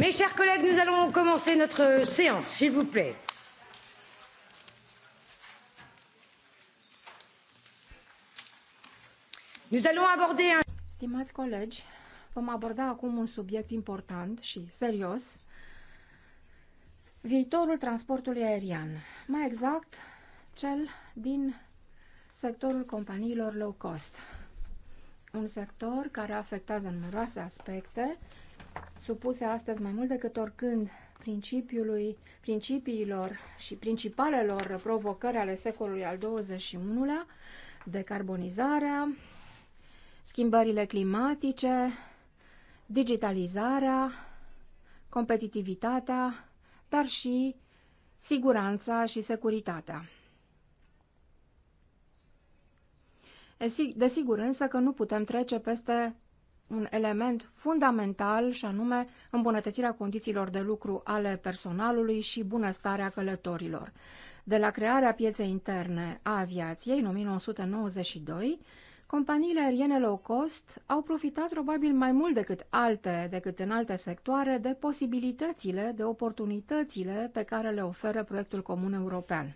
Mes chers collègues, nous allons commencer notre euh, séance, s'il vous plaît. Nous allons aborder un... Stimați colegi, vom aborda acum un subiect important și serios, viitorul transportului aerian, mai exact cel din sectorul companiilor low cost, un sector care afectează numeroase aspecte, supuse astăzi mai mult decât oricând principiului, principiilor și principalelor provocări ale secolului al XXI-lea, decarbonizarea, schimbările climatice, digitalizarea, competitivitatea, dar și siguranța și securitatea. Desigur însă că nu putem trece peste un element fundamental și anume îmbunătățirea condițiilor de lucru ale personalului și bunăstarea călătorilor. De la crearea pieței interne a aviației în 1992, companiile aeriene low cost au profitat probabil mai mult decât alte, decât în alte sectoare, de posibilitățile, de oportunitățile pe care le oferă proiectul comun european.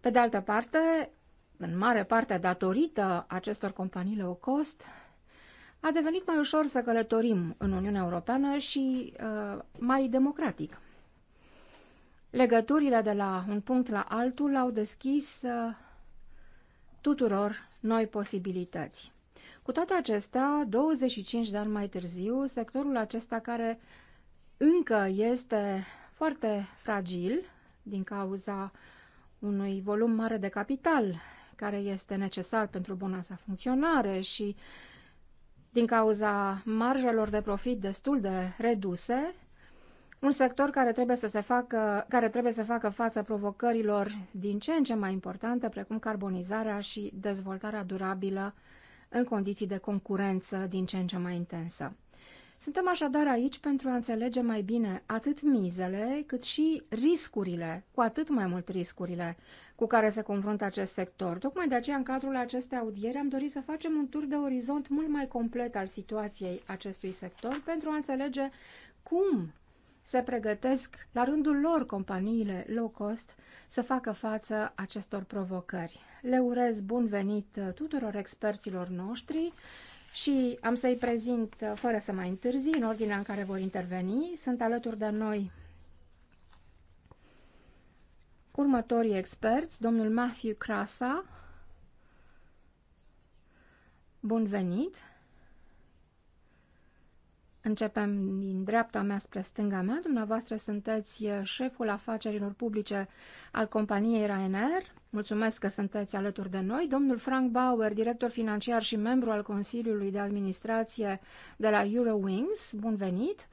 Pe de altă parte, în mare parte datorită acestor companii low cost, a devenit mai ușor să călătorim în Uniunea Europeană și uh, mai democratic. Legăturile de la un punct la altul au deschis uh, tuturor noi posibilități. Cu toate acestea, 25 de ani mai târziu, sectorul acesta care încă este foarte fragil din cauza unui volum mare de capital care este necesar pentru buna sa funcționare și uh, din cauza marjelor de profit destul de reduse, un sector care trebuie să, se facă, care trebuie să facă față provocărilor din ce în ce mai importante, precum carbonizarea și dezvoltarea durabilă în condiții de concurență din ce în ce mai intensă. Suntem așadar aici pentru a înțelege mai bine atât mizele, cât și riscurile, cu atât mai mult riscurile cu care se confruntă acest sector. Tocmai de aceea, în cadrul acestei audieri, am dorit să facem un tur de orizont mult mai complet al situației acestui sector pentru a înțelege cum se pregătesc la rândul lor companiile low cost să facă față acestor provocări. Le urez bun venit tuturor experților noștri și am să-i prezint, fără să mai întârzi, în ordinea în care vor interveni. Sunt alături de noi următorii experți, domnul Matthew Crasa, bun venit! Începem din dreapta mea spre stânga mea. Dumneavoastră sunteți eh, șeful afacerilor publice al companiei Ryanair. Mulțumesc că sunteți alături de noi. Domnul Frank Bauer, director financiar și membru al Consiliului de Administrație de la Eurowings. Bun venit!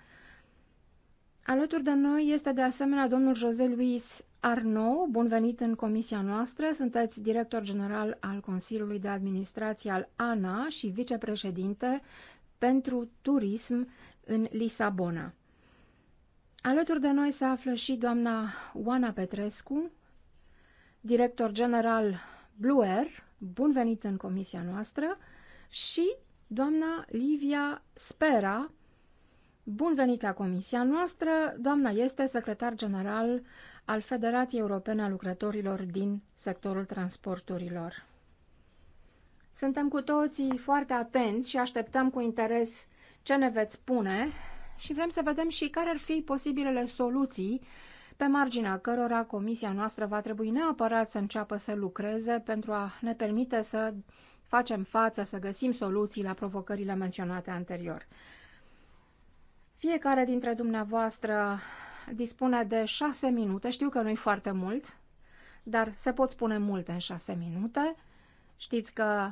Alături de noi este de asemenea domnul José Luis Arnau, bun venit în comisia noastră. Sunteți director general al Consiliului de Administrație al ANA și vicepreședinte pentru turism în Lisabona. Alături de noi se află și doamna Oana Petrescu, director general Blue Air, bun venit în comisia noastră, și doamna Livia Spera, Bun venit la comisia noastră! Doamna este secretar general al Federației Europene a Lucrătorilor din sectorul transporturilor. Suntem cu toții foarte atenți și așteptăm cu interes ce ne veți spune și vrem să vedem și care ar fi posibilele soluții pe marginea cărora comisia noastră va trebui neapărat să înceapă să lucreze pentru a ne permite să facem față, să găsim soluții la provocările menționate anterior. Fiecare dintre dumneavoastră dispune de șase minute. Știu că nu-i foarte mult, dar se pot spune multe în șase minute. Știți că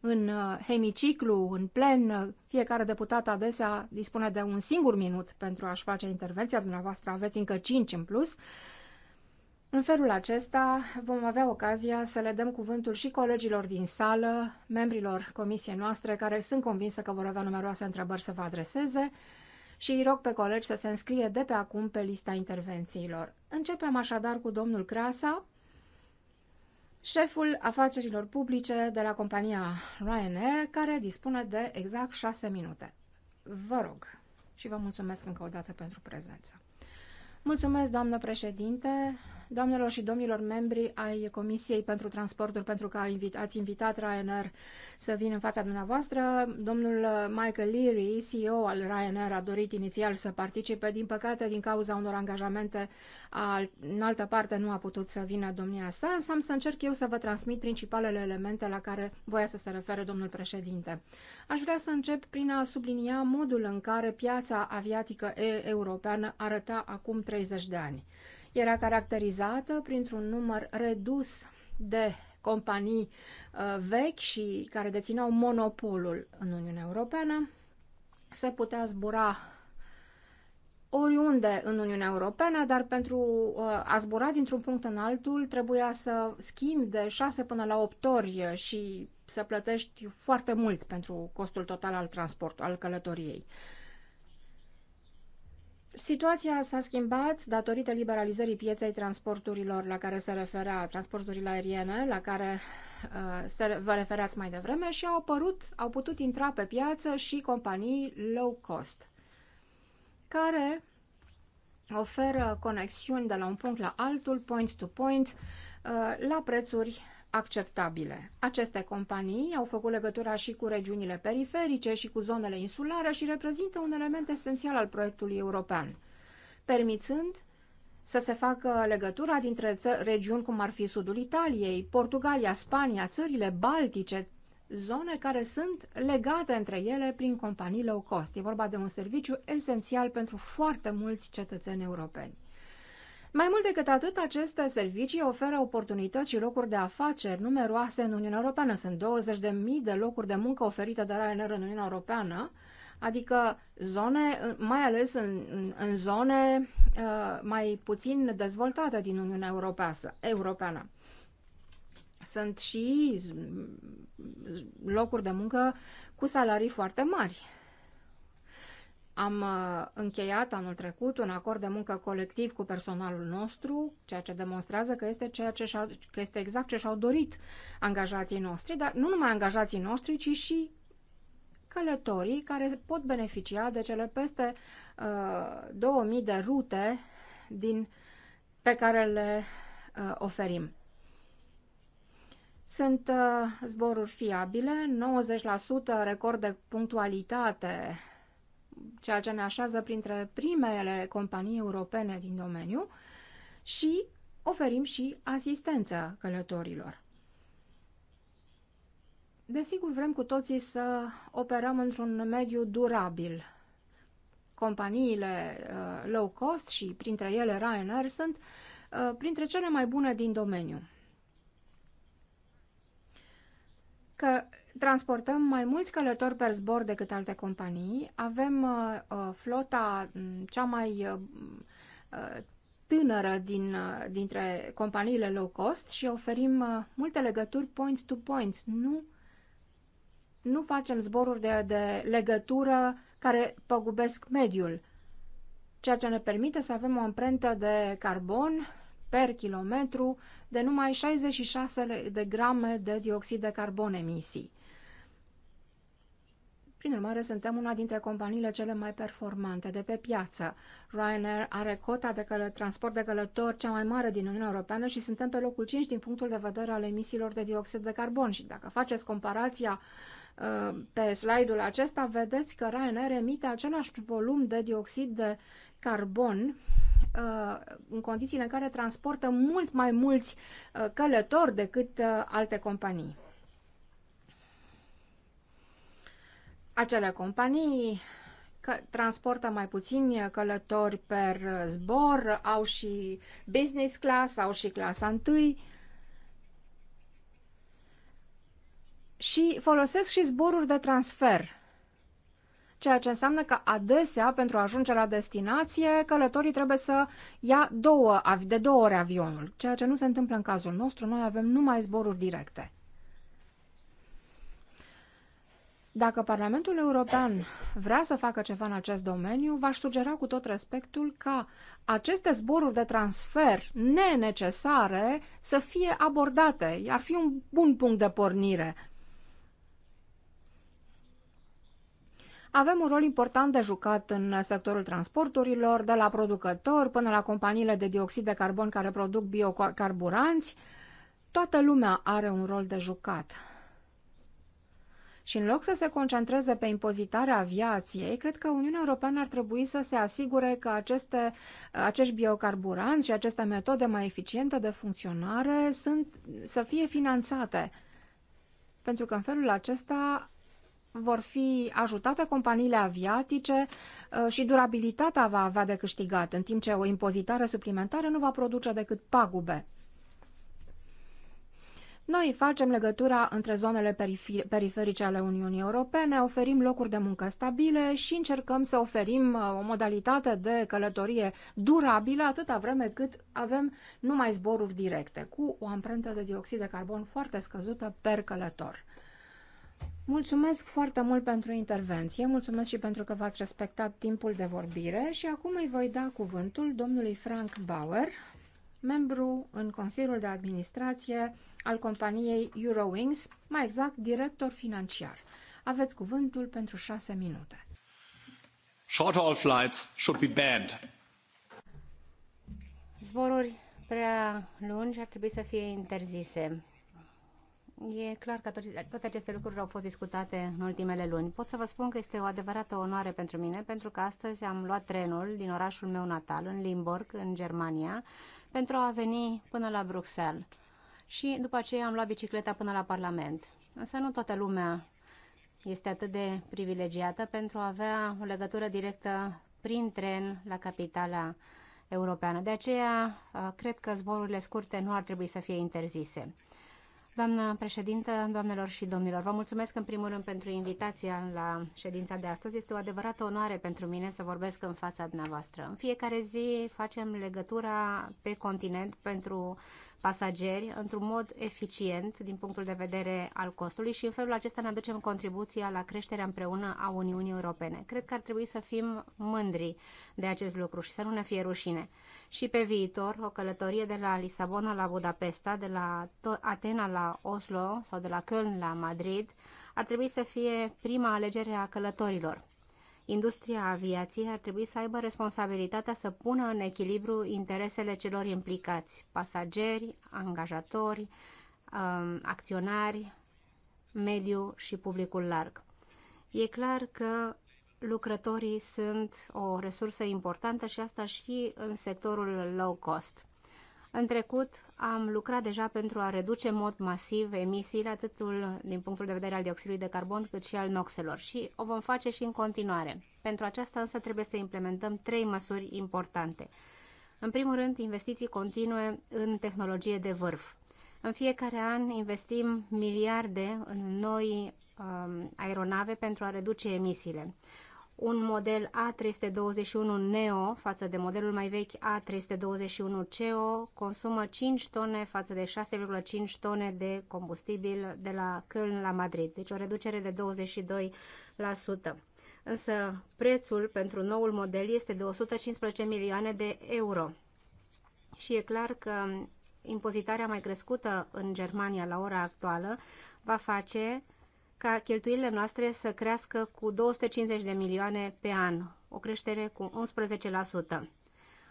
în uh, hemiciclu, în plen, uh, fiecare deputat adesea dispune de un singur minut pentru a-și face intervenția. Dumneavoastră aveți încă cinci în plus. În felul acesta vom avea ocazia să le dăm cuvântul și colegilor din sală, membrilor comisiei noastre, care sunt convinsă că vor avea numeroase întrebări să vă adreseze și îi rog pe colegi să se înscrie de pe acum pe lista intervențiilor. Începem așadar cu domnul Crasa, șeful afacerilor publice de la compania Ryanair, care dispune de exact șase minute. Vă rog și vă mulțumesc încă o dată pentru prezență. Mulțumesc, doamnă președinte, doamnelor și domnilor membri ai Comisiei pentru Transportul, pentru că ați invitat Ryanair să vină în fața dumneavoastră. Domnul Michael Leary, CEO al Ryanair, a dorit inițial să participe. Din păcate, din cauza unor angajamente în altă parte, nu a putut să vină domnia sa. Însă am să încerc eu să vă transmit principalele elemente la care voia să se refere domnul președinte. Aș vrea să încep prin a sublinia modul în care piața aviatică europeană arăta acum 30 de ani era caracterizată printr-un număr redus de companii uh, vechi și care dețineau monopolul în Uniunea Europeană, se putea zbura oriunde în Uniunea Europeană, dar pentru uh, a zbura dintr-un punct în altul trebuia să schimbi de 6 până la 8 ori și să plătești foarte mult pentru costul total al transportului al călătoriei. Situația s-a schimbat datorită liberalizării pieței transporturilor la care se referea, transporturile aeriene, la care uh, se, vă refereați mai devreme și au apărut, au putut intra pe piață și companii low cost, care oferă conexiuni de la un punct la altul, point to point, uh, la prețuri acceptabile. Aceste companii au făcut legătura și cu regiunile periferice și cu zonele insulare și reprezintă un element esențial al proiectului european, permițând să se facă legătura dintre regiuni cum ar fi sudul Italiei, Portugalia, Spania, țările baltice, zone care sunt legate între ele prin companii low cost. E vorba de un serviciu esențial pentru foarte mulți cetățeni europeni. Mai mult decât atât, aceste servicii oferă oportunități și locuri de afaceri numeroase în Uniunea Europeană. Sunt 20.000 de locuri de muncă oferite de Ryanair în Uniunea Europeană, adică zone, mai ales în, în zone uh, mai puțin dezvoltate din Uniunea Europeană. Sunt și mm, locuri de muncă cu salarii foarte mari. Am uh, încheiat anul trecut un acord de muncă colectiv cu personalul nostru, ceea ce demonstrează că este, ceea ce și-au, că este exact ce și-au dorit angajații noștri, dar nu numai angajații noștri, ci și călătorii care pot beneficia de cele peste uh, 2000 de rute din, pe care le uh, oferim. Sunt uh, zboruri fiabile, 90% record de punctualitate ceea ce ne așează printre primele companii europene din domeniu și oferim și asistență călătorilor. Desigur, vrem cu toții să operăm într-un mediu durabil. Companiile uh, low cost și printre ele Ryanair sunt uh, printre cele mai bune din domeniu. Că transportăm mai mulți călători pe zbor decât alte companii, avem uh, uh flota mm, cea mai uh, uh, tânără din, uh, dintre companiile low cost și oferim uh, multe legături point-to-point. Nu, nu facem zboruri de, de legătură care păgubesc mediul, ceea ce ne permite să avem o amprentă de carbon per kilometru de numai 66 de grame de dioxid de carbon emisii. Prin urmare, suntem una dintre companiile cele mai performante de pe piață. Ryanair are cota de căl- transport de călători cea mai mare din Uniunea Europeană și suntem pe locul 5 din punctul de vedere al emisiilor de dioxid de carbon. Și dacă faceți comparația uh, pe slide-ul acesta, vedeți că Ryanair emite același volum de dioxid de carbon uh, în condițiile în care transportă mult mai mulți uh, călători decât alte companii. acele companii că transportă mai puțini călători per zbor, au și business class, au și clasa întâi și folosesc și zboruri de transfer ceea ce înseamnă că adesea, pentru a ajunge la destinație, călătorii trebuie să ia două, de două ori avionul, ceea ce nu se întâmplă în cazul nostru. Noi avem numai zboruri directe. Dacă Parlamentul European vrea să facă ceva în acest domeniu, v-aș sugera cu tot respectul ca aceste zboruri de transfer nenecesare să fie abordate. Ar fi un bun punct de pornire. Avem un rol important de jucat în sectorul transporturilor, de la producători până la companiile de dioxid de carbon care produc biocarburanți. Toată lumea are un rol de jucat. Și în loc să se concentreze pe impozitarea aviației, cred că Uniunea Europeană ar trebui să se asigure că aceste, acești biocarburanți și aceste metode mai eficiente de funcționare sunt, să fie finanțate. Pentru că în felul acesta vor fi ajutate companiile aviatice uh, și durabilitatea va avea de câștigat, în timp ce o impozitare suplimentară nu va produce decât pagube. Noi facem legătura între zonele periferice ale Uniunii Europene, oferim locuri de muncă stabile și încercăm să oferim uh, o modalitate de călătorie durabilă atâta vreme cât avem numai zboruri directe, cu o amprentă de dioxid de carbon foarte scăzută per călător. Mulțumesc foarte mult pentru intervenție, mulțumesc și pentru că v-ați respectat timpul de vorbire și acum îi voi da cuvântul domnului Frank Bauer, membru în Consiliul de Administrație al companiei Eurowings, mai exact director financiar. Aveți cuvântul pentru șase minute. Short haul flights should be banned. Zboruri prea lungi ar trebui să fie interzise. E clar că toate aceste lucruri au fost discutate în ultimele luni. Pot să vă spun că este o adevărată onoare pentru mine, pentru că astăzi am luat trenul din orașul meu natal, în Limburg, în Germania, pentru a veni până la Bruxelles. Și după aceea am luat bicicleta până la Parlament. Însă nu toată lumea este atât de privilegiată pentru a avea o legătură directă prin tren la capitala europeană. De aceea, uh, cred că zborurile scurte nu ar trebui să fie interzise. Doamna președintă, doamnelor și domnilor, vă mulțumesc în primul rând pentru invitația la ședința de astăzi. Este o adevărată onoare pentru mine să vorbesc în fața dumneavoastră. În fiecare zi facem legătura pe continent pentru pasageri într-un mod eficient din punctul de vedere al costului și în felul acesta ne aducem contribuția la creșterea împreună a Uniunii Europene. Cred că ar trebui să fim mândri de acest lucru și să nu ne fie rușine. Și pe viitor, o călătorie de la Lisabona la Budapesta, de la Atena la Oslo sau de la Köln la Madrid ar trebui să fie prima alegere a călătorilor. Industria aviației ar trebui să aibă responsabilitatea să pună în echilibru interesele celor implicați, pasageri, angajatori, um, acționari, mediu și publicul larg. E clar că lucrătorii sunt o resursă importantă și asta și în sectorul low cost. În trecut am lucrat deja pentru a reduce în mod masiv emisiile, atât din punctul de vedere al dioxidului de carbon, cât și al noxelor și o vom face și în continuare. Pentru aceasta însă trebuie să implementăm trei măsuri importante. În primul rând, investiții continue în tehnologie de vârf. În fiecare an investim miliarde în noi um, aeronave pentru a reduce emisiile un model A321neo față de modelul mai vechi A321ceo consumă 5 tone față de 6,5 tone de combustibil de la Köln la Madrid, deci o reducere de 22%. Însă prețul pentru noul model este de 115 milioane de euro. Și e clar că impozitarea mai crescută în Germania la ora actuală va face ca cheltuielile noastre să crească cu 250 de milioane pe an, o creștere cu 11%.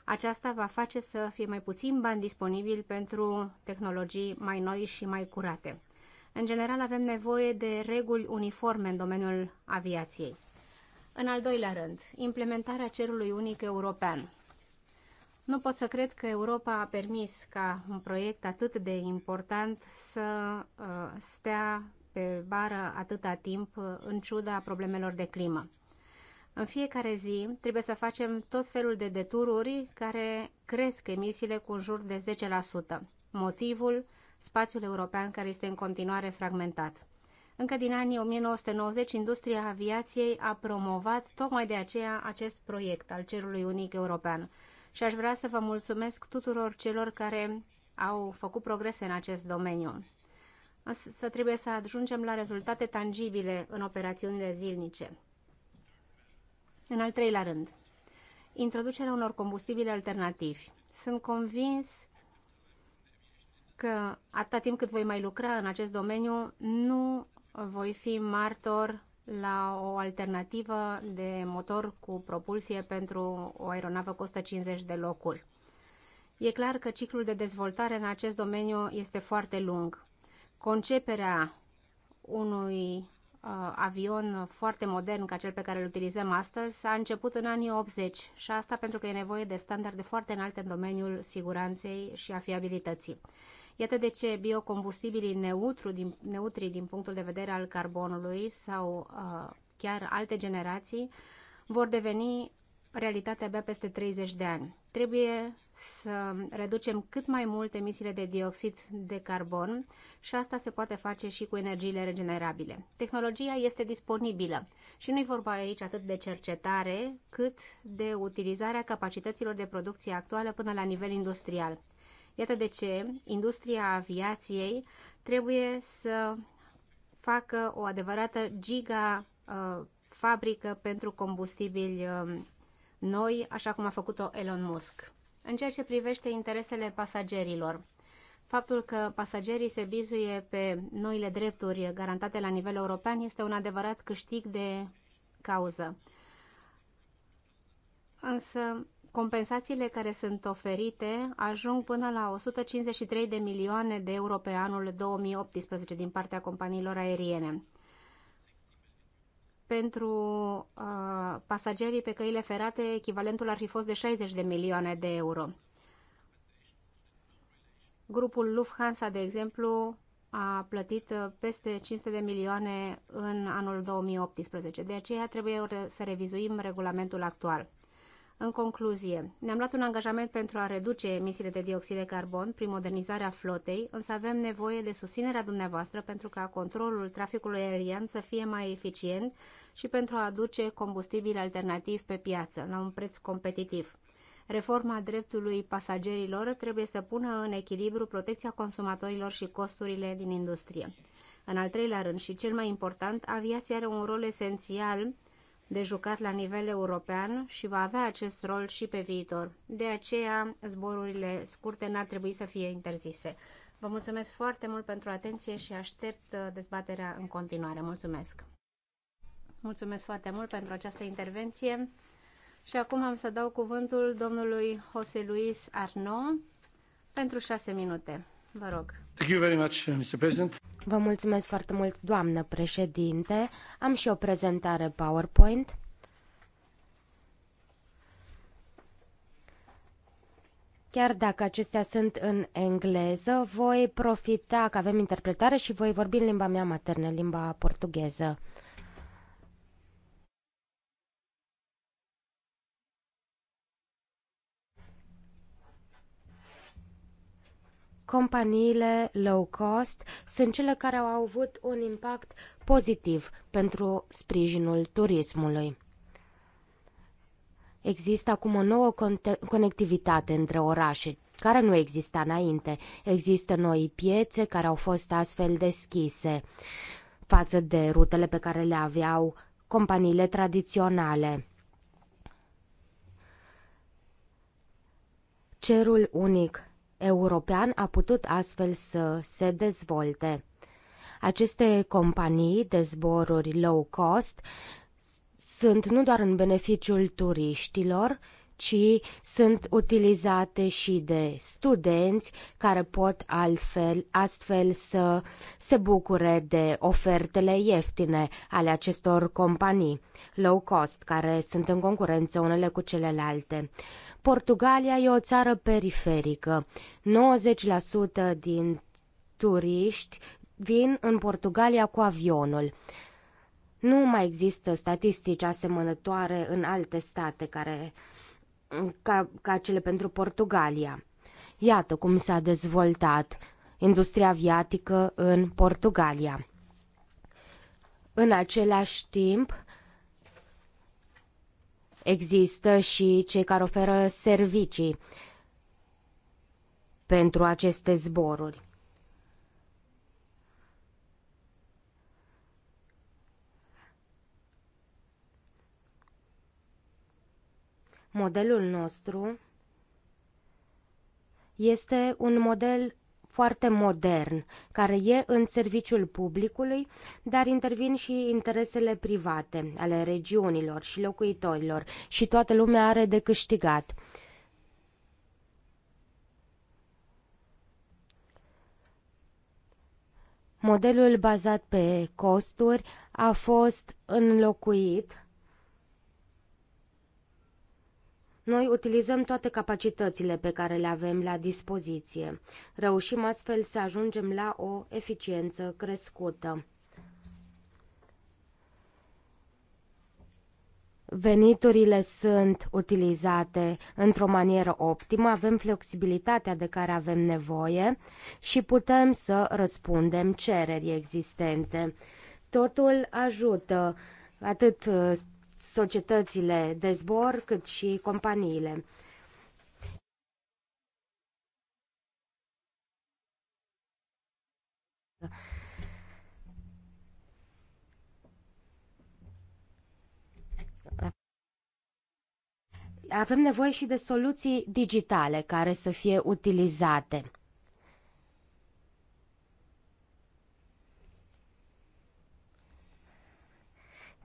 Aceasta va face să fie mai puțin bani disponibili pentru tehnologii mai noi și mai curate. În general, avem nevoie de reguli uniforme în domeniul aviației. În al doilea rând, implementarea cerului unic european. Nu pot să cred că Europa a permis ca un proiect atât de important să uh, stea pe bară atâta timp uh, în ciuda problemelor de climă. În fiecare zi trebuie să facem tot felul de detururi care cresc emisiile cu în jur de 10%. Motivul? Spațiul european care este în continuare fragmentat. Încă din anii 1990, industria aviației a promovat tocmai de aceea acest proiect al cerului unic european. Și aș vrea să vă mulțumesc tuturor celor care au făcut progrese în acest domeniu să trebuie să ajungem la rezultate tangibile în operațiunile zilnice. În al treilea rând, introducerea unor combustibili alternativi. Sunt convins că atâta timp cât voi mai lucra în acest domeniu, nu voi fi martor la o alternativă de motor cu propulsie pentru o aeronavă costă 50 de locuri. E clar că ciclul de dezvoltare în acest domeniu este foarte lung conceperea unui uh, avion foarte modern ca cel pe care îl utilizăm astăzi a început în anii 80 și asta pentru că e nevoie de standarde foarte înalte în domeniul siguranței și a fiabilității. Iată de ce biocombustibilii neutru din, neutri din punctul de vedere al carbonului sau uh, chiar alte generații vor deveni realitate abia peste 30 de ani. Trebuie să reducem cât mai mult emisiile de dioxid de carbon și asta se poate face și cu energiile regenerabile. Tehnologia este disponibilă și nu-i vorba aici atât de cercetare, cât de utilizarea capacităților de producție actuală până la nivel industrial. Iată de ce industria aviației trebuie să facă o adevărată giga uh, fabrică pentru combustibili uh, noi, așa cum a făcut-o Elon Musk. În ceea ce privește interesele pasagerilor, faptul că pasagerii se bizuie pe noile drepturi garantate la nivel european este un adevărat câștig de cauză. Însă, compensațiile care sunt oferite ajung până la 153 de milioane de euro pe anul 2018 din partea companiilor aeriene pentru uh, pasagerii pe căile ferate, echivalentul ar fi fost de 60 de milioane de euro. Grupul Lufthansa, de exemplu, a plătit uh, peste 500 de milioane în anul 2018. De aceea trebuie să revizuim regulamentul actual. În concluzie, ne-am luat un angajament pentru a reduce emisiile de dioxid de carbon prin modernizarea flotei, însă avem nevoie de susținerea dumneavoastră pentru ca controlul traficului aerian să fie mai eficient și pentru a aduce combustibil alternativ pe piață, la un preț competitiv. Reforma dreptului pasagerilor trebuie să pună în echilibru protecția consumatorilor și costurile din industrie. În al treilea rând și cel mai important, aviația are un rol esențial de jucat la nivel european și va avea acest rol și pe viitor. De aceea, zborurile scurte n-ar trebui să fie interzise. Vă mulțumesc foarte mult pentru atenție și aștept uh, dezbaterea în continuare. Mulțumesc! Mulțumesc foarte mult pentru această intervenție și acum am să dau cuvântul domnului José Luis Arnaud pentru șase minute. Vă rog. Thank you very much, uh, Mr. President. Vă mulțumesc foarte mult, doamnă președinte. Am și o prezentare PowerPoint. Chiar dacă acestea sunt în engleză, voi profita că avem interpretare și voi vorbi în limba mea maternă, limba portugheză. companiile low cost sunt cele care au avut un impact pozitiv pentru sprijinul turismului. Există acum o nouă conectivitate între orașe, care nu exista înainte. Există noi piețe care au fost astfel deschise față de rutele pe care le aveau companiile tradiționale. Cerul unic european a putut astfel să se dezvolte. Aceste companii de zboruri low cost sunt nu doar în beneficiul turiștilor, ci sunt utilizate și de studenți care pot altfel, astfel să se bucure de ofertele ieftine ale acestor companii low cost care sunt în concurență unele cu celelalte. Portugalia e o țară periferică. 90% din turiști vin în Portugalia cu avionul. Nu mai există statistici asemănătoare în alte state care, ca, ca cele pentru Portugalia. Iată cum s-a dezvoltat industria aviatică în Portugalia. În același timp, există și cei care oferă servicii pentru aceste zboruri. Modelul nostru este un model foarte modern, care e în serviciul publicului, dar intervin și interesele private ale regiunilor și locuitorilor și toată lumea are de câștigat. Modelul bazat pe costuri a fost înlocuit Noi utilizăm toate capacitățile pe care le avem la dispoziție. Reușim astfel să ajungem la o eficiență crescută. veniturile sunt utilizate într-o manieră optimă, avem flexibilitatea de care avem nevoie și putem să răspundem cererii existente. Totul ajută atât societățile de zbor, cât și companiile. Avem nevoie și de soluții digitale care să fie utilizate.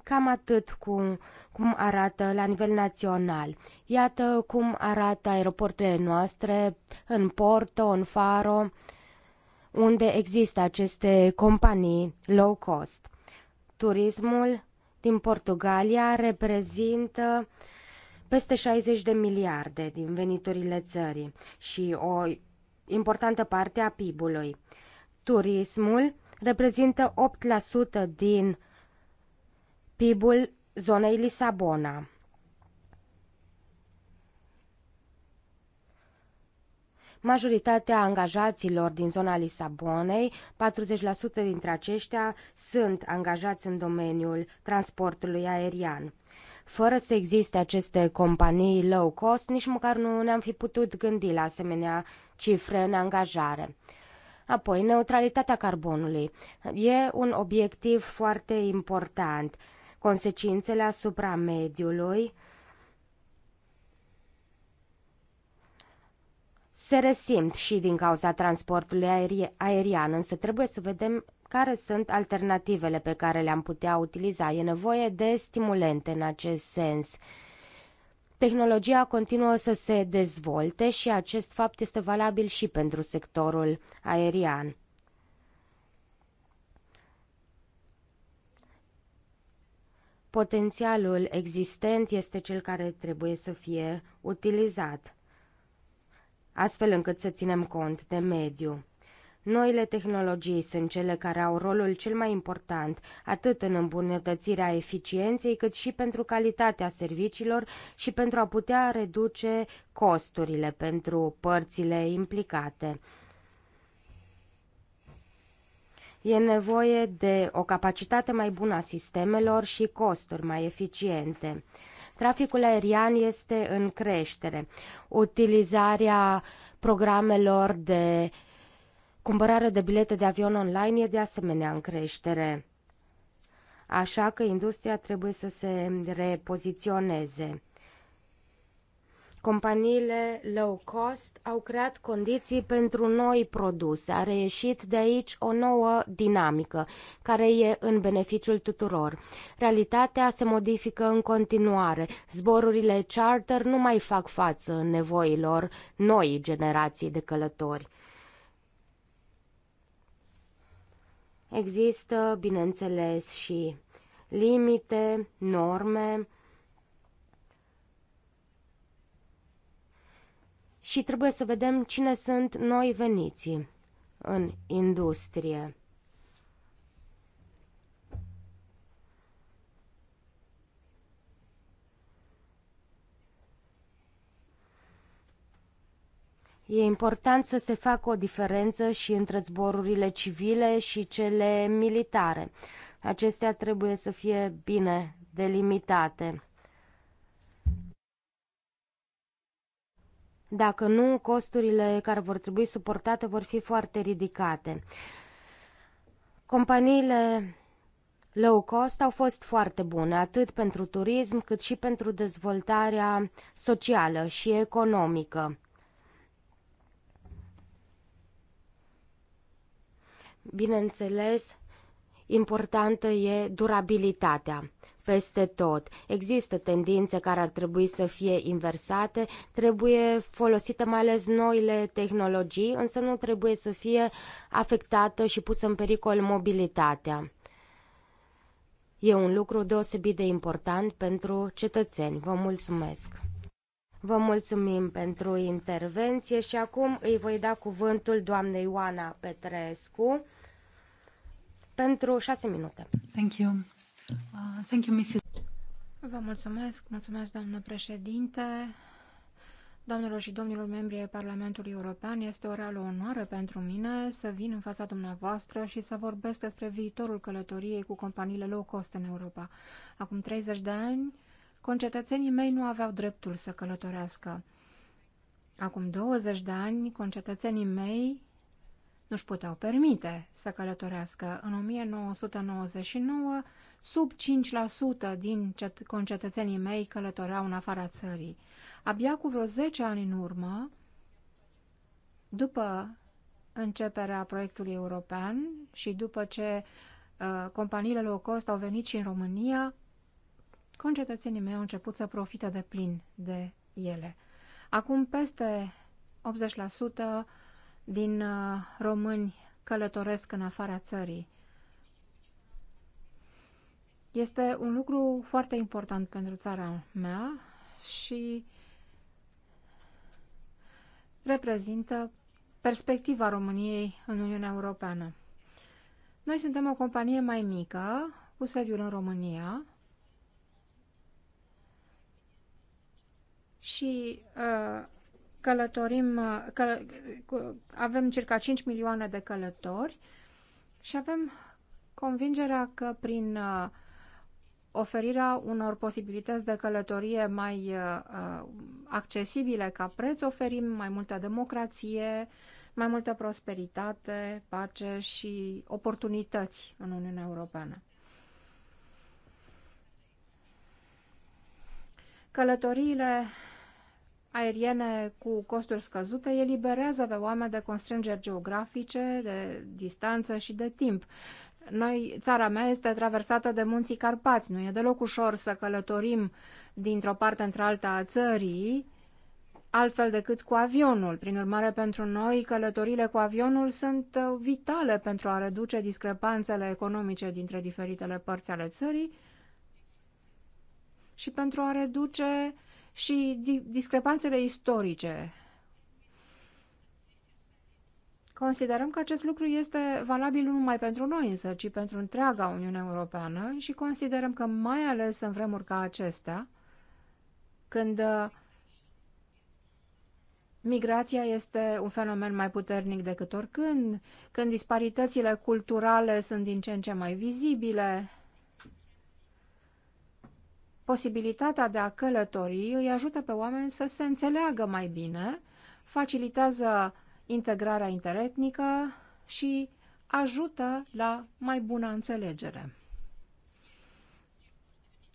Cam atât cum, cum arată la nivel național. Iată cum arată aeroportele noastre în Porto, în Faro, unde există aceste companii low cost. Turismul din Portugalia reprezintă peste 60 de miliarde din veniturile țării și o importantă parte a PIB-ului. Turismul reprezintă 8% din PIB-ul zonei Lisabona. Majoritatea angajaților din zona Lisabonei, 40% dintre aceștia, sunt angajați în domeniul transportului aerian. Fără să existe aceste companii low cost, nici măcar nu ne-am fi putut gândi la asemenea cifre în angajare. Apoi, neutralitatea carbonului. E un obiectiv foarte important consecințele asupra mediului, se resimt și din cauza transportului aerian, însă trebuie să vedem care sunt alternativele pe care le-am putea utiliza. E nevoie de stimulente în acest sens. Tehnologia continuă să se dezvolte și acest fapt este valabil și pentru sectorul aerian. Potențialul existent este cel care trebuie să fie utilizat, astfel încât să ținem cont de mediu. Noile tehnologii sunt cele care au rolul cel mai important, atât în îmbunătățirea eficienței, cât și pentru calitatea serviciilor și pentru a putea reduce costurile pentru părțile implicate. E nevoie de o capacitate mai bună a sistemelor și costuri mai eficiente. Traficul aerian este în creștere. Utilizarea programelor de cumpărare de bilete de avion online e de asemenea în creștere. Așa că industria trebuie să se repoziționeze. Companiile low cost au creat condiții pentru noi produse. A reieșit de aici o nouă dinamică care e în beneficiul tuturor. Realitatea se modifică în continuare. Zborurile charter nu mai fac față nevoilor noi generații de călători. Există, bineînțeles, și limite, norme, și trebuie să vedem cine sunt noi veniții în industrie. E important să se facă o diferență și între zborurile civile și cele militare. Acestea trebuie să fie bine delimitate. Dacă nu, costurile care vor trebui suportate vor fi foarte ridicate. Companiile low cost au fost foarte bune, atât pentru turism, cât și pentru dezvoltarea socială și economică. Bineînțeles, importantă e durabilitatea peste tot. Există tendințe care ar trebui să fie inversate, trebuie folosite mai ales noile tehnologii, însă nu trebuie să fie afectată și pusă în pericol mobilitatea. E un lucru deosebit de important pentru cetățeni. Vă mulțumesc! Vă mulțumim pentru intervenție și acum îi voi da cuvântul doamnei Ioana Petrescu pentru șase minute. Thank you. Uh, mulțumesc, mulțumesc, doamnă președinte. Doamnelor și domnilor membri ai Parlamentului European, este o reală onoare pentru mine să vin în fața dumneavoastră și să vorbesc despre viitorul călătoriei cu companiile low cost în Europa. Acum 30 de ani, concetățenii mei nu aveau dreptul să călătorească. Acum 20 de ani, concetățenii mei nu își puteau permite să călătorească. În 1999, Sub 5% din concetățenii mei călătoreau în afara țării. Abia cu vreo 10 ani în urmă, după începerea proiectului european și după ce uh, companiile low cost au venit și în România, concetățenii mei au început să profite de plin de ele. Acum peste 80% din uh, români călătoresc în afara țării. Este un lucru foarte important pentru țara mea și reprezintă perspectiva României în Uniunea Europeană. Noi suntem o companie mai mică, cu sediul în România, și uh, călătorim, uh, căl avem circa 5 milioane de călători și avem convingerea că prin uh, oferirea unor posibilități de călătorie mai uh, uh, accesibile ca preț, oferim mai multă democrație, mai multă prosperitate, pace și oportunități în Uniunea Europeană. Călătoriile aeriene cu costuri scăzute eliberează pe oameni de constrângeri geografice, de distanță și de timp. Noi, țara mea este traversată de munții Carpați, nu e deloc ușor să călătorim dintr-o parte într-alta a țării, altfel decât cu avionul. Prin urmare, pentru noi, călătorile cu avionul sunt uh, vitale pentru a reduce discrepanțele economice dintre diferitele părți ale țării și pentru a reduce și discrepanțele istorice Considerăm că acest lucru este valabil nu numai pentru noi însă, ci pentru întreaga Uniune Europeană și considerăm că mai ales în vremuri ca acestea, când uh, migrația este un fenomen mai puternic decât oricând, când disparitățile culturale sunt din ce în ce mai vizibile, posibilitatea de a călători îi ajută pe oameni să se înțeleagă mai bine, facilitează integrarea interetnică și ajută la mai bună înțelegere.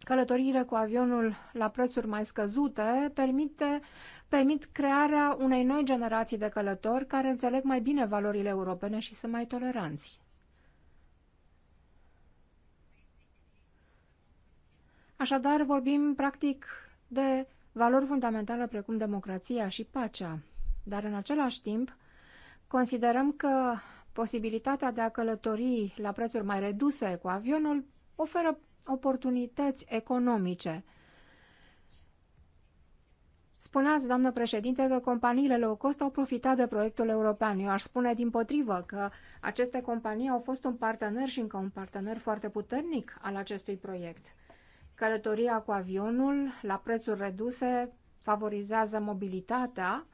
Călătoriile cu avionul la prețuri mai scăzute permite, permit crearea unei noi generații de călători care înțeleg mai bine valorile europene și sunt mai toleranți. Așadar, vorbim practic de valori fundamentale precum democrația și pacea, dar în același timp Considerăm că posibilitatea de a călători la prețuri mai reduse cu avionul oferă oportunități economice. Spuneați, doamnă președinte, că companiile low cost au profitat de proiectul european. Eu aș spune din potrivă că aceste companii au fost un partener și încă un partener foarte puternic al acestui proiect. Călătoria cu avionul la prețuri reduse favorizează mobilitatea,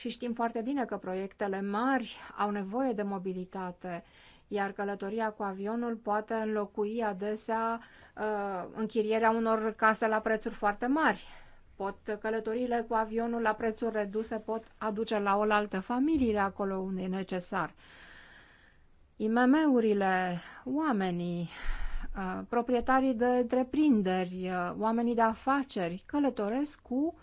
și știm foarte bine că proiectele mari au nevoie de mobilitate, iar călătoria cu avionul poate înlocui adesea uh, închirierea unor case la prețuri foarte mari. Pot călătorile cu avionul la prețuri reduse pot aduce la oaltă familiile acolo unde e necesar. IMM-urile, oamenii, uh, proprietarii de întreprinderi, uh, oamenii de afaceri călătoresc cu uh,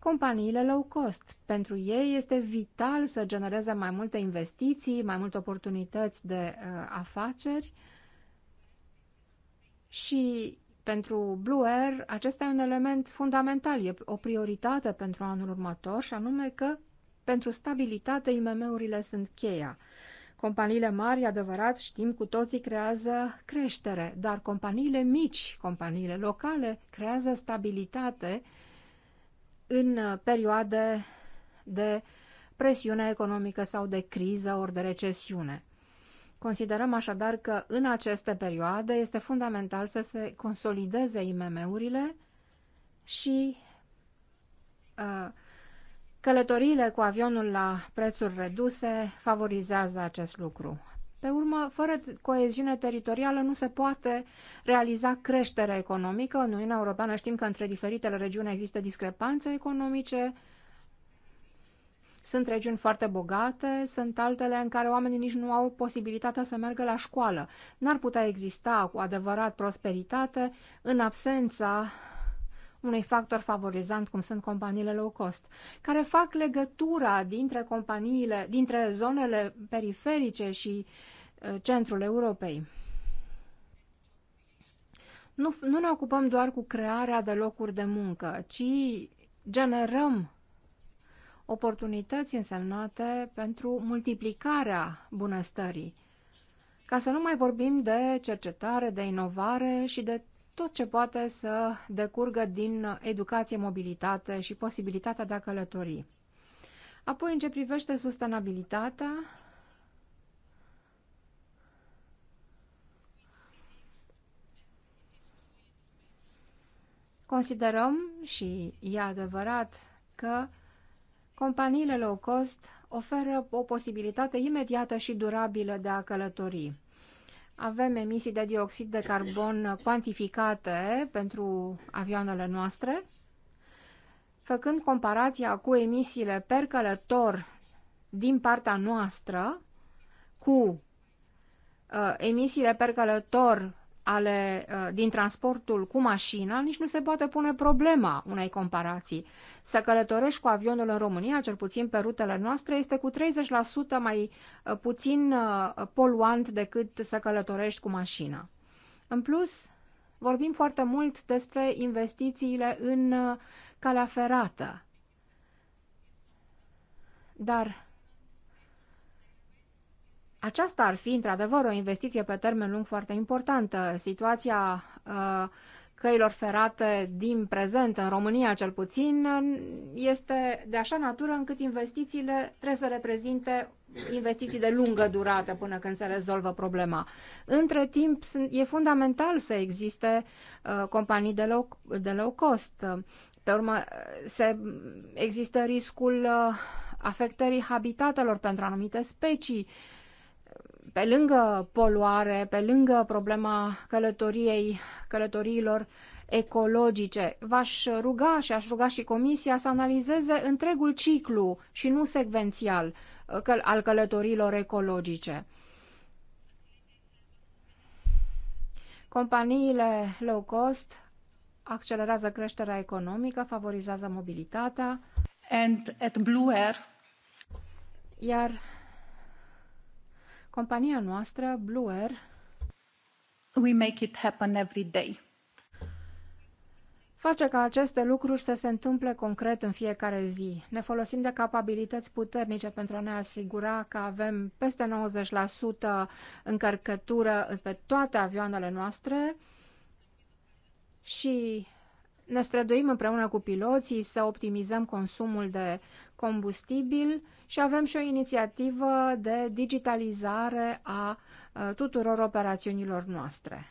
companiile low cost. Pentru ei este vital să genereze mai multe investiții, mai multe oportunități de uh, afaceri și pentru Blue Air acesta e un element fundamental, e o prioritate pentru anul următor și anume că pentru stabilitate IMM-urile sunt cheia. Companiile mari, adevărat, știm cu toții, creează creștere, dar companiile mici, companiile locale, creează stabilitate uh, în uh, perioade de presiune economică sau de criză ori de recesiune. Considerăm așadar că în aceste perioade este fundamental să se consolideze IMM-urile și uh, Călătoriile cu avionul la prețuri reduse favorizează acest lucru. Pe urmă, fără coeziune teritorială nu se poate realiza creșterea economică. În Uniunea Europeană știm că între diferitele regiuni există discrepanțe economice. Sunt regiuni foarte bogate, sunt altele în care oamenii nici nu au posibilitatea să meargă la școală. N-ar putea exista cu adevărat prosperitate în absența unui factor favorizant, cum sunt companiile low cost, care fac legătura dintre companiile, dintre zonele periferice și uh, centrul Europei. Nu, nu ne ocupăm doar cu crearea de locuri de muncă, ci generăm oportunități însemnate pentru multiplicarea bunăstării. Ca să nu mai vorbim de cercetare, de inovare și de tot ce poate să decurgă din educație, mobilitate și posibilitatea de a călători. Apoi, în ce privește sustenabilitatea, Considerăm, și e adevărat, că companiile low cost oferă o posibilitate imediată și durabilă de a călători. Avem emisii de dioxid de carbon cuantificate pentru avioanele noastre, făcând comparația cu emisiile per călător din partea noastră cu uh, emisiile per călător ale, uh, din transportul cu mașina, nici nu se poate pune problema unei comparații. Să călătorești cu avionul în România, cel puțin pe rutele noastre, este cu 30% mai uh, puțin uh, poluant decât să călătorești cu mașina. În plus, vorbim foarte mult despre investițiile în calea ferată. Dar aceasta ar fi, într-adevăr, o investiție pe termen lung foarte importantă. Situația uh, căilor ferate din prezent, în România cel puțin, este de așa natură încât investițiile trebuie să reprezinte investiții de lungă durată până când se rezolvă problema. Între timp, e fundamental să existe uh, companii de low, de low cost. Pe urmă, se, există riscul uh, afectării habitatelor pentru anumite specii pe lângă poluare, pe lângă problema călătoriei, călătoriilor ecologice, v-aș ruga și aș ruga și Comisia să analizeze întregul ciclu și nu secvențial uh, al călătoriilor ecologice. Companiile low cost accelerează creșterea economică, favorizează mobilitatea. And at Blue Air. Iar Compania noastră, Blue Air, We make it happen every day. Face ca aceste lucruri să se întâmple concret în fiecare zi. Ne folosim de capabilități puternice pentru a ne asigura că avem peste 90% încărcătură pe toate avioanele noastre și ne străduim împreună cu piloții să optimizăm consumul de combustibil și avem și o inițiativă de digitalizare a tuturor operațiunilor noastre.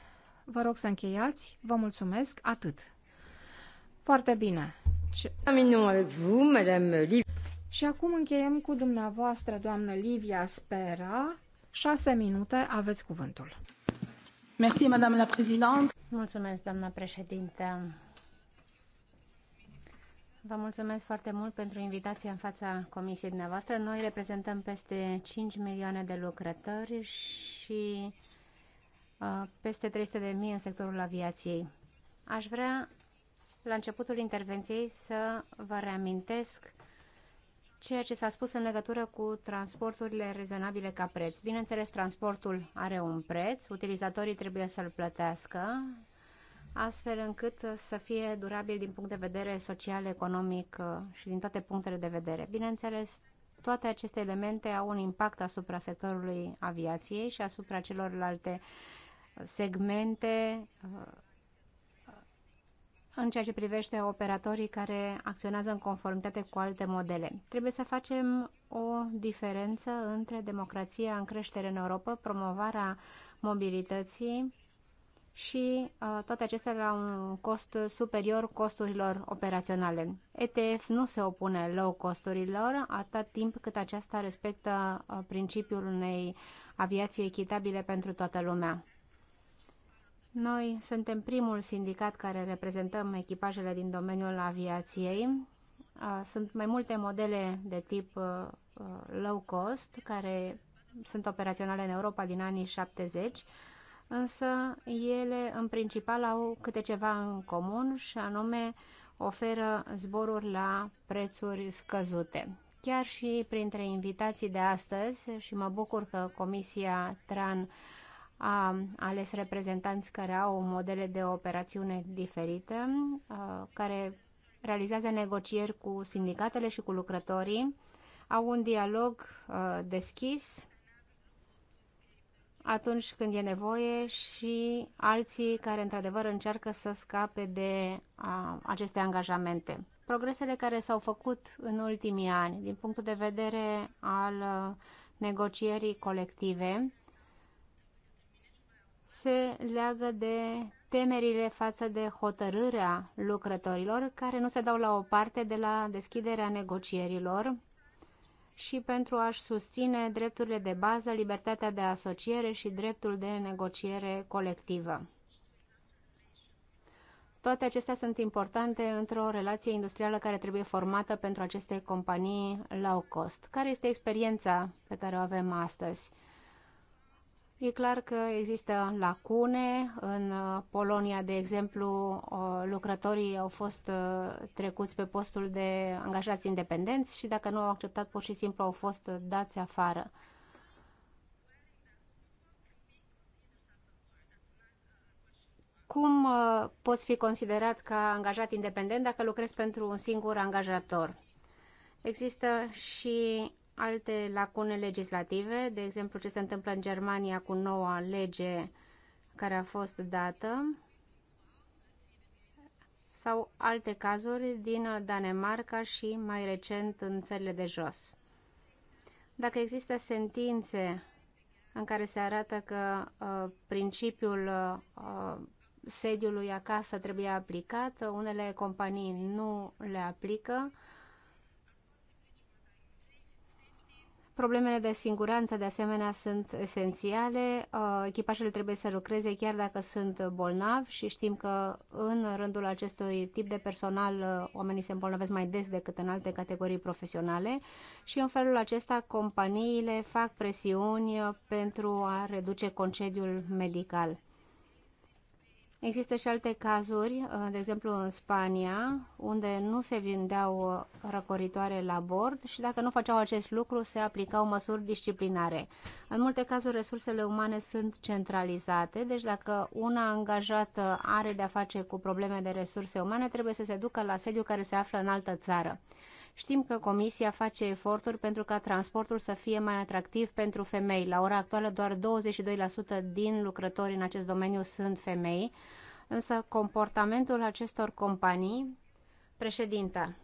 Vă rog să încheiați, vă mulțumesc, atât. Foarte bine. Și acum încheiem cu dumneavoastră, doamnă Livia Spera. Șase minute, aveți cuvântul. Mulțumesc, doamna președinte. Vă mulțumesc foarte mult pentru invitația în fața comisiei dumneavoastră. Noi reprezentăm peste 5 milioane de lucrători și uh, peste 300 de mii în sectorul aviației. Aș vrea, la începutul intervenției, să vă reamintesc ceea ce s-a spus în legătură cu transporturile rezonabile ca preț. Bineînțeles, transportul are un preț, utilizatorii trebuie să-l plătească astfel încât uh, să fie durabil din punct de vedere social, economic uh, și din toate punctele de vedere. Bineînțeles, toate aceste elemente au un impact asupra sectorului aviației și asupra celorlalte uh, segmente în ceea ce privește operatorii care acționează în conformitate cu alte modele. Trebuie să facem o diferență între democrația în creștere în Europa, promovarea mobilității, și uh, toate acestea la un cost superior costurilor operaționale. ETF nu se opune low costurilor atât timp cât aceasta respectă uh, principiul unei aviații echitabile pentru toată lumea. Noi suntem primul sindicat care reprezentăm echipajele din domeniul aviației. Uh, sunt mai multe modele de tip uh, uh low cost care sunt operaționale în Europa din anii 70 însă ele în principal au câte ceva în comun și anume oferă zboruri la prețuri scăzute. Chiar și printre invitații de astăzi, și mă bucur că Comisia TRAN a ales reprezentanți care au modele de operațiune diferite, uh, care realizează negocieri cu sindicatele și cu lucrătorii, au un dialog uh, deschis atunci când e nevoie și alții care într-adevăr încearcă să scape de a, aceste angajamente. Progresele care s-au făcut în ultimii ani din punctul de vedere al uh, negocierii colective se leagă de temerile față de hotărârea lucrătorilor care nu se dau la o parte de la deschiderea negocierilor și pentru a-și susține drepturile de bază, libertatea de asociere și dreptul de negociere colectivă. Toate acestea sunt importante într-o relație industrială care trebuie formată pentru aceste companii low cost. Care este experiența pe care o avem astăzi? E clar că există lacune. În uh, Polonia, de exemplu, uh, lucrătorii au fost uh, trecuți pe postul de angajați independenți și dacă nu au acceptat, pur și simplu au fost dați afară. Cum poți fi considerat ca angajat independent dacă lucrezi pentru un singur angajator? Există și alte lacune legislative, de exemplu ce se întâmplă în Germania cu noua lege care a fost dată, sau alte cazuri din Danemarca și mai recent în țările de jos. Dacă există sentințe în care se arată că uh, principiul uh, sediului acasă trebuie aplicat, unele companii nu le aplică, uh, Problemele de siguranță, de asemenea, sunt esențiale. Uh, echipajele trebuie să lucreze chiar dacă sunt bolnavi și știm că în rândul acestui tip de personal uh, oamenii se îmbolnăvesc mai des decât în alte categorii profesionale și în felul acesta companiile fac presiuni uh, pentru a reduce concediul medical. Există și alte cazuri, uh, de exemplu în Spania, unde nu se vindeau uh, răcoritoare la bord și dacă nu făceau acest lucru se aplicau măsuri disciplinare. În multe cazuri resursele umane sunt centralizate, deci dacă una angajată are de-a face cu probleme de resurse umane, trebuie să se ducă la sediu care se află în altă țară. Știm că Comisia face eforturi pentru ca transportul să fie mai atractiv pentru femei. La ora actuală, doar 22% din lucrători în acest domeniu sunt femei, însă comportamentul acestor companii, președinta,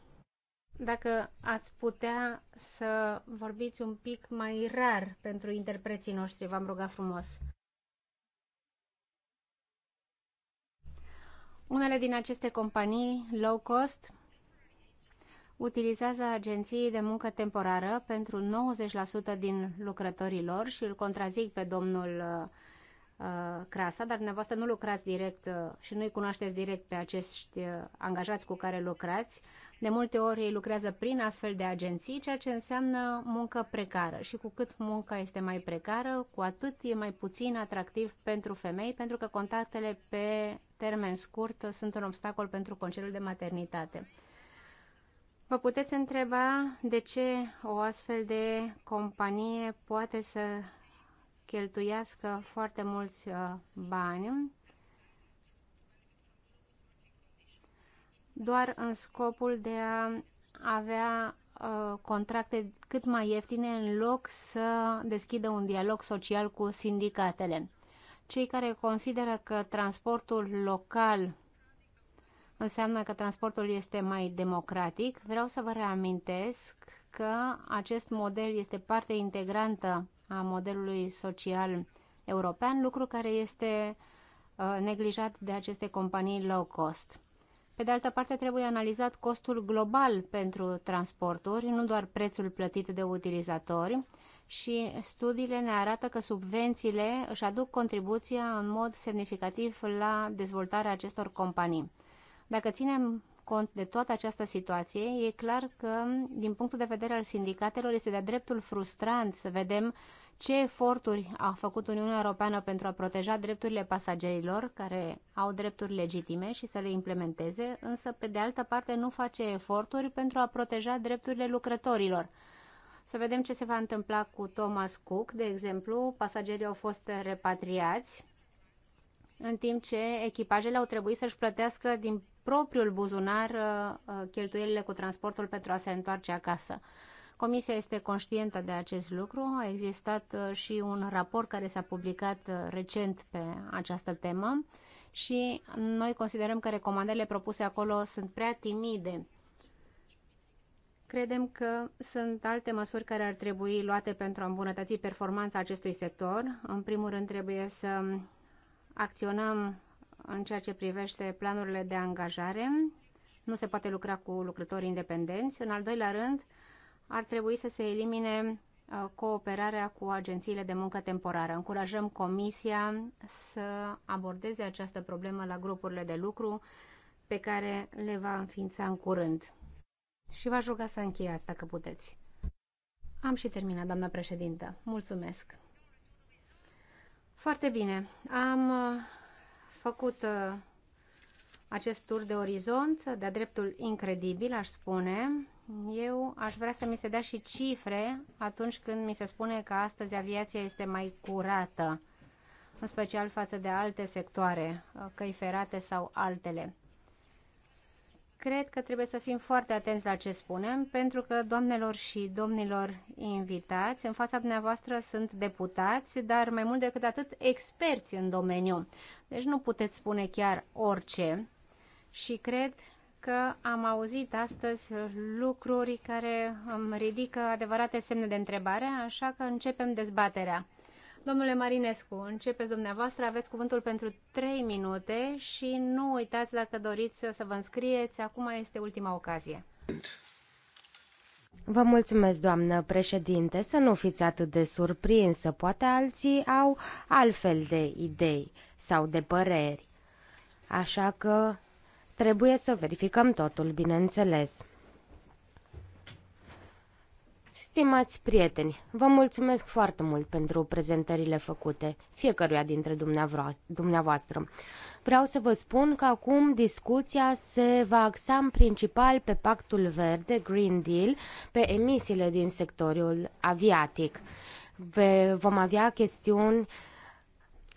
dacă ați putea să vorbiți un pic mai rar pentru interpreții noștri, v-am rugat frumos. Unele din aceste companii low cost utilizează agenții de muncă temporară pentru 90% din lucrătorii lor și îl contrazic pe domnul uh, uh, Crasa, dar dumneavoastră nu lucrați direct uh, și nu-i cunoașteți direct pe acești uh, angajați cu care lucrați. De multe ori ei lucrează prin astfel de agenții, ceea ce înseamnă muncă precară. Și cu cât munca este mai precară, cu atât e mai puțin atractiv pentru femei, pentru că contactele pe termen scurt sunt un obstacol pentru concediul de maternitate. Vă puteți întreba de ce o astfel de companie poate să cheltuiască foarte mulți uh, bani doar în scopul de a avea uh, contracte cât mai ieftine în loc să deschidă un dialog social cu sindicatele. Cei care consideră că transportul local înseamnă că transportul este mai democratic. Vreau să vă reamintesc că acest model este parte integrantă a modelului social european, lucru care este uh, neglijat de aceste companii low cost. Pe de altă parte, trebuie analizat costul global pentru transporturi, nu doar prețul plătit de utilizatori, și studiile ne arată că subvențiile își aduc contribuția în mod semnificativ la dezvoltarea acestor companii. Dacă ținem cont de toată această situație, e clar că, din punctul de vedere al sindicatelor, este de-a dreptul frustrant să vedem ce eforturi a făcut Uniunea Europeană pentru a proteja drepturile pasagerilor, care au drepturi legitime și să le implementeze, însă, pe de altă parte, nu face eforturi pentru a proteja drepturile lucrătorilor. Să vedem ce se va întâmpla cu Thomas Cook, de exemplu. Pasagerii au fost repatriați, în timp ce echipajele au trebuit să-și plătească din propriul buzunar uh, uh, cheltuielile cu transportul pentru a se întoarce acasă. Comisia este conștientă de acest lucru. A existat uh, și un raport care s-a publicat recent pe această temă și noi considerăm că recomandările propuse acolo sunt prea timide. Credem că sunt alte măsuri care ar trebui luate pentru a îmbunătăți performanța acestui sector. În primul rând trebuie să acționăm în ceea ce privește planurile de angajare. Nu se poate lucra cu lucrători independenți. În al doilea rând, ar trebui să se elimine uh, cooperarea cu agențiile de muncă temporară. Încurajăm Comisia să abordeze această problemă la grupurile de lucru pe care le va înființa în curând. Și v-aș ruga să încheiați dacă puteți. Am și terminat, doamna președintă. Mulțumesc. Foarte bine. Am uh, făcut uh, acest tur de orizont, de-a dreptul incredibil, aș spune. Eu aș vrea să mi se dea și cifre atunci când mi se spune că astăzi aviația este mai curată, în special față de alte sectoare, uh, căi ferate sau altele cred că trebuie să fim foarte atenți la ce spunem, pentru că doamnelor și domnilor invitați, în fața dumneavoastră sunt deputați, dar mai mult decât atât experți în domeniu. Deci nu puteți spune chiar orice și cred că am auzit astăzi lucruri care îmi ridică adevărate semne de întrebare, așa că începem dezbaterea. Domnule Marinescu, începeți dumneavoastră, aveți cuvântul pentru 3 minute și nu uitați dacă doriți să vă înscrieți, acum este ultima ocazie. Vă mulțumesc, doamnă președinte, să nu fiți atât de surprinsă, poate alții au altfel de idei sau de păreri. Așa că trebuie să verificăm totul, bineînțeles. Stimați prieteni, vă mulțumesc foarte mult pentru prezentările făcute, fiecăruia dintre dumneavoastră. Vreau să vă spun că acum discuția se va axa în principal pe Pactul Verde, Green Deal, pe emisiile din sectorul aviatic. Vom avea chestiuni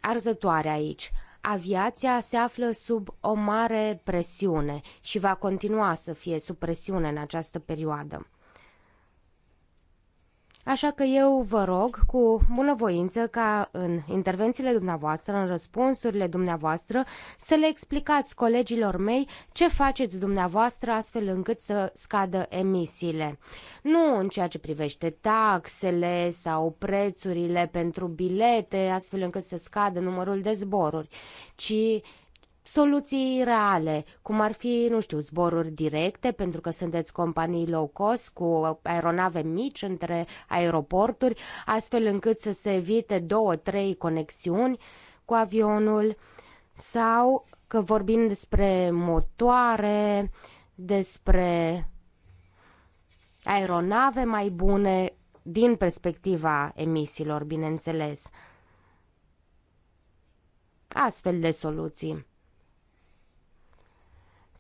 arzătoare aici aviația se află sub o mare presiune și va continua să fie sub presiune în această perioadă. Așa că eu vă rog cu voință ca în intervențiile dumneavoastră, în răspunsurile dumneavoastră, să le explicați colegilor mei ce faceți dumneavoastră astfel încât să scadă emisiile. Nu în ceea ce privește taxele sau prețurile pentru bilete, astfel încât să scadă numărul de zboruri, ci soluții reale, cum ar fi, nu știu, zboruri directe, pentru că sunteți companii low cost cu aeronave mici între aeroporturi, astfel încât să se evite două, trei conexiuni cu avionul sau că vorbim despre motoare, despre aeronave mai bune din perspectiva emisiilor, bineînțeles. Astfel de soluții.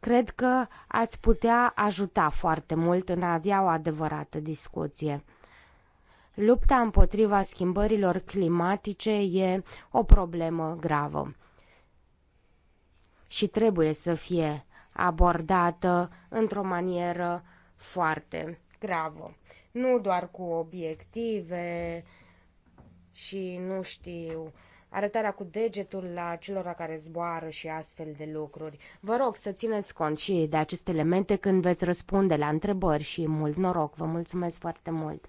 Cred că ați putea ajuta foarte mult în a avea o adevărată discuție. Lupta împotriva schimbărilor climatice e o problemă gravă și trebuie să fie abordată într-o manieră foarte gravă. Nu doar cu obiective și nu știu, arătarea cu degetul la celor care zboară și astfel de lucruri. Vă rog să țineți cont și de aceste elemente când veți răspunde la întrebări și mult noroc. Vă mulțumesc foarte mult!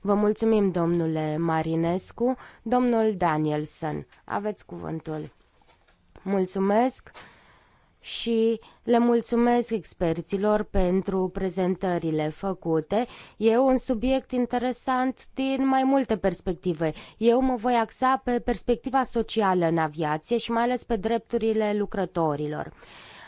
Vă mulțumim, domnule Marinescu. Domnul Danielson, aveți cuvântul. Mulțumesc, și le mulțumesc experților pentru prezentările făcute. E un subiect interesant din mai multe perspective. Eu mă voi axa pe perspectiva socială în aviație și mai ales pe drepturile lucrătorilor.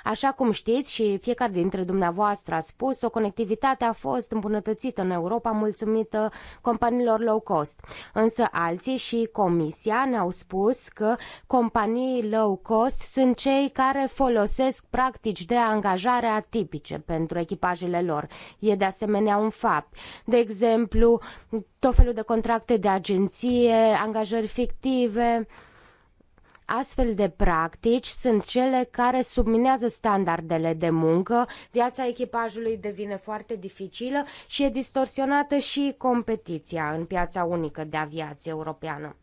Așa cum știți și fiecare dintre dumneavoastră a spus, o conectivitate a fost îmbunătățită în Europa mulțumită companiilor low cost. Însă alții și Comisia ne-au spus că companii low cost sunt cei care folosesc practici de angajare atipice pentru echipajele lor. E de asemenea un fapt. De exemplu, tot felul de contracte de agenție, angajări fictive, Astfel de practici sunt cele care subminează standardele de muncă, viața echipajului devine foarte dificilă și e distorsionată și competiția în piața unică de aviație europeană.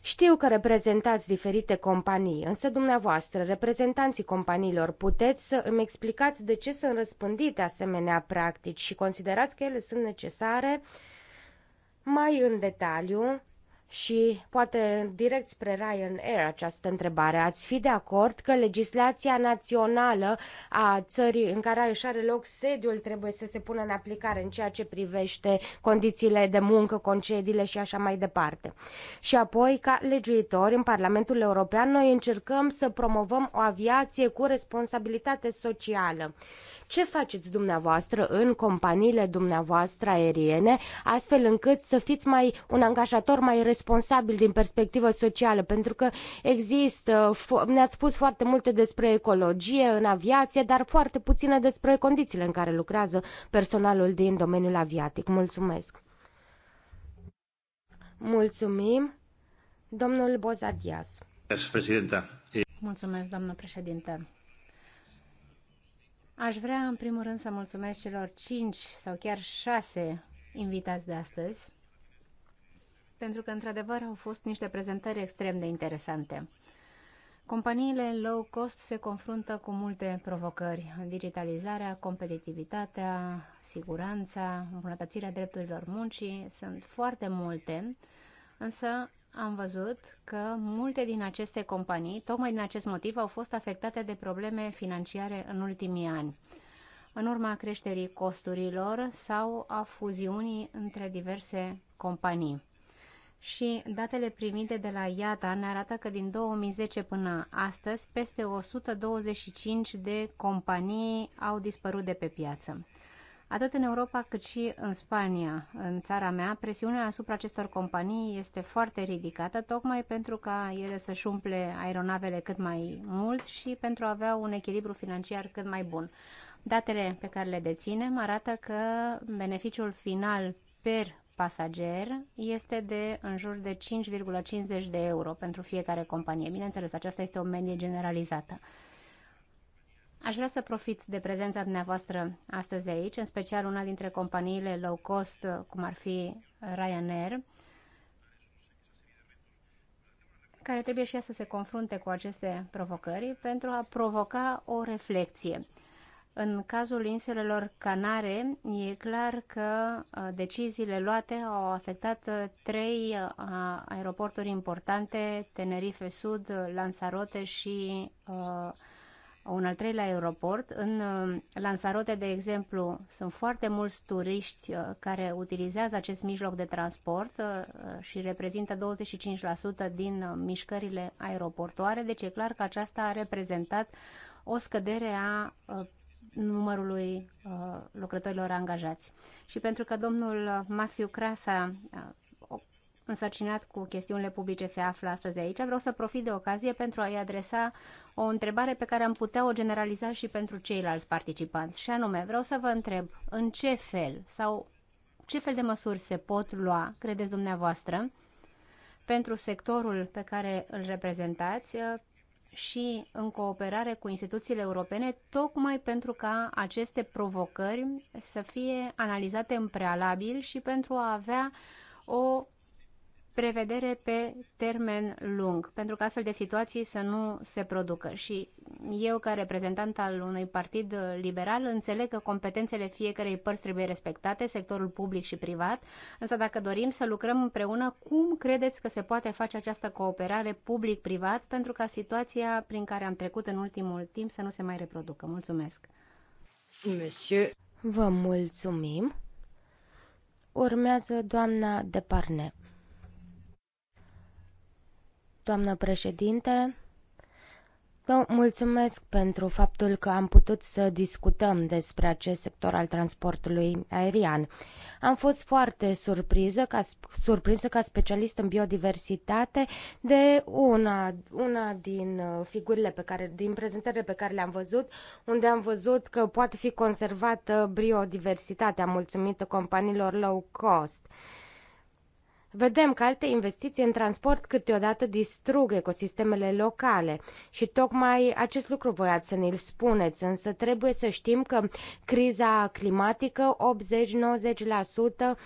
Știu că reprezentați diferite companii, însă dumneavoastră, reprezentanții companiilor, puteți să îmi explicați de ce sunt răspândite asemenea practici și considerați că ele sunt necesare mai în detaliu și poate direct spre Ryanair această întrebare. Ați fi de acord că legislația națională a țării în care își are loc sediul trebuie să se pună în aplicare în ceea ce privește condițiile de muncă, concediile și așa mai departe. Și apoi, ca legiuitori în Parlamentul European, noi încercăm să promovăm o aviație cu responsabilitate socială ce faceți dumneavoastră în companiile dumneavoastră aeriene, astfel încât să fiți mai un angajator mai responsabil din perspectivă socială? Pentru că există, ne-ați spus foarte multe despre ecologie în aviație, dar foarte puține despre condițiile în care lucrează personalul din domeniul aviatic. Mulțumesc! Mulțumim! Domnul Bozadias. Mulțumesc, doamnă președinte. Aș vrea, în primul rând, să mulțumesc celor cinci sau chiar șase invitați de astăzi, pentru că, într-adevăr, au fost niște prezentări extrem de interesante. Companiile low cost se confruntă cu multe provocări. Digitalizarea, competitivitatea, siguranța, îmbunătățirea drepturilor muncii sunt foarte multe, însă am văzut că multe din aceste companii, tocmai din acest motiv, au fost afectate de probleme financiare în ultimii ani, în urma creșterii costurilor sau a fuziunii între diverse companii. Și datele primite de la IATA ne arată că din 2010 până astăzi, peste 125 de companii au dispărut de pe piață. Atât în Europa cât și în Spania, în țara mea, presiunea asupra acestor companii este foarte ridicată, tocmai pentru ca ele să-și umple aeronavele cât mai mult și pentru a avea un echilibru financiar cât mai bun. Datele pe care le deținem arată că beneficiul final per pasager este de în jur de 5,50 de euro pentru fiecare companie. Bineînțeles, aceasta este o medie generalizată. Aș vrea să profit de prezența dumneavoastră astăzi aici, în special una dintre companiile low cost, cum ar fi Ryanair, care trebuie și ea să se confrunte cu aceste provocări pentru a provoca o reflexie. În cazul insulelor Canare, e clar că uh, deciziile luate au afectat uh, trei uh, aeroporturi importante, Tenerife Sud, Lanzarote și uh, un al treilea aeroport. În uh, Lanzarote, de exemplu, sunt foarte mulți turiști uh, care utilizează acest mijloc de transport uh, și reprezintă 25% din mișcările aeroportoare, deci e clar că aceasta a reprezentat o scădere a numărului lucrătorilor angajați. Și pentru că domnul Matthew Crasa însărcinat cu chestiunile publice se află astăzi aici, vreau să profit de ocazie pentru a-i adresa o întrebare pe care am putea o generaliza și pentru ceilalți participanți. Și anume, vreau să vă întreb în ce fel sau ce fel de măsuri se pot lua, credeți dumneavoastră, pentru sectorul pe care îl reprezentați uh, și în cooperare cu instituțiile europene, tocmai pentru ca aceste provocări să fie analizate în prealabil și pentru a avea o prevedere pe termen lung, pentru că astfel de situații să nu se producă. Și eu, ca reprezentant al unui partid liberal, înțeleg că competențele fiecarei părți trebuie respectate, sectorul public și privat, însă dacă dorim să lucrăm împreună, cum credeți că se poate face această cooperare public-privat pentru ca situația prin care am trecut în ultimul timp să nu se mai reproducă? Mulțumesc! Monsieur. Vă mulțumim! Urmează doamna Deparne doamnă președinte. Vă mulțumesc pentru faptul că am putut să discutăm despre acest sector al transportului aerian. Am fost foarte surpriză ca, surprinsă ca specialist în biodiversitate de una, una din uh, figurile pe care, din prezentările pe care le-am văzut, unde am văzut că poate fi conservată biodiversitatea mulțumită companiilor low cost. Uh, Vedem că alte investiții în transport câteodată distrug ecosistemele locale și tocmai acest lucru voiați să ne-l spuneți, însă trebuie să știm că criza climatică 80-90%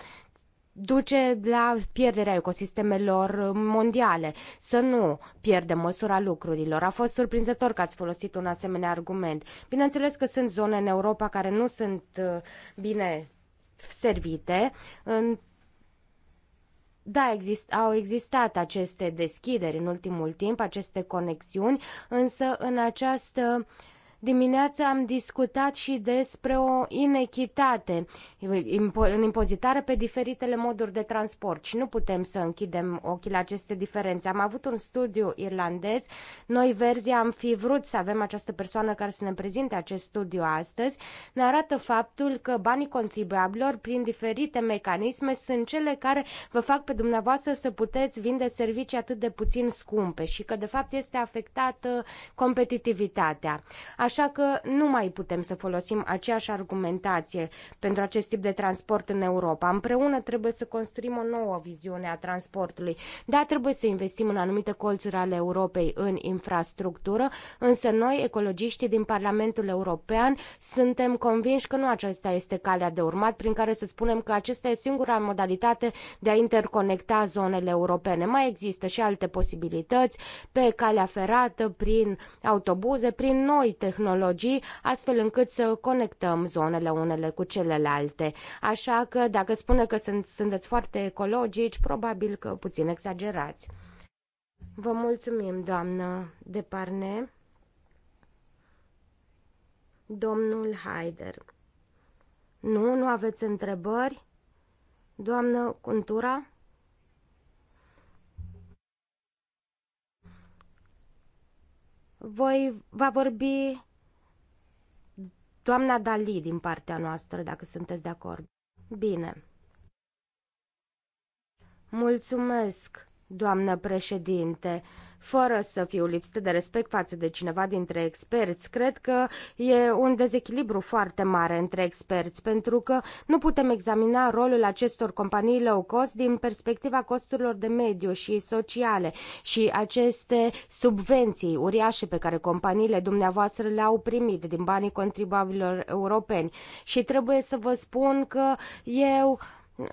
duce la pierderea ecosistemelor mondiale. Să nu pierdem măsura lucrurilor. A fost surprinzător că ați folosit un asemenea argument. Bineînțeles că sunt zone în Europa care nu sunt uh, bine servite. În da, exist, au existat aceste deschideri în ultimul timp, aceste conexiuni, însă în această Dimineața am discutat și despre o inechitate în impozitare pe diferitele moduri de transport și nu putem să închidem ochii la aceste diferențe. Am avut un studiu irlandez, noi verzi am fi vrut să avem această persoană care să ne prezinte acest studiu astăzi, ne arată faptul că banii contribuabilor prin diferite mecanisme sunt cele care vă fac pe dumneavoastră să puteți vinde servicii atât de puțin scumpe și că de fapt este afectată competitivitatea. Aș Așa că nu mai putem să folosim aceeași argumentație pentru acest tip de transport în Europa. Împreună trebuie să construim o nouă viziune a transportului. Da, trebuie să investim în anumite colțuri ale Europei în infrastructură, însă noi, ecologiștii din Parlamentul European, suntem convinși că nu aceasta este calea de urmat prin care să spunem că acesta e singura modalitate de a interconecta zonele europene. Mai există și alte posibilități pe calea ferată, prin autobuze, prin noi tehnologii tehnologii, astfel încât să conectăm zonele unele cu celelalte. Așa că dacă spune că sunt, sunteți foarte ecologici, probabil că puțin exagerați. Vă mulțumim, doamnă Deparne. Domnul Haider. Nu, nu aveți întrebări? Doamnă Cuntura? Voi va vorbi Doamna Dali din partea noastră, dacă sunteți de acord. Bine. Mulțumesc, doamnă președinte fără să fiu lipsită de respect față de cineva dintre experți. Cred că e un dezechilibru foarte mare între experți, pentru că nu putem examina rolul acestor companii low cost din perspectiva costurilor de mediu și sociale și aceste subvenții uriașe pe care companiile dumneavoastră le-au primit din banii contribuabililor europeni. Și trebuie să vă spun că eu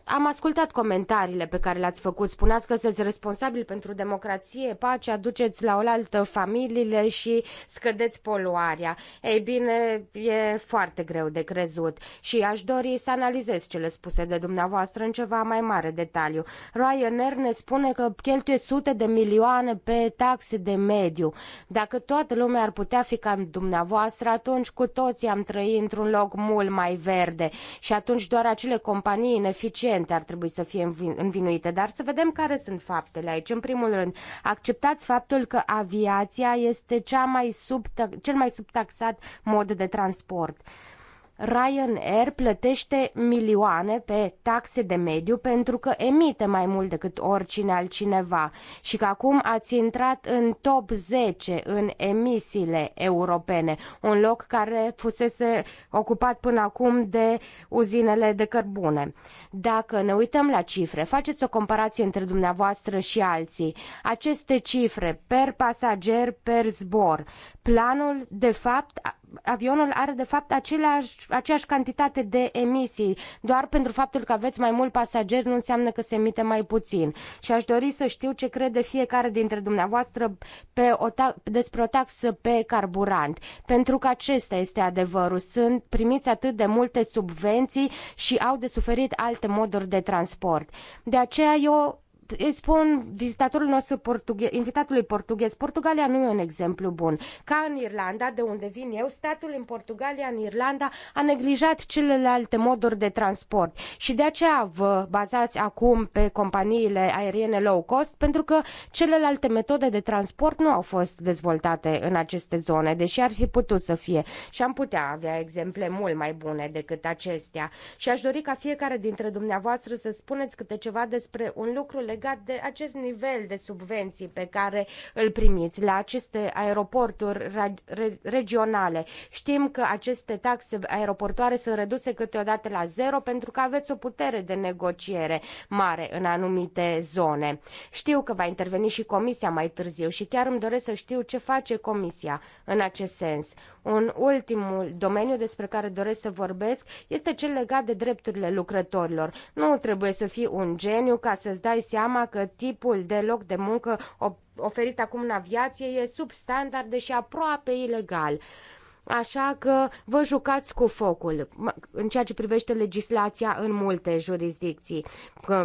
am ascultat comentariile pe care le-ați făcut. Spuneați că sunteți responsabili pentru democrație, pace, aduceți la oaltă familiile și scădeți poluarea. Ei bine, e foarte greu de crezut și aș dori să analizez cele spuse de dumneavoastră în ceva mai mare detaliu. Ryanair ne spune că cheltuie sute de milioane pe taxe de mediu. Dacă toată lumea ar putea fi ca dumneavoastră, atunci cu toții am trăi într-un loc mult mai verde și atunci doar acele companii ineficiente suficiente ar trebui să fie învinuite, dar să vedem care sunt faptele aici. În primul rând, acceptați faptul că aviația este cea mai sub, cel mai subtaxat mod de transport. Ryanair plătește milioane pe taxe de mediu pentru că emite mai mult decât oricine altcineva și că acum ați intrat în top 10 în emisiile europene, un loc care fusese ocupat până acum de uzinele de cărbune. Dacă ne uităm la cifre, faceți o comparație între dumneavoastră și alții. Aceste cifre per pasager, per zbor, planul de fapt avionul are de fapt aceleași, aceeași cantitate de emisii. Doar pentru faptul că aveți mai mulți pasageri nu înseamnă că se emite mai puțin. Și aș dori să știu ce crede fiecare dintre dumneavoastră pe o despre o taxă pe carburant. Pentru că acesta este adevărul. Sunt primiți atât de multe subvenții și au de suferit alte moduri de transport. De aceea eu îi spun vizitatorul nostru portughe, invitatului portughez, Portugalia nu e un exemplu bun. Ca în Irlanda, de unde vin eu, statul în Portugalia, în Irlanda, a neglijat celelalte moduri de transport și de aceea vă bazați acum pe companiile aeriene low cost, pentru că celelalte metode de transport nu au fost dezvoltate în aceste zone, deși ar fi putut să fie și am putea avea exemple mult mai bune decât acestea. Și aș dori ca fiecare dintre dumneavoastră să spuneți câte ceva despre un lucru legat legat de acest nivel de subvenții pe care îl primiți la aceste aeroporturi regionale. Știm că aceste taxe aeroportoare sunt reduse câteodată la zero pentru că aveți o putere de negociere mare în anumite zone. Știu că va interveni și Comisia mai târziu și chiar îmi doresc să știu ce face Comisia în acest sens. Un ultimul domeniu despre care doresc să vorbesc este cel legat de drepturile lucrătorilor. Nu trebuie să fii un geniu ca să-ți dai seama că tipul de loc de muncă oferit acum în aviație e sub și aproape ilegal. Așa că vă jucați cu focul în ceea ce privește legislația în multe jurisdicții,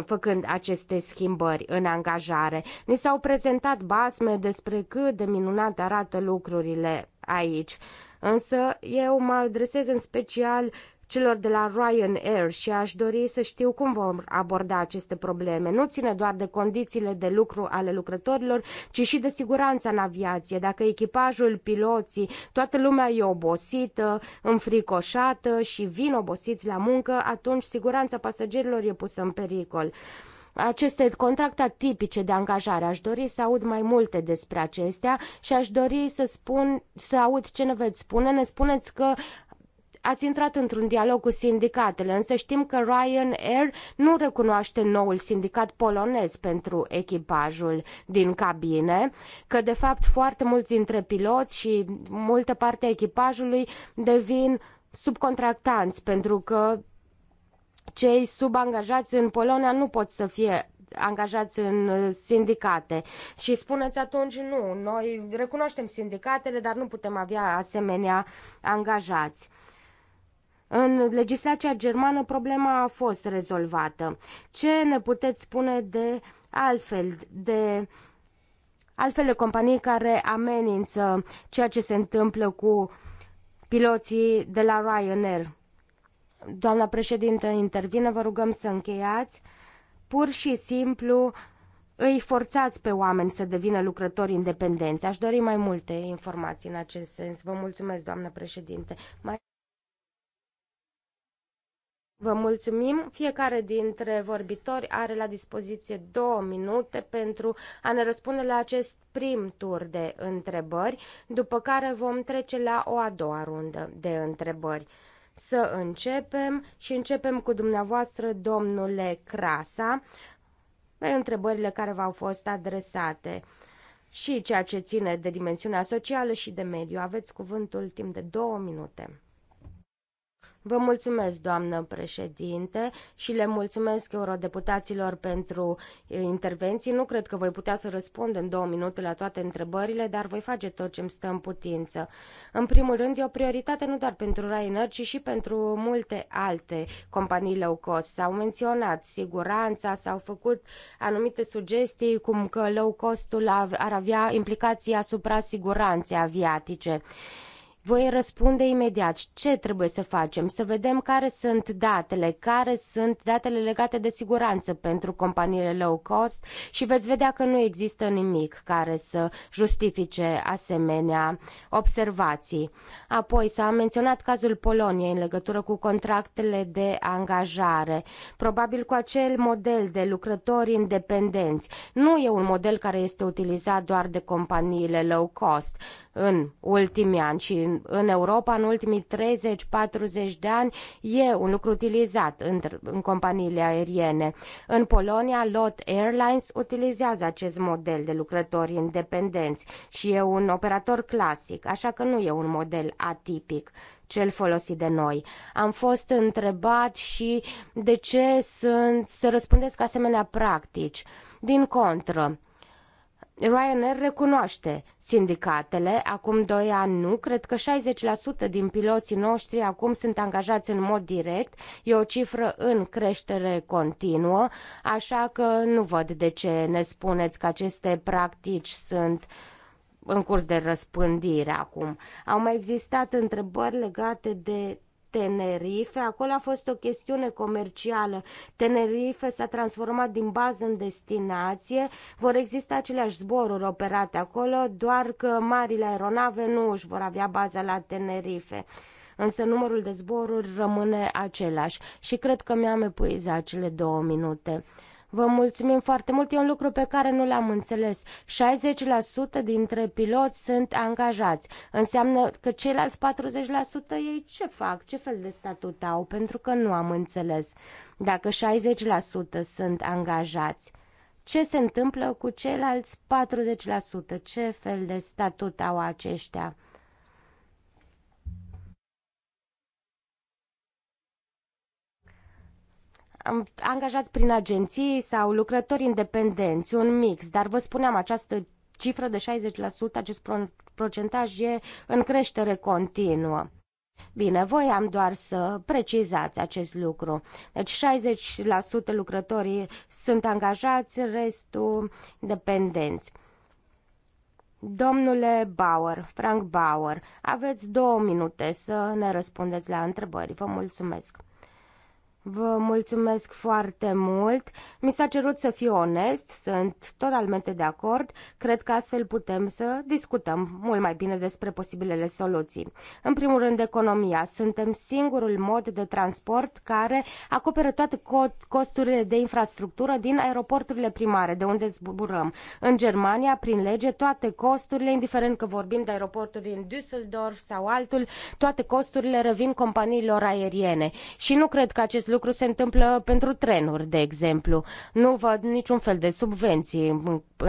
făcând aceste schimbări în angajare. Ni s-au prezentat basme despre cât de minunat arată lucrurile aici. Însă eu mă adresez în special celor de la Ryanair și aș dori să știu cum vom aborda aceste probleme. Nu ține doar de condițiile de lucru ale lucrătorilor, ci și de siguranța în aviație. Dacă echipajul, piloții, toată lumea e obosită, înfricoșată și vin obosiți la muncă, atunci siguranța pasagerilor e pusă în pericol aceste contracte atipice de angajare. Aș dori să aud mai multe despre acestea și aș dori să spun, să aud ce ne veți spune. Ne spuneți că ați intrat într-un dialog cu sindicatele, însă știm că Ryanair nu recunoaște noul sindicat polonez pentru echipajul din cabine, că de fapt foarte mulți dintre piloți și multă parte a echipajului devin subcontractanți pentru că cei subangajați în Polonia nu pot să fie angajați în uh, sindicate și spuneți atunci nu, noi recunoaștem sindicatele, dar nu putem avea asemenea angajați. În legislația germană problema a fost rezolvată. Ce ne puteți spune de altfel, de altfel de companii care amenință ceea ce se întâmplă cu piloții de la Ryanair? Doamna președintă intervine, vă rugăm să încheiați. Pur și simplu îi forțați pe oameni să devină lucrători independenți. Aș dori mai multe informații în acest sens. Vă mulțumesc, doamnă președinte. Mai... Vă mulțumim. Fiecare dintre vorbitori are la dispoziție două minute pentru a ne răspunde la acest prim tur de întrebări, după care vom trece la o a doua rundă de întrebări să începem și începem cu dumneavoastră, domnule Crasa, pe întrebările care v-au fost adresate și ceea ce ține de dimensiunea socială și de mediu. Aveți cuvântul timp de două minute. Vă mulțumesc, doamnă președinte, și le mulțumesc eurodeputaților pentru intervenții. Nu cred că voi putea să răspund în două minute la toate întrebările, dar voi face tot ce îmi stă în putință. În primul rând, e o prioritate nu doar pentru Ryanair, ci și pentru multe alte companii low cost. S-au menționat siguranța, s-au făcut anumite sugestii cum că low cost-ul ar avea implicații asupra siguranței aviatice. Voi răspunde imediat ce trebuie să facem, să vedem care sunt datele, care sunt datele legate de siguranță pentru companiile low cost și veți vedea că nu există nimic care să justifice asemenea observații. Apoi s-a menționat cazul Poloniei în legătură cu contractele de angajare, probabil cu acel model de lucrători independenți. Nu e un model care este utilizat doar de companiile low cost în ultimii ani și în Europa în ultimii 30-40 de ani e un lucru utilizat în, în companiile aeriene. În Polonia, Lot Airlines utilizează acest model de lucrători independenți și e un operator clasic, așa că nu e un model atipic cel folosit de noi. Am fost întrebat și de ce sunt, să răspundesc asemenea practici. Din contră, Ryanair recunoaște sindicatele, acum doi ani nu, cred că 60% din piloții noștri acum sunt angajați în mod direct, e o cifră în creștere continuă, așa că nu văd de ce ne spuneți că aceste practici sunt în curs de răspândire acum. Au mai existat întrebări legate de Tenerife. Acolo a fost o chestiune comercială. Tenerife s-a transformat din bază în destinație. Vor exista aceleași zboruri operate acolo, doar că marile aeronave nu își vor avea baza la Tenerife. Însă numărul de zboruri rămâne același și cred că mi-am epuizat cele două minute. Vă mulțumim foarte mult, e un lucru pe care nu l-am înțeles. 60% dintre piloți sunt angajați. Înseamnă că ceilalți 40% ei ce fac, ce fel de statut au, pentru că nu am înțeles. Dacă 60% sunt angajați, ce se întâmplă cu ceilalți 40%, ce fel de statut au aceștia? angajați prin agenții sau lucrători independenți, un mix, dar vă spuneam, această cifră de 60%, acest procentaj e în creștere continuă. Bine, voi am doar să precizați acest lucru. Deci 60% lucrătorii sunt angajați, restul dependenți. Domnule Bauer, Frank Bauer, aveți două minute să ne răspundeți la întrebări. Vă mulțumesc. Vă mulțumesc foarte mult. Mi s-a cerut să fiu onest, sunt totalmente de acord. Cred că astfel putem să discutăm mult mai bine despre posibilele soluții. În primul rând, economia. Suntem singurul mod de transport care acoperă toate costurile de infrastructură din aeroporturile primare, de unde zburăm. În Germania, prin lege, toate costurile, indiferent că vorbim de aeroporturi din Düsseldorf sau altul, toate costurile revin companiilor aeriene. Și nu cred că acest lucru lucru se întâmplă pentru trenuri, de exemplu. Nu văd niciun fel de subvenții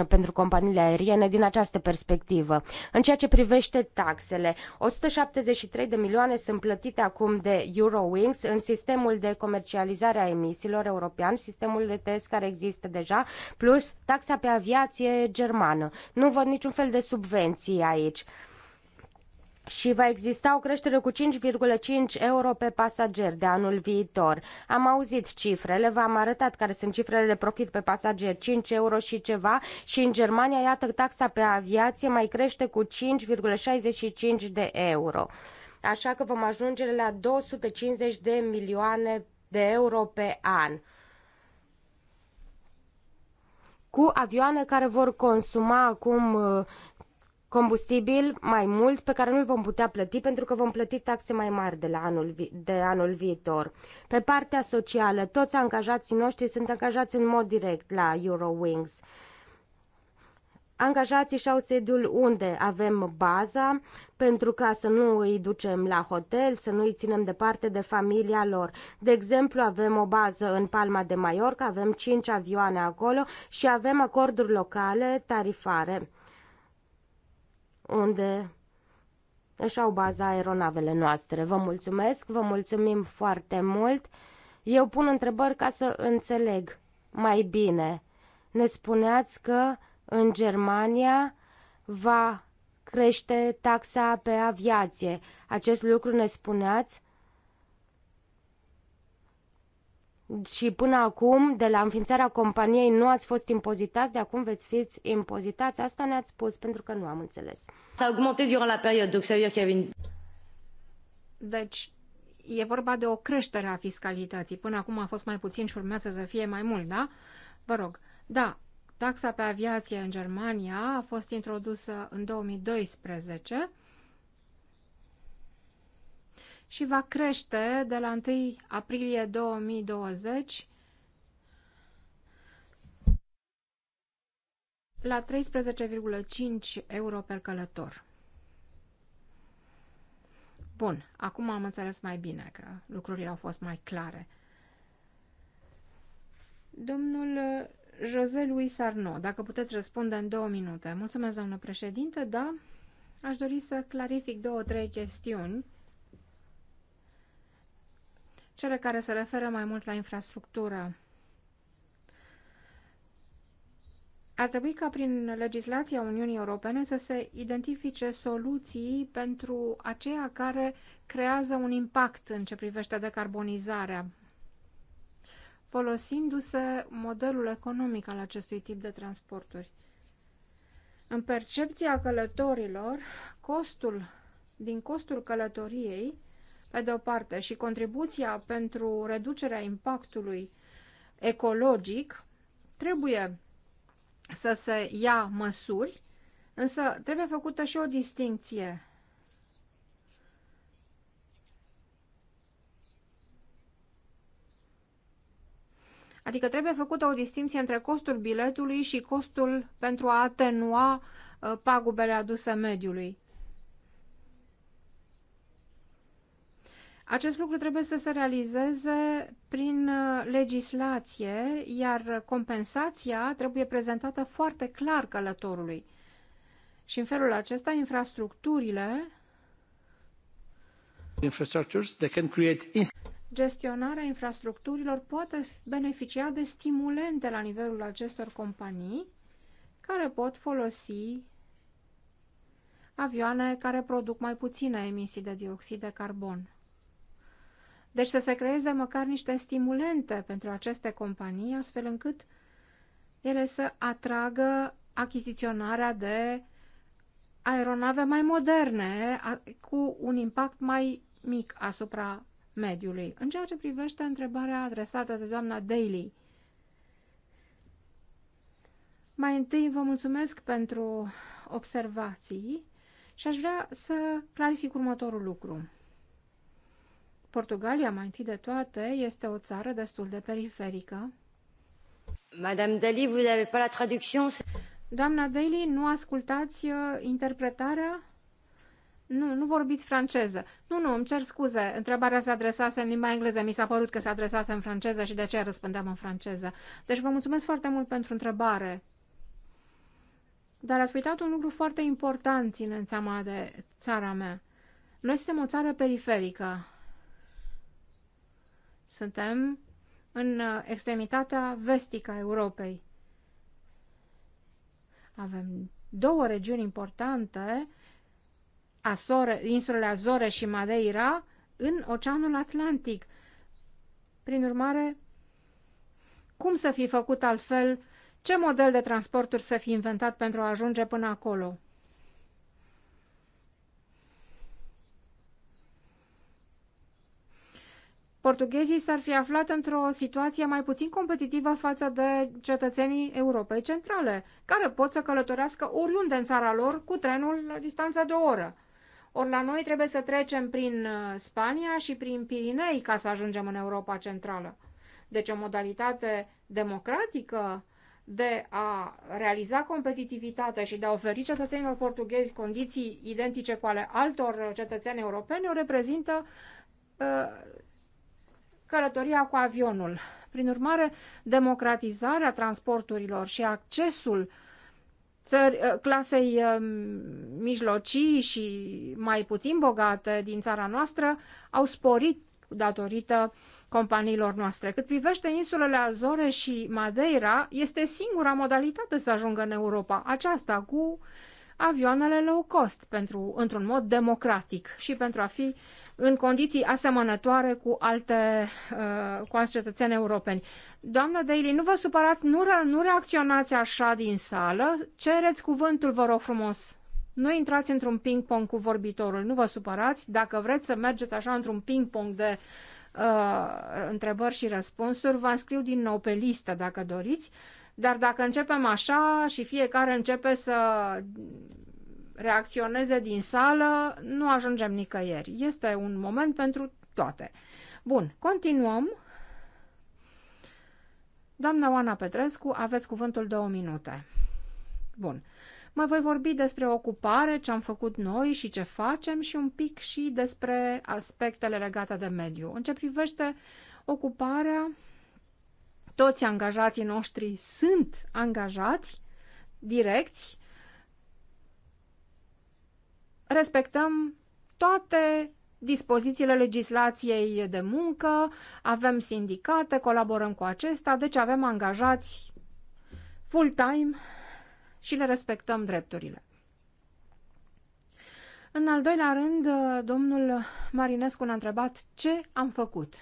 pentru companiile aeriene din această perspectivă. În ceea ce privește taxele, 173 de milioane sunt plătite acum de Eurowings în sistemul de comercializare a emisiilor european, sistemul de test care există deja, plus taxa pe aviație germană. Nu văd niciun fel de subvenții aici și va exista o creștere cu 5,5 euro pe pasager de anul viitor. Am auzit cifrele, v-am arătat care sunt cifrele de profit pe pasager, 5 euro și ceva și în Germania, iată, taxa pe aviație mai crește cu 5,65 de euro. Așa că vom ajunge la 250 de milioane de euro pe an cu avioane care vor consuma acum uh, combustibil mai mult pe care nu-l vom putea plăti pentru că vom plăti taxe mai mari de, la anul, de anul viitor. Pe partea socială, toți angajații noștri sunt angajați în mod direct la Eurowings. Angajații și-au sediul unde avem baza pentru ca să nu îi ducem la hotel, să nu îi ținem departe de familia lor. De exemplu, avem o bază în Palma de Mallorca, avem 5 avioane acolo și avem acorduri locale tarifare unde își au baza aeronavele noastre. Vă mulțumesc, vă mulțumim foarte mult. Eu pun întrebări ca să înțeleg mai bine. Ne spuneați că în Germania va crește taxa pe aviație. Acest lucru ne spuneați și până acum, de la înființarea companiei, nu ați fost impozitați, de acum veți fi impozitați. Asta ne-ați spus, pentru că nu am înțeles. S-a augmentat durant la perioadă, donc ça veut dire qu'il y avait une... Deci, e vorba de o creștere a fiscalității. Până acum a fost mai puțin și urmează să fie mai mult, da? Vă rog. Da, taxa pe aviație în Germania a fost introdusă în 2012 și va crește de la 1 aprilie 2020 la 13,5 euro per călător. Bun, acum am înțeles mai bine că lucrurile au fost mai clare. Domnul José Luis Arno, dacă puteți răspunde în două minute. Mulțumesc, doamnă președinte, da? Aș dori să clarific două, trei chestiuni cele care se referă mai mult la infrastructură. Ar trebui ca prin legislația Uniunii Europene să se identifice soluții pentru aceia care creează un impact în ce privește decarbonizarea, folosindu-se modelul economic al acestui tip de transporturi. În percepția călătorilor, costul din costul călătoriei pe de o parte, și contribuția pentru reducerea impactului ecologic, trebuie să se ia măsuri, însă trebuie făcută și o distinție Adică trebuie făcută o distinție între costul biletului și costul pentru a atenua uh, pagubele aduse mediului. Acest lucru trebuie să se realizeze prin uh, legislație, iar compensația trebuie prezentată foarte clar călătorului. Și în felul acesta, infrastructurile gestionarea infrastructurilor poate beneficia de stimulente la nivelul acestor companii care pot folosi avioane care produc mai puține emisii de dioxid de carbon. Deci să se creeze măcar niște stimulente pentru aceste companii, astfel încât ele să atragă achiziționarea de aeronave mai moderne, cu un impact mai mic asupra mediului. În ceea ce privește întrebarea adresată de doamna Daly, mai întâi vă mulțumesc pentru observații și aș vrea să clarific următorul lucru. Portugalia, mai întâi de toate, este o țară destul de periferică. Madame Daly, vous n'avez pas la traduction? Doamna Daly, nu ascultați uh, interpretarea? Nu, nu vorbiți franceză. Nu, nu, îmi cer scuze. Întrebarea se adresase în limba engleză. Mi s-a părut că se adresase în franceză și de aceea răspundeam în franceză. Deci vă mulțumesc foarte mult pentru întrebare. Dar ați uitat un lucru foarte important, ținând seama de țara mea. Noi suntem o țară periferică. Suntem în uh, extremitatea vestică a Europei. Avem două regiuni importante, Azore, insulele Azore și Madeira, în Oceanul Atlantic. Prin urmare, cum să fi făcut altfel? Ce model de transporturi să fi inventat pentru a ajunge până acolo? portughezii s-ar fi aflat într-o situație mai puțin competitivă față de cetățenii Europei Centrale, care pot să călătorească oriunde în țara lor cu trenul la distanță de o oră. Ori la noi trebuie să trecem prin uh, Spania și prin Pirinei ca să ajungem în Europa Centrală. Deci o modalitate democratică de a realiza competitivitatea și de a oferi cetățenilor portughezi condiții identice cu ale altor cetățeni europeni o reprezintă uh, călătoria cu avionul. Prin urmare, democratizarea transporturilor și accesul țări, ă, clasei ă, mijlocii și mai puțin bogate din țara noastră au sporit datorită companiilor noastre. Cât privește insulele Azore și Madeira, este singura modalitate să ajungă în Europa, aceasta cu avioanele low cost, pentru, într-un mod democratic și pentru a fi uh, în condiții asemănătoare cu alte, uh, cu alți cetățeni europeni. Doamna Daly, nu vă supărați, nu, nu reacționați așa din sală, cereți cuvântul, vă rog frumos. Nu intrați într-un ping-pong cu vorbitorul, nu vă supărați. Dacă vreți să mergeți așa într-un ping-pong de uh, întrebări și răspunsuri, vă înscriu din nou pe listă dacă doriți. Dar dacă începem așa și fiecare începe să reacționeze din sală, nu ajungem nicăieri. Este un moment pentru toate. Bun, continuăm. Doamna Oana Petrescu, aveți cuvântul două minute. Bun. Mă voi vorbi despre ocupare, ce am făcut noi și ce facem și un pic și despre aspectele legate de mediu. În ce privește ocuparea, toți angajații noștri sunt angajați direcți respectăm toate dispozițiile legislației de muncă, avem sindicate, colaborăm cu acesta, deci avem angajați full-time și le respectăm drepturile. În al doilea rând, domnul Marinescu ne-a întrebat ce am făcut.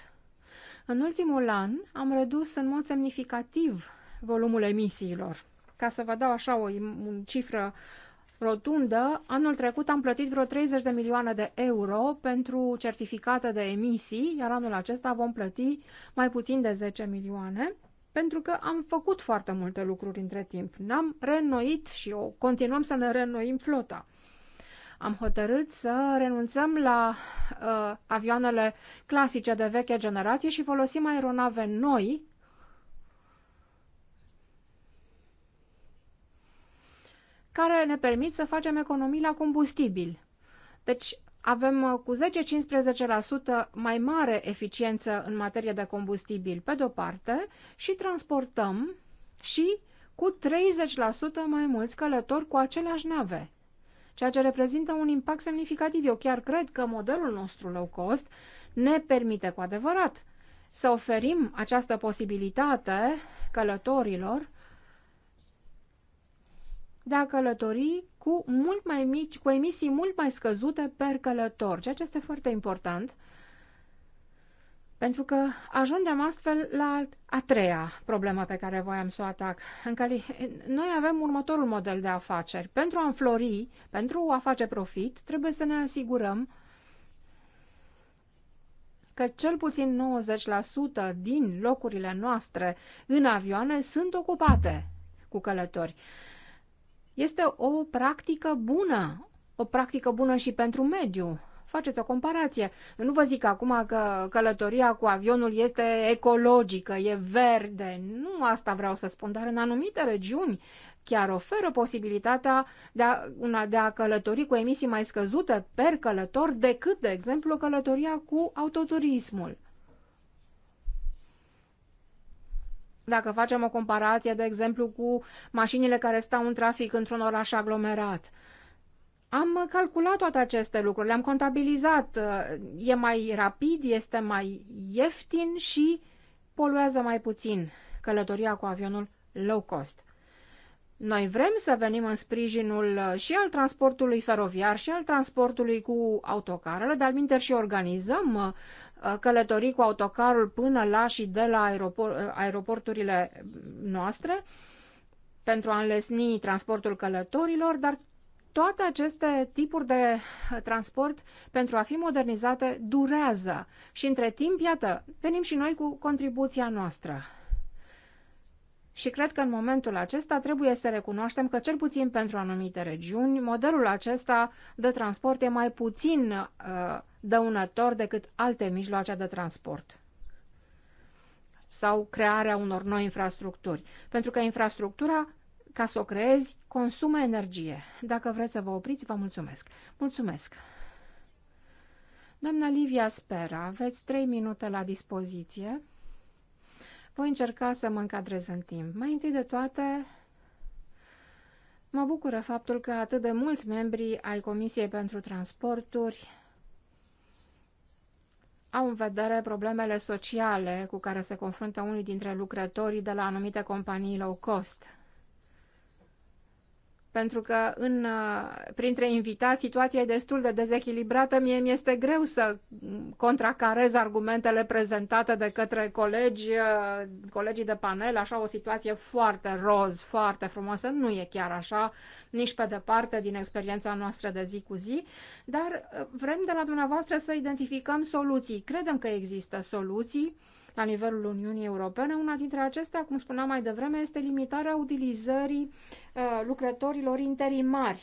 În ultimul an am redus în mod semnificativ volumul emisiilor. Ca să vă dau așa o, o cifră rotundă, anul trecut am plătit vreo 30 de milioane de euro pentru certificate de emisii, iar anul acesta vom plăti mai puțin de 10 milioane, pentru că am făcut foarte multe lucruri între timp. n am reînnoit și o continuăm să ne reînnoim flota. Am hotărât să renunțăm la uh, avioanele clasice de veche generație și folosim aeronave noi care ne permit să facem economii la combustibil. Deci avem uh, cu 10-15% mai mare eficiență în materie de combustibil pe de-o parte și transportăm și cu 30% mai mulți călători cu aceleași nave ceea ce reprezintă un impact semnificativ. Eu chiar cred că modelul nostru low cost ne permite cu adevărat să oferim această posibilitate călătorilor de a călători cu, mult mai mici, cu emisii mult mai scăzute per călător, ceea ce este foarte important, pentru că ajungem astfel la a treia problemă pe care voiam să o atac. În care noi avem următorul model de afaceri. Pentru a înflori, pentru a face profit, trebuie să ne asigurăm că cel puțin 90% din locurile noastre în avioane sunt ocupate cu călători. Este o practică bună, o practică bună și pentru mediu. Faceți o comparație. Nu vă zic acum că călătoria cu avionul este ecologică, e verde. Nu asta vreau să spun, dar în anumite regiuni chiar oferă posibilitatea de a, una, de a călători cu emisii mai scăzute per călător decât, de exemplu, călătoria cu autoturismul. dacă facem o comparație, de exemplu, cu mașinile care stau în trafic într-un oraș aglomerat. Am calculat toate aceste lucruri, le-am contabilizat. E mai rapid, este mai ieftin și poluează mai puțin călătoria cu avionul low cost. Noi vrem să venim în sprijinul uh, și al transportului feroviar și al transportului cu autocarele, dar minter și organizăm uh, călători cu autocarul până la și de la aeropor aeroporturile noastre pentru a înlesni transportul călătorilor, dar toate aceste tipuri de uh, transport, pentru a fi modernizate, durează. Și între timp, iată, venim și noi cu contribuția noastră. Și cred că în momentul acesta trebuie să recunoaștem că, cel puțin pentru anumite regiuni, modelul acesta de transport e mai puțin uh, dăunător decât alte mijloace de transport sau crearea unor noi infrastructuri. Pentru că infrastructura, ca să o creezi, consumă energie. Dacă vreți să vă opriți, vă mulțumesc. Mulțumesc! Doamna Livia Spera, aveți trei minute la dispoziție. Voi încerca să mă încadrez în timp. Mai întâi de toate, mă bucură faptul că atât de mulți membri ai Comisiei pentru Transporturi au în vedere problemele sociale cu care se confruntă unii dintre lucrătorii de la anumite companii low cost pentru că în, uh, printre invitați situația e destul de dezechilibrată. Mie mi este greu să contracarez argumentele prezentate de către colegi, uh, colegii de panel, așa o situație foarte roz, foarte frumoasă. Nu e chiar așa, nici pe departe din experiența noastră de zi cu zi, dar uh, vrem de la dumneavoastră să identificăm soluții. Credem că există soluții la nivelul Uniunii Europene. Una dintre acestea, cum spuneam mai devreme, este limitarea utilizării uh, lucrătorilor interimari,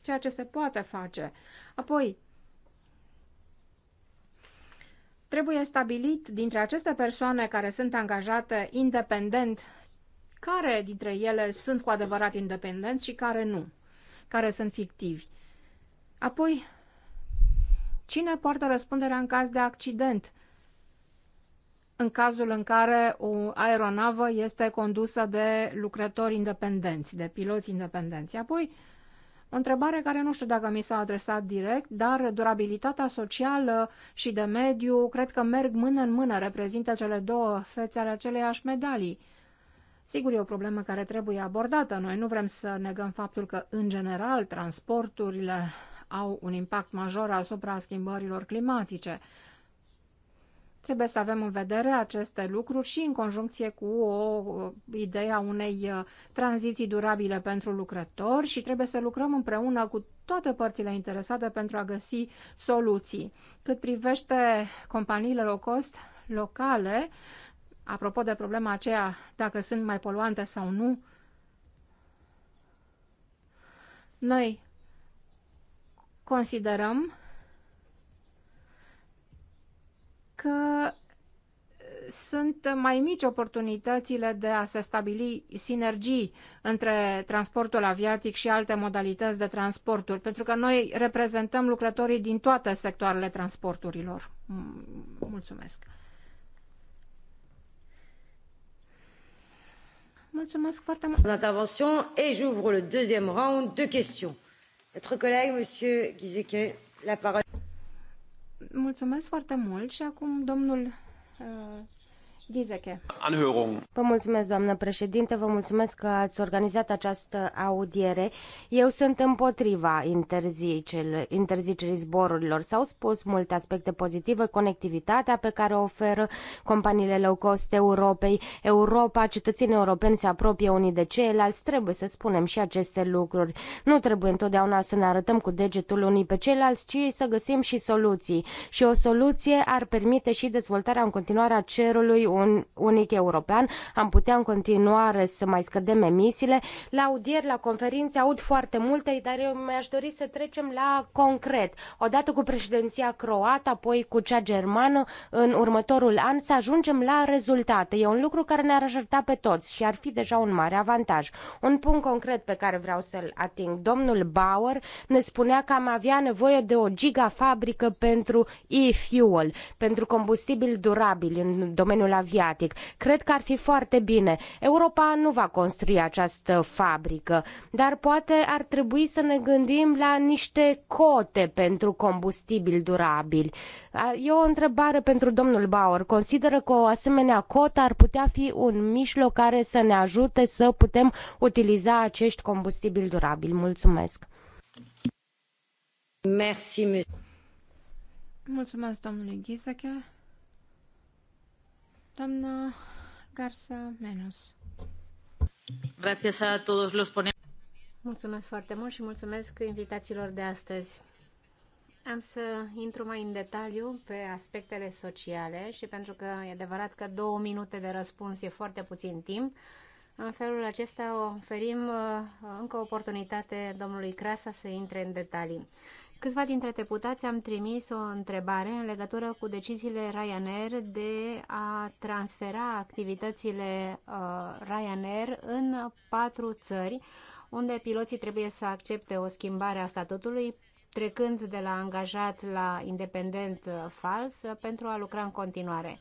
ceea ce se poate face. Apoi, trebuie stabilit dintre aceste persoane care sunt angajate independent, care dintre ele sunt cu adevărat independenți și care nu, care sunt fictivi. Apoi, cine poartă răspunderea în caz de accident? în cazul în care o aeronavă este condusă de lucrători independenți, de piloți independenți. Apoi, o întrebare care nu știu dacă mi s-a adresat direct, dar durabilitatea socială și de mediu cred că merg mână în mână, reprezintă cele două fețe ale aceleiași medalii. Sigur, e o problemă care trebuie abordată. Noi nu vrem să negăm faptul că, în general, transporturile au un impact major asupra schimbărilor climatice. Trebuie să avem în vedere aceste lucruri și în conjuncție cu o idee a unei uh, tranziții durabile pentru lucrători și trebuie să lucrăm împreună cu toate părțile interesate pentru a găsi soluții. Cât privește companiile low cost locale, apropo de problema aceea dacă sunt mai poluante sau nu, noi considerăm că uh, sunt mai mici oportunitățile de a se stabili sinergii între transportul aviatic și alte modalități de transporturi, pentru că noi reprezentăm lucrătorii din toate sectoarele transporturilor. Mulțumesc! Mulțumesc foarte mult! intervenție et j'ouvre le deuxième round de questions. Notre collègue, monsieur Gizeke, la parole. Mulțumesc foarte mult și acum domnul uh, Anhörung. Vă mulțumesc, doamnă președinte, vă mulțumesc că ați organizat această audiere. Eu sunt împotriva interzicerii zborurilor. S-au spus multe aspecte pozitive, conectivitatea pe care o oferă companiile low cost Europei, Europa, cetățenii europeni se apropie unii de ceilalți, trebuie să spunem și aceste lucruri. Nu trebuie întotdeauna să ne arătăm cu degetul unii pe ceilalți, ci să găsim și soluții. Și o soluție ar permite și dezvoltarea în continuare a cerului un unic european, am putea în continuare să mai scădem emisiile. La audieri, la conferințe, aud foarte multe, dar eu mi-aș dori să trecem la concret. Odată cu președinția croată, apoi cu cea germană, în următorul an să ajungem la rezultate. E un lucru care ne-ar ajuta pe toți și ar fi deja un mare avantaj. Un punct concret pe care vreau să-l ating. Domnul Bauer ne spunea că am avea nevoie de o gigafabrică pentru e-fuel, pentru combustibil durabil în domeniul aviatic. Cred că ar fi foarte bine. Europa nu va construi această fabrică, dar poate ar trebui să ne gândim la niște cote pentru combustibili durabili. E o întrebare pentru domnul Bauer. Consideră că o asemenea cotă ar putea fi un mijloc care să ne ajute să putem utiliza acești combustibili durabili. Mulțumesc! Merci, Mulțumesc domnule Ghizache. Doamna Garza Menos. Gracias a todos los Mulțumesc foarte mult și mulțumesc invitațiilor de astăzi. Am să intru mai în detaliu pe aspectele sociale și pentru că e adevărat că două minute de răspuns e foarte puțin timp, în felul acesta oferim uh, încă o oportunitate domnului Crasa să intre în detalii. Câțiva dintre deputați am trimis o întrebare în legătură cu deciziile Ryanair de a transfera activitățile uh, Ryanair în patru țări, unde piloții trebuie să accepte o schimbare a statutului trecând de la angajat la independent uh, fals uh, pentru a lucra în continuare.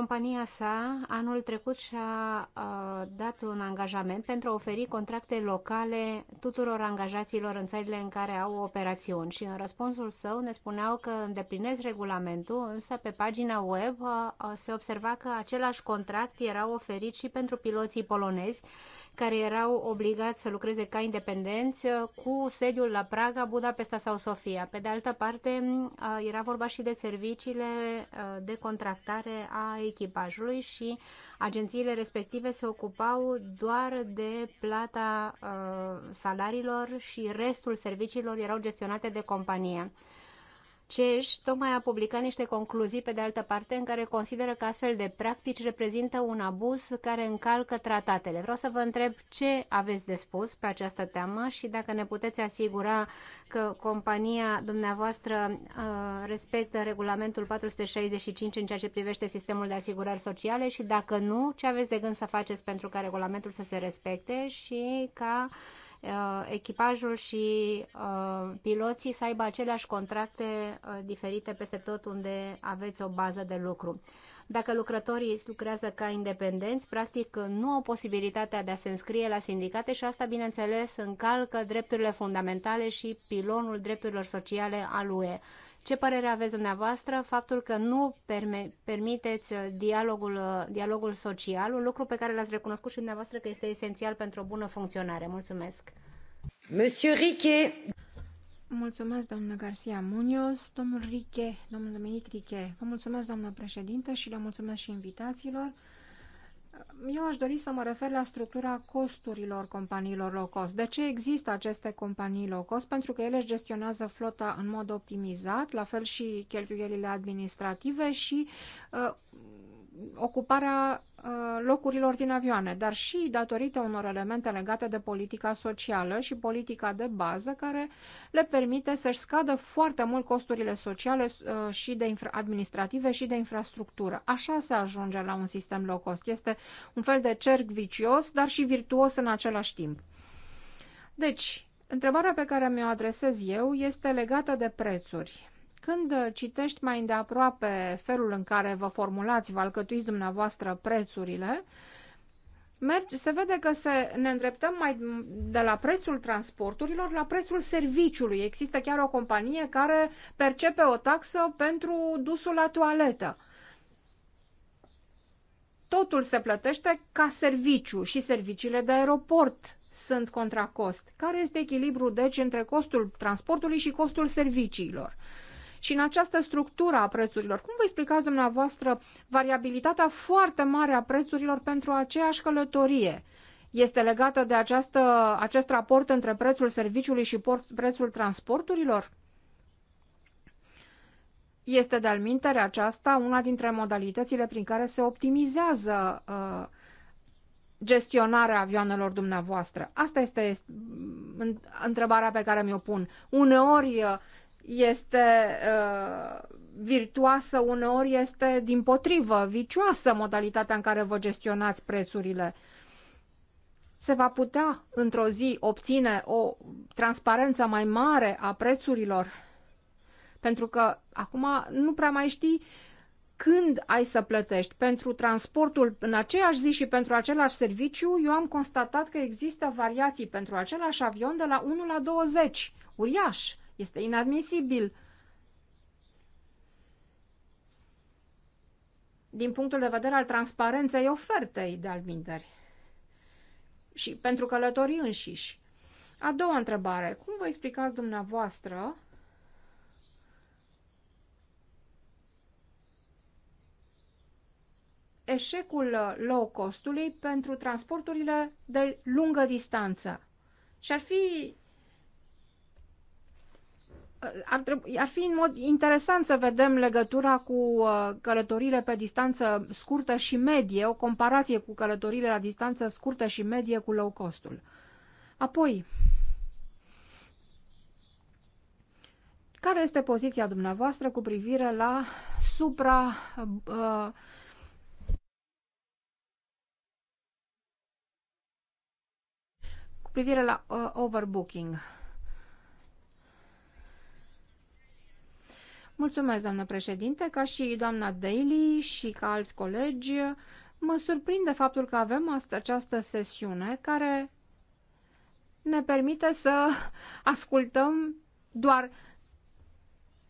Compania sa anul trecut și-a uh, dat un angajament pentru a oferi contracte locale tuturor angajaților în țările în care au operațiuni și în răspunsul său ne spuneau că îndeplinesc regulamentul, însă pe pagina web uh, se observa că același contract era oferit și pentru piloții polonezi care erau obligați să lucreze ca independenți uh, cu sediul la Praga, Budapesta sau Sofia. Pe de altă parte, uh, era vorba și de serviciile uh, de contractare a echipajului și agențiile respective se ocupau doar de plata salariilor și restul serviciilor erau gestionate de companie. CEJ tocmai a publicat niște concluzii, pe de altă parte, în care consideră că astfel de practici reprezintă un abuz care încalcă tratatele. Vreau să vă întreb ce aveți de spus pe această teamă și dacă ne puteți asigura că compania dumneavoastră uh, respectă regulamentul 465 în ceea ce privește sistemul de asigurări sociale și dacă nu, ce aveți de gând să faceți pentru ca regulamentul să se respecte și ca uh, Uh, echipajul și uh, piloții să aibă aceleași contracte uh, diferite peste tot unde aveți o bază de lucru. Dacă lucrătorii lucrează ca independenți, practic nu au posibilitatea de a se înscrie la sindicate și asta, bineînțeles, încalcă drepturile fundamentale și pilonul drepturilor sociale al UE. Ce părere aveți dumneavoastră faptul că nu permiteți uh, dialogul, uh, dialogul social, un lucru pe care l-ați recunoscut și dumneavoastră că este esențial pentru o bună funcționare? Mulțumesc! Monsieur Riquet. Mulțumesc, doamnă Garcia Munoz, domnul Riche, domnul Dominic Riche. Vă mulțumesc, doamnă președintă, și le mulțumesc și invitațiilor. Eu aș dori să mă refer la structura costurilor companiilor low cost. De ce există aceste companii low cost? Pentru că ele își gestionează flota în mod optimizat, la fel și cheltuielile administrative și uh, ocuparea uh, locurilor din avioane, dar și datorită unor elemente legate de politica socială și politica de bază care le permite să-și scadă foarte mult costurile sociale uh, și de administrative și de infrastructură. Așa se ajunge la un sistem low cost. Este un fel de cerc vicios, dar și virtuos în același timp. Deci, întrebarea pe care mi-o adresez eu este legată de prețuri. Când citești mai îndeaproape felul în care vă formulați, vă alcătuiți dumneavoastră prețurile, mergi, se vede că se, ne îndreptăm mai de la prețul transporturilor la prețul serviciului. Există chiar o companie care percepe o taxă pentru dusul la toaletă. Totul se plătește ca serviciu și serviciile de aeroport sunt contra cost. Care este echilibrul, deci, între costul transportului și costul serviciilor? și în această structură a prețurilor. Cum vă explicați dumneavoastră variabilitatea foarte mare a prețurilor pentru aceeași călătorie? Este legată de această, acest raport între prețul serviciului și port, prețul transporturilor? Este de-al aceasta una dintre modalitățile prin care se optimizează uh, gestionarea avioanelor dumneavoastră? Asta este mm, întrebarea pe care mi-o pun. Uneori uh, este uh, virtuoasă, uneori este din potrivă, vicioasă modalitatea în care vă gestionați prețurile. Se va putea într-o zi obține o transparență mai mare a prețurilor? Pentru că acum nu prea mai știi când ai să plătești pentru transportul în aceeași zi și pentru același serviciu, eu am constatat că există variații pentru același avion de la 1 la 20. Uriaș! Este inadmisibil. Din punctul de vedere al transparenței ofertei de alminteri și pentru călătorii înșiși. A doua întrebare. Cum vă explicați dumneavoastră eșecul low costului pentru transporturile de lungă distanță? Și ar fi ar, trebui, ar fi în mod interesant să vedem legătura cu uh, călătorile pe distanță scurtă și medie, o comparație cu călătorile la distanță scurtă și medie cu low costul. Apoi, care este poziția dumneavoastră cu privire la supra... Uh, cu privire la uh, overbooking? Mulțumesc, doamnă președinte, ca și doamna Daly și ca alți colegi, mă surprinde faptul că avem această sesiune care ne permite să ascultăm doar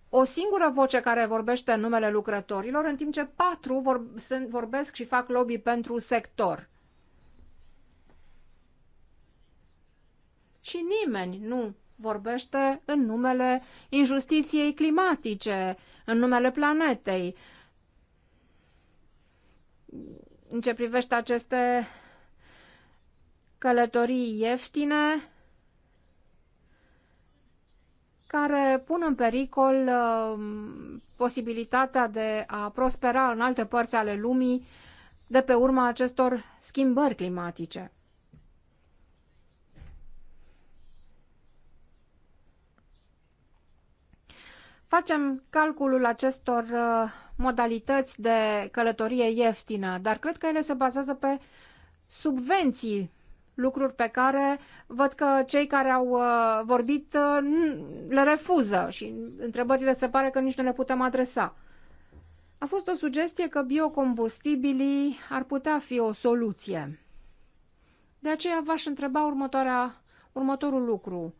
o singură voce care vorbește în numele lucrătorilor, în timp ce patru vor, vorbesc și fac lobby pentru sector. Și nimeni nu vorbește în numele injustiției climatice, în numele planetei. În ce privește aceste călătorii ieftine, care pun în pericol uh, posibilitatea de a prospera în alte părți ale lumii de pe urma acestor schimbări climatice. Facem calculul acestor uh, modalități de călătorie ieftină, dar cred că ele se bazează pe subvenții, lucruri pe care văd că cei care au uh, vorbit uh, le refuză și întrebările se pare că nici nu le putem adresa. A fost o sugestie că biocombustibilii ar putea fi o soluție. De aceea v-aș întreba următoarea, următorul lucru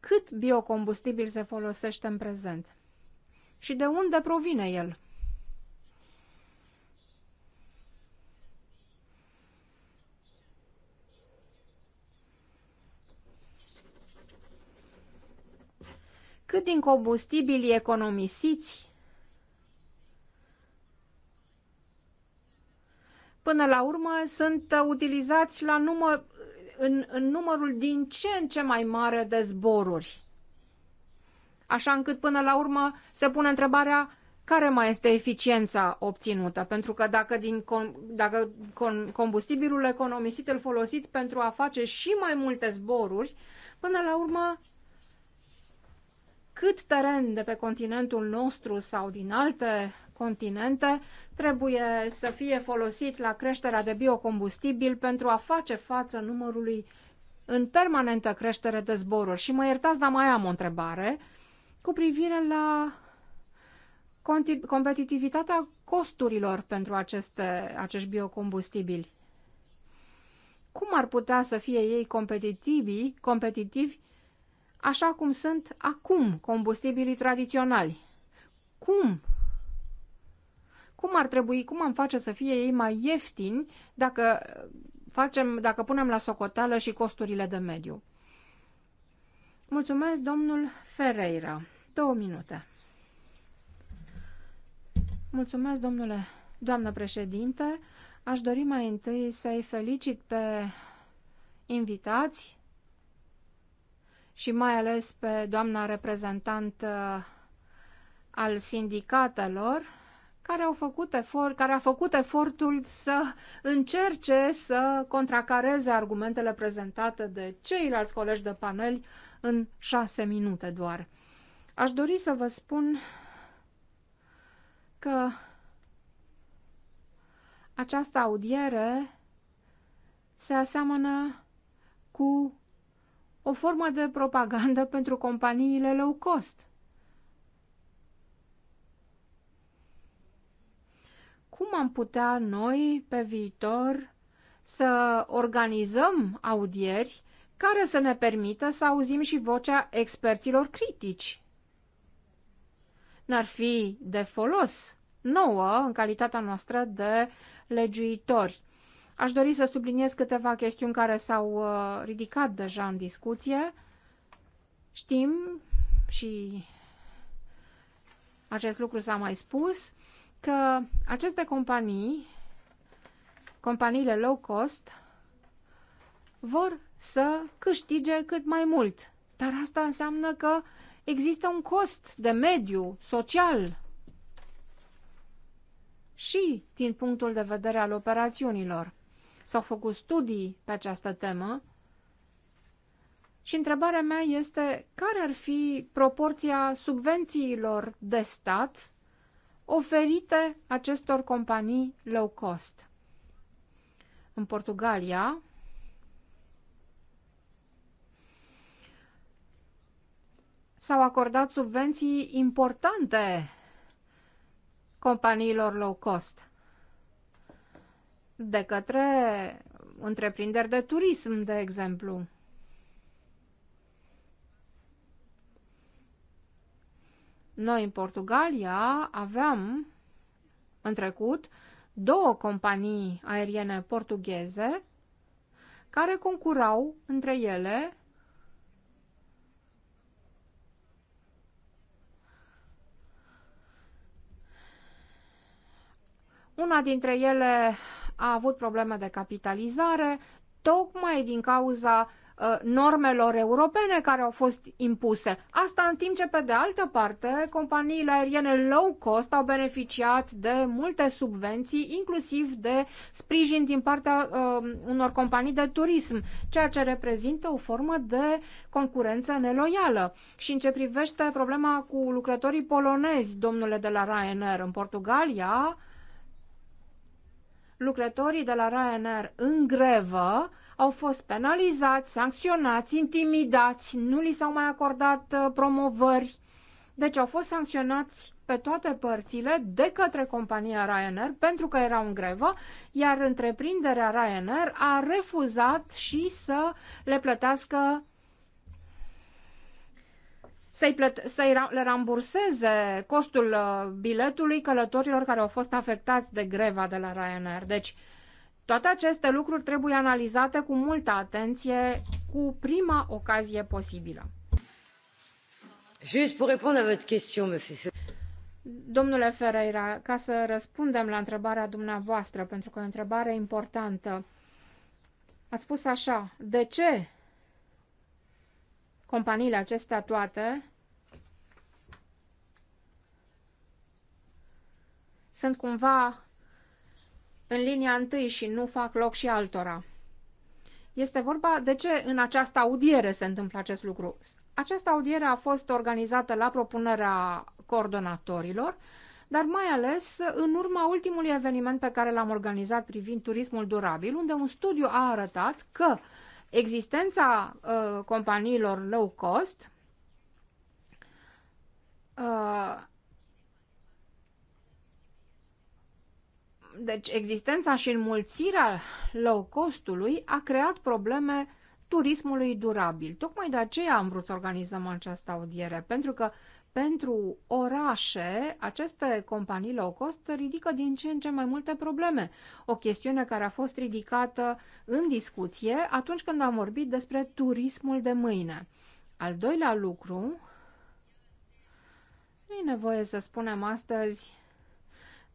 cât biocombustibil se folosește în prezent și de unde provine el. Cât din combustibili economisiți până la urmă sunt utilizați la număr, în, în numărul din ce în ce mai mare de zboruri. Așa încât până la urmă se pune întrebarea care mai este eficiența obținută? Pentru că dacă, din com, dacă con, combustibilul economisit îl folosiți pentru a face și mai multe zboruri, până la urmă, cât teren de pe continentul nostru sau din alte continente trebuie să fie folosit la creșterea de biocombustibil pentru a face față numărului în permanentă creștere de zboruri. Și mă iertați, dar mai am o întrebare cu privire la competitivitatea costurilor pentru aceste, acești biocombustibili. Cum ar putea să fie ei competitivi, competitivi așa cum sunt acum combustibilii tradiționali? Cum cum ar trebui, cum am face să fie ei mai ieftini dacă, facem, dacă punem la socoteală și costurile de mediu? Mulțumesc, domnul Ferreira. Două minute. Mulțumesc, domnule, doamnă președinte. Aș dori mai întâi să-i felicit pe invitați și mai ales pe doamna reprezentantă uh, al sindicatelor, care, au făcut efort, care a făcut efortul să încerce să contracareze argumentele prezentate de ceilalți colegi de panel în șase minute doar. Aș dori să vă spun că această audiere se aseamănă cu o formă de propagandă pentru companiile low cost. cum am putea noi pe viitor să organizăm audieri care să ne permită să auzim și vocea experților critici. N-ar fi de folos nouă în calitatea noastră de legiuitori. Aș dori să subliniez câteva chestiuni care s-au uh, ridicat deja în discuție. Știm și acest lucru s-a mai spus, că aceste companii, companiile low cost, vor să câștige cât mai mult. Dar asta înseamnă că există un cost de mediu, social. Și din punctul de vedere al operațiunilor. S-au făcut studii pe această temă și întrebarea mea este care ar fi proporția subvențiilor de stat oferite acestor companii low cost. În Portugalia, s-au acordat subvenții importante companiilor low cost de către întreprinderi de turism, de exemplu. Noi în Portugalia aveam în trecut două companii aeriene portugheze care concurau între ele Una dintre ele a avut probleme de capitalizare, tocmai din cauza Uh, normelor europene care au fost impuse. Asta în timp ce, pe de altă parte, companiile aeriene low cost au beneficiat de multe subvenții, inclusiv de sprijin din partea uh, unor companii de turism, ceea ce reprezintă o formă de concurență neloială. Și în ce privește problema cu lucrătorii polonezi, domnule de la Ryanair, în Portugalia, lucrătorii de la Ryanair în grevă au fost penalizați, sancționați, intimidați, nu li s-au mai acordat uh, promovări. Deci au fost sancționați pe toate părțile de către compania Ryanair pentru că erau în grevă, iar întreprinderea Ryanair a refuzat și să le plătească să-i, să le ramburseze costul uh, biletului călătorilor care au fost afectați de greva de la Ryanair. Deci, uh, toate aceste lucruri trebuie analizate cu multă atenție cu prima ocazie posibilă. Just pour répondre à votre question, monsieur. Domnule Ferreira, ca să răspundem la întrebarea dumneavoastră, pentru că e o întrebare importantă, ați spus așa, de ce companiile acestea toate sunt cumva în linia întâi și nu fac loc și altora. Este vorba de ce în această audiere se întâmplă acest lucru. Această audiere a fost organizată la propunerea coordonatorilor, dar mai ales în urma ultimului eveniment pe care l-am organizat privind turismul durabil, unde un studiu a arătat că existența uh, companiilor low cost uh, Deci existența și înmulțirea low costului a creat probleme turismului durabil. Tocmai de aceea am vrut să organizăm această audiere, pentru că pentru orașe, aceste companii low cost ridică din ce în ce mai multe probleme. O chestiune care a fost ridicată în discuție atunci când am vorbit despre turismul de mâine. Al doilea lucru, nu e nevoie să spunem astăzi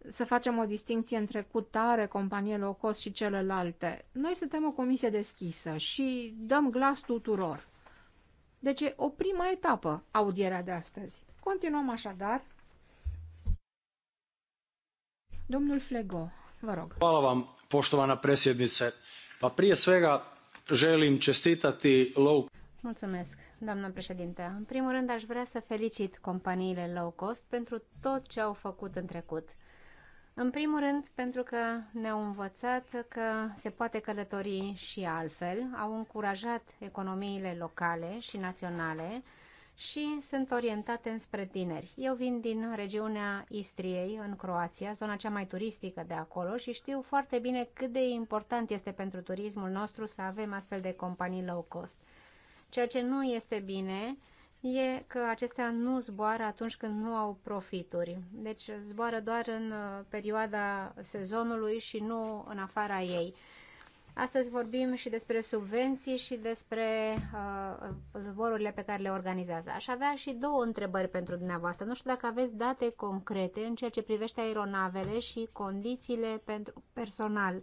să facem o distinție între cutare, companie low cost și celelalte. Noi suntem o comisie deschisă și dăm glas tuturor. Deci e o prima etapă audierea de astăzi. Continuăm așadar. Domnul Flego, vă rog. Hvala vam, poštovana presjednice. Pa prije svega želim čestitati low Mulțumesc, doamnă președinte. În primul rând, aș vrea să felicit companiile low cost pentru tot ce au făcut în trecut. În primul rând, pentru că ne-au învățat că se poate călători și altfel, au încurajat economiile locale și naționale și sunt orientate înspre tineri. Eu vin din regiunea Istriei, în Croația, zona cea mai turistică de acolo și știu foarte bine cât de important este pentru turismul nostru să avem astfel de companii low cost. Ceea ce nu este bine e că acestea nu zboară atunci când nu au profituri. Deci zboară doar în uh, perioada sezonului și nu în afara ei. Astăzi vorbim și despre subvenții și despre uh, zborurile pe care le organizează. Aș avea și două întrebări pentru dumneavoastră. Nu știu dacă aveți date concrete în ceea ce privește aeronavele și condițiile pentru personal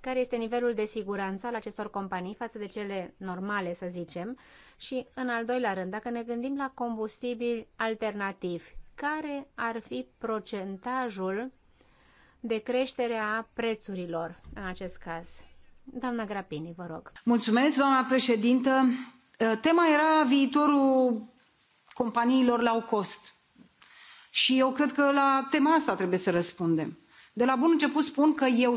care este nivelul de siguranță al acestor companii față de cele normale, să zicem, și, în al doilea rând, dacă ne gândim la combustibili alternativi, care ar fi procentajul de creștere a prețurilor în acest caz? Doamna Grapini, vă rog. Mulțumesc, doamna președintă. Ă, tema era viitorul companiilor la cost. Și eu cred că la tema asta trebuie să răspundem. De la bun început spun că eu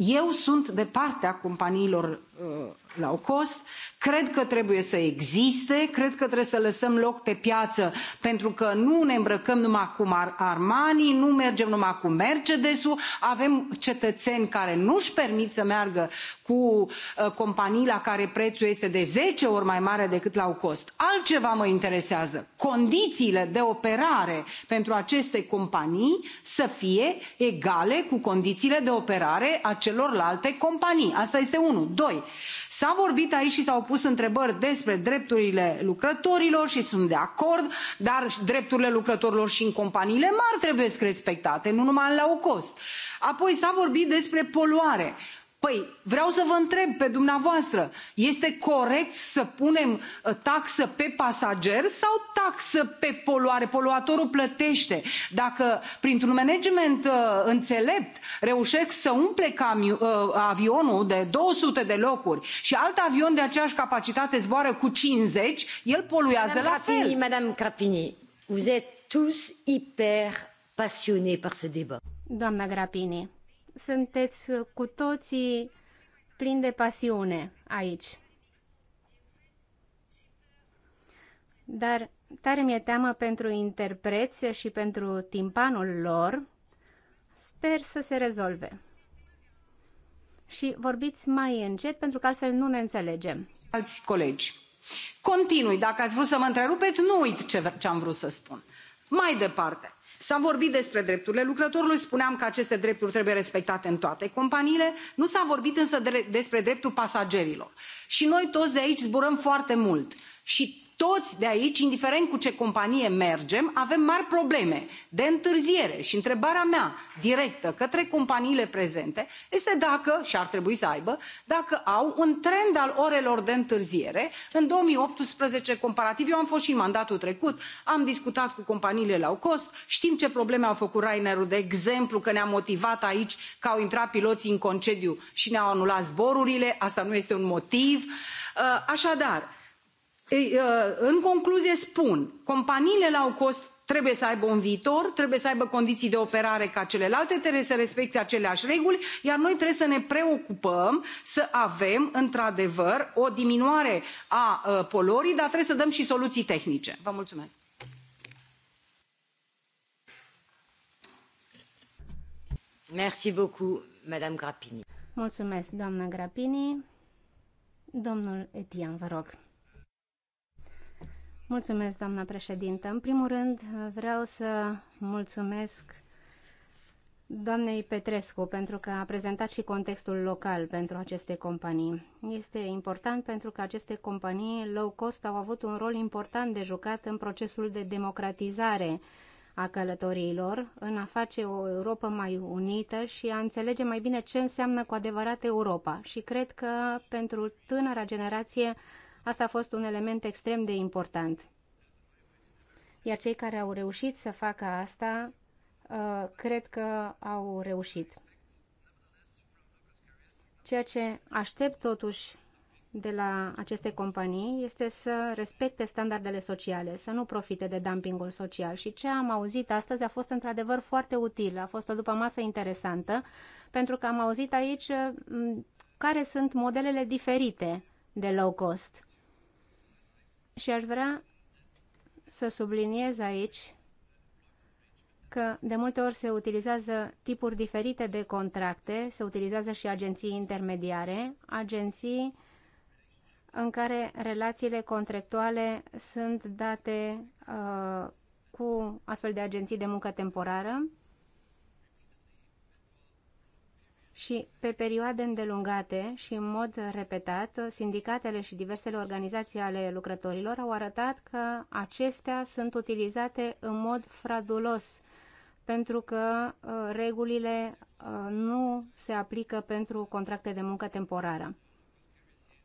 eu sunt de partea companiilor Uh, low cost. Cred că trebuie să existe, cred că trebuie să lăsăm loc pe piață, pentru că nu ne îmbrăcăm numai cu Armani, nu mergem numai cu Mercedes-ul, avem cetățeni care nu-și permit să meargă cu uh, companii la care prețul este de zece ori mai mare decât la cost. Altceva mă interesează, condițiile de operare pentru aceste companii să fie egale cu condițiile de operare a celorlalte companii. Asta este unul. Doi, s a vorbit aici și s au pus întrebări despre drepturile lucrătorilor și sunt de acord dar drepturile lucrătorilor și în companiile mari trebuie respectate nu numai la low cost. apoi s a vorbit despre poluare păi vreau să vă întreb pe dumneavoastră este corect să punem uh, taxă pe pasager sau taxă pe poluare poluatorul plătește? dacă printr un management uh, înțelept reușesc să umple uh, avionul de două sute de locuri și alt avion de aceeași capacitate zboară cu cincizeci el poluează Madame la fel. Madame Grapini, vous êtes tous hyper passionnés par ce débat. Doamna Grapini sunteți cu toții plini de pasiune aici. Dar tare mi-e teamă pentru interpreți și pentru timpanul lor. Sper să se rezolve. Și vorbiți mai încet, pentru că altfel nu ne înțelegem. Alți colegi, continui. Dacă ați vrut să mă întrerupeți, nu uit ce, ce am vrut să spun. Mai departe, s a vorbit despre drepturile lucrătorului spuneam că aceste drepturi trebuie respectate în toate companiile nu s a vorbit însă despre dreptul pasagerilor și noi toți de aici zburăm foarte mult și toți de aici, indiferent cu ce companie mergem, avem mari probleme de întârziere și întrebarea mea directă către companiile prezente este dacă, și ar trebui să aibă, dacă au un trend al orelor de întârziere în 2018 comparativ. Eu am fost și în mandatul trecut, am discutat cu companiile low cost, știm ce probleme au făcut Ryanair-ul, de exemplu, că ne-a motivat aici că au intrat piloții în concediu și ne-au anulat zborurile, asta nu este un motiv. Ă, așadar, Uh, în concluzie spun companiile low cost trebuie să aibă un viitor trebuie să aibă condiții de operare ca celelalte trebuie să respecte aceleași reguli iar noi trebuie să ne preocupăm să avem într adevăr o diminuare a uh, poluării dar trebuie să dăm și soluții tehnice. vă mulțumesc. Merci beaucoup, Madame Mulțumesc, doamna Grapini. Domnul Etian, vă rog. Mulțumesc, doamna președintă. În primul rând, vreau să mulțumesc doamnei Petrescu pentru că a prezentat și contextul local pentru aceste companii. Este important pentru că aceste companii low cost au avut un rol important de jucat în procesul de democratizare a călătoriilor, în a face o Europa mai unită și a înțelege mai bine ce înseamnă cu adevărat Europa. Și cred că pentru tânăra generație Asta a fost un element extrem de important. Iar cei care au reușit să facă asta, uh, cred că au reușit. Ceea ce aștept totuși de la aceste companii este să respecte standardele sociale, să nu profite de dumpingul social. Și ce am auzit astăzi a fost într-adevăr foarte util, a fost o după masă interesantă, pentru că am auzit aici mm, care sunt modelele diferite de low cost. Și aș vrea să subliniez aici că de multe ori se utilizează tipuri diferite de contracte, se utilizează și agenții intermediare, agenții în care relațiile contractuale sunt date uh, cu astfel de agenții de muncă temporară și pe perioade îndelungate și în mod repetat, sindicatele și diversele organizații ale lucrătorilor au arătat că acestea sunt utilizate în mod fraudulos, pentru că uh, regulile uh, nu se aplică pentru contracte de muncă temporară.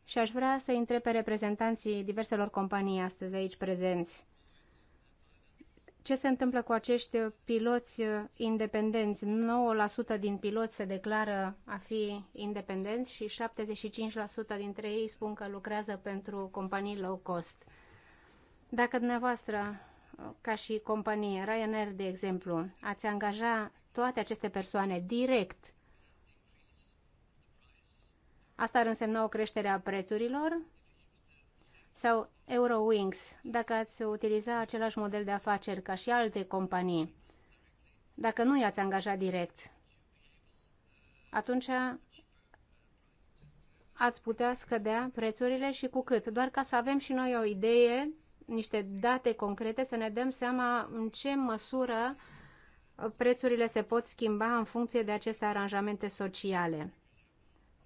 Și aș vrea să întreb pe reprezentanții diverselor companii astăzi aici prezenți. Ce se întâmplă cu acești piloți independenți? 9% din piloți se declară a fi independenți și 75% dintre ei spun că lucrează pentru companii low cost. Dacă dumneavoastră, ca și companie, Ryanair, de exemplu, ați angaja toate aceste persoane direct, asta ar însemna o creștere a prețurilor sau Eurowings, dacă ați utiliza același model de afaceri ca și alte companii, dacă nu i-ați angajat direct, atunci ați putea scădea prețurile și cu cât. Doar ca să avem și noi o idee, niște date concrete, să ne dăm seama în ce măsură prețurile se pot schimba în funcție de aceste aranjamente sociale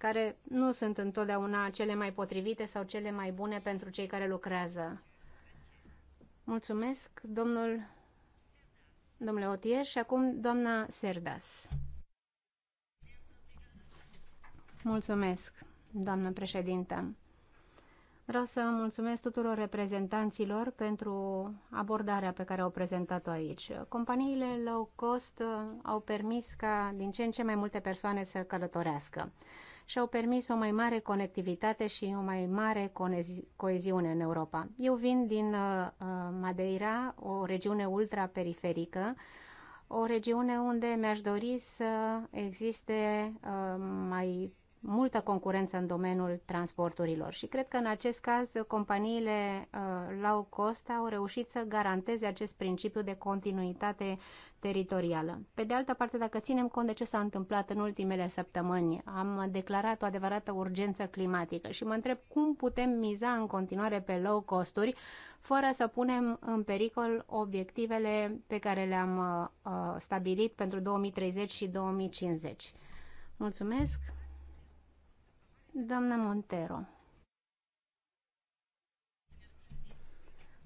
care nu sunt întotdeauna cele mai potrivite sau cele mai bune pentru cei care lucrează. Mulțumesc, domnul, domnule Otier și acum doamna Serdas. Mulțumesc, doamnă președintă. Vreau să mulțumesc tuturor reprezentanților pentru abordarea pe care au prezentat-o aici. Companiile low cost au permis ca din ce în ce mai multe persoane să călătorească și-au permis o mai mare conectivitate și o mai mare coeziune în Europa. Eu vin din uh, uh, Madeira, o regiune ultraperiferică, o regiune unde mi-aș dori să existe uh, mai multă concurență în domeniul transporturilor și cred că în acest caz companiile uh, low cost au reușit să garanteze acest principiu de continuitate teritorială. Pe de altă parte, dacă ținem cont de ce s-a întâmplat în ultimele săptămâni, am declarat o adevărată urgență climatică și mă întreb cum putem miza în continuare pe low costuri fără să punem în pericol obiectivele pe care le-am uh, stabilit pentru 2030 și 2050. Mulțumesc! Doamna Montero.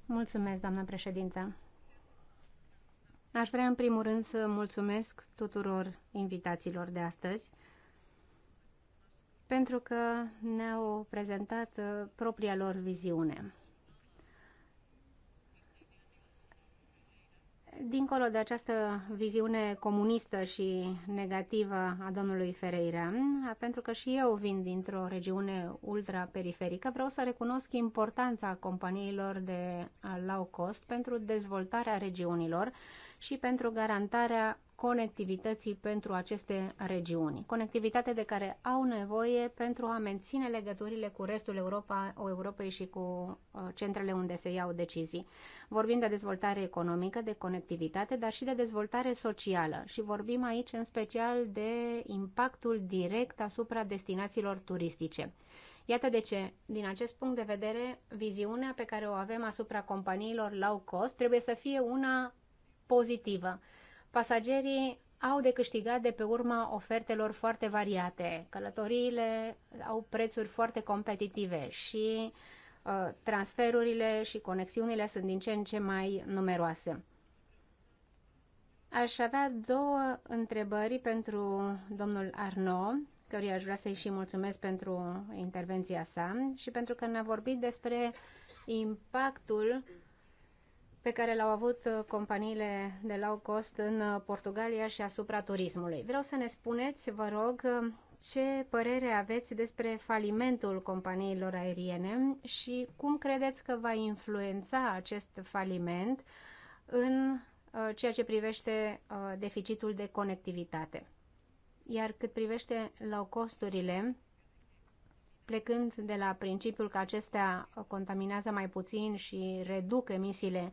Mulțumesc, doamna președintă. Aș vrea în primul rând să mulțumesc tuturor invitațiilor de astăzi pentru că ne-au prezentat uh, propria lor viziune. Dincolo de această viziune comunistă și negativă a domnului Ferreira, pentru că și eu vin dintr-o regiune ultraperiferică, vreau să recunosc importanța companiilor de low cost pentru dezvoltarea regiunilor și pentru garantarea conectivității pentru aceste regiuni. Conectivitate de care au nevoie pentru a menține legăturile cu restul Europa, Europei și cu uh, centrele unde se iau decizii. Vorbim de dezvoltare economică, de conectivitate, dar și de dezvoltare socială și vorbim aici în special de impactul direct asupra destinațiilor turistice. Iată de ce, din acest punct de vedere, viziunea pe care o avem asupra companiilor low cost trebuie să fie una pozitivă Pasagerii au de câștigat de pe urma ofertelor foarte variate. Călătoriile au prețuri foarte competitive și uh, transferurile și conexiunile sunt din ce în ce mai numeroase. Aș avea două întrebări pentru domnul Arno, căruia aș vrea să-i și mulțumesc pentru intervenția sa și pentru că ne-a vorbit despre impactul pe care l-au avut uh, companiile de low cost în uh, Portugalia și asupra turismului. Vreau să ne spuneți, vă rog, uh, ce părere aveți despre falimentul companiilor aeriene și cum credeți că va influența acest faliment în ceea ce privește deficitul de conectivitate. Iar cât privește low costurile, plecând de la principiul că acestea contaminează mai puțin și reduc emisiile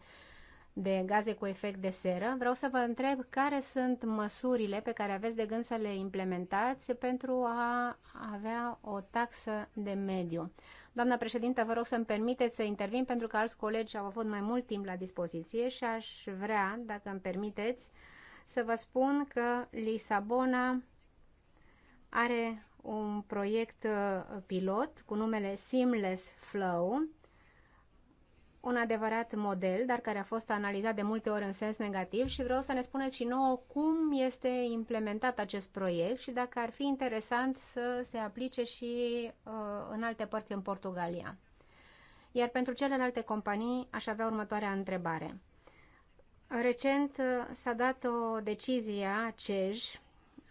de gaze cu efect de seră, vreau să vă întreb care sunt măsurile pe care aveți de gând să le implementați pentru a avea o taxă de mediu. Doamna președintă, vă rog să-mi permiteți să intervin pentru că alți colegi au avut mai mult timp la dispoziție și aș vrea, dacă îmi permiteți, să vă spun că Lisabona are un proiect uh, pilot cu numele Seamless Flow, un adevărat model, dar care a fost analizat de multe ori în sens negativ și vreau să ne spuneți și nouă cum este implementat acest proiect și dacă ar fi interesant să se aplice și uh, în alte părți în Portugalia. Iar pentru celelalte companii aș avea următoarea întrebare. Recent uh, s-a dat o decizie a CEJ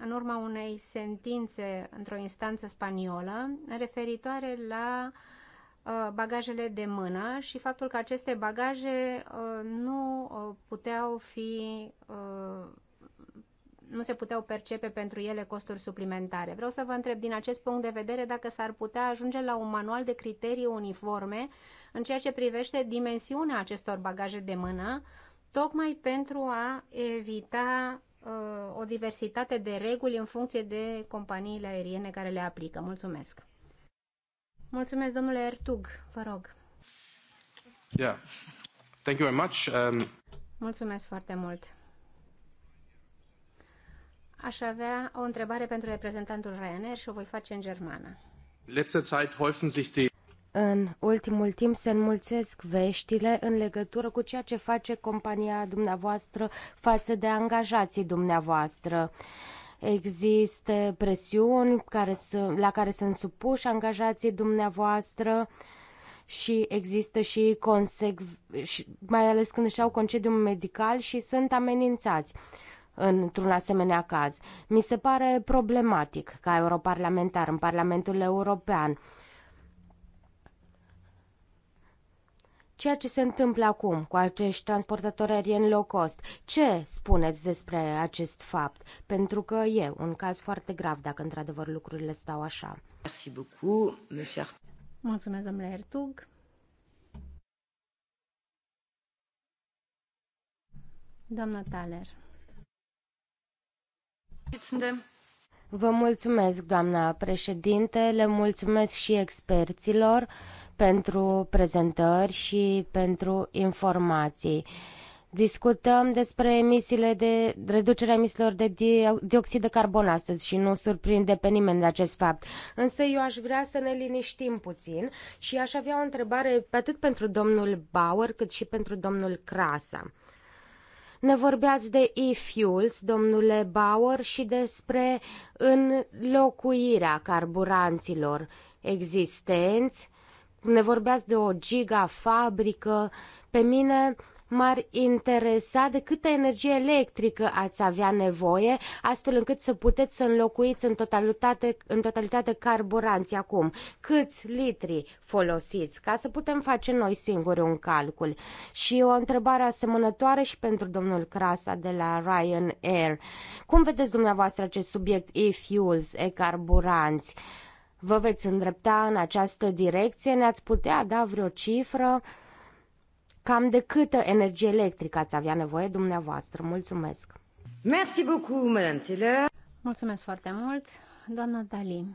în urma unei sentințe într-o instanță spaniolă referitoare la uh, bagajele de mână și faptul că aceste bagaje uh, nu uh, puteau fi nu se puteau percepe pentru ele costuri suplimentare. Vreau să vă întreb din acest punct de vedere dacă s-ar putea ajunge la un manual de criterii uniforme în ceea ce privește dimensiunea acestor bagaje de mână, tocmai pentru a evita Uh, o diversitate de reguli în funcție de companiile aeriene care le aplică. Mulțumesc! Mulțumesc, domnule Ertug, vă rog. Yeah. Thank you very much. Um... Mulțumesc foarte mult. Aș avea o întrebare pentru reprezentantul Ryanair și o voi face în germană. Zeit häufen sich die în ultimul timp se înmulțesc veștile în legătură cu ceea ce face compania dumneavoastră față de angajații dumneavoastră. Există presiuni care sunt, la care sunt supuși angajații dumneavoastră și există și, consec- și mai ales când își au concediu medical și sunt amenințați într-un asemenea caz. Mi se pare problematic ca europarlamentar în Parlamentul European Ceea ce se întâmplă acum cu acești transportatori aerieni low cost, ce spuneți despre acest fapt? Pentru că e un caz foarte grav dacă într-adevăr lucrurile stau așa. Merci beaucoup, monsieur. Mulțumesc, domnule Ertug. Doamna Thaler. Vă mulțumesc, doamna președinte, le mulțumesc și experților pentru prezentări și pentru informații. Discutăm despre emisiile de reducerea emisiilor de dioxid de carbon astăzi și nu surprinde pe nimeni de acest fapt. Însă eu aș vrea să ne liniștim puțin și aș avea o întrebare atât pentru domnul Bauer cât și pentru domnul Crasa. Ne vorbeați de e-fuels, domnule Bauer, și despre înlocuirea carburanților existenți ne vorbeați de o gigafabrică. Pe mine m-ar interesa de câtă energie electrică ați avea nevoie, astfel încât să puteți să înlocuiți în totalitate, în totalitate carburanții acum. Câți litri folosiți, ca să putem face noi singuri un calcul. Și o întrebare asemănătoare și pentru domnul Crasa de la Ryanair. Cum vedeți dumneavoastră acest subiect e-fuels, e-carburanți? vă veți îndrepta în această direcție? Ne-ați putea da vreo cifră? Cam de câtă energie electrică ați avea nevoie dumneavoastră? Mulțumesc! Merci beaucoup, Madame Mulțumesc foarte mult, doamna Dali.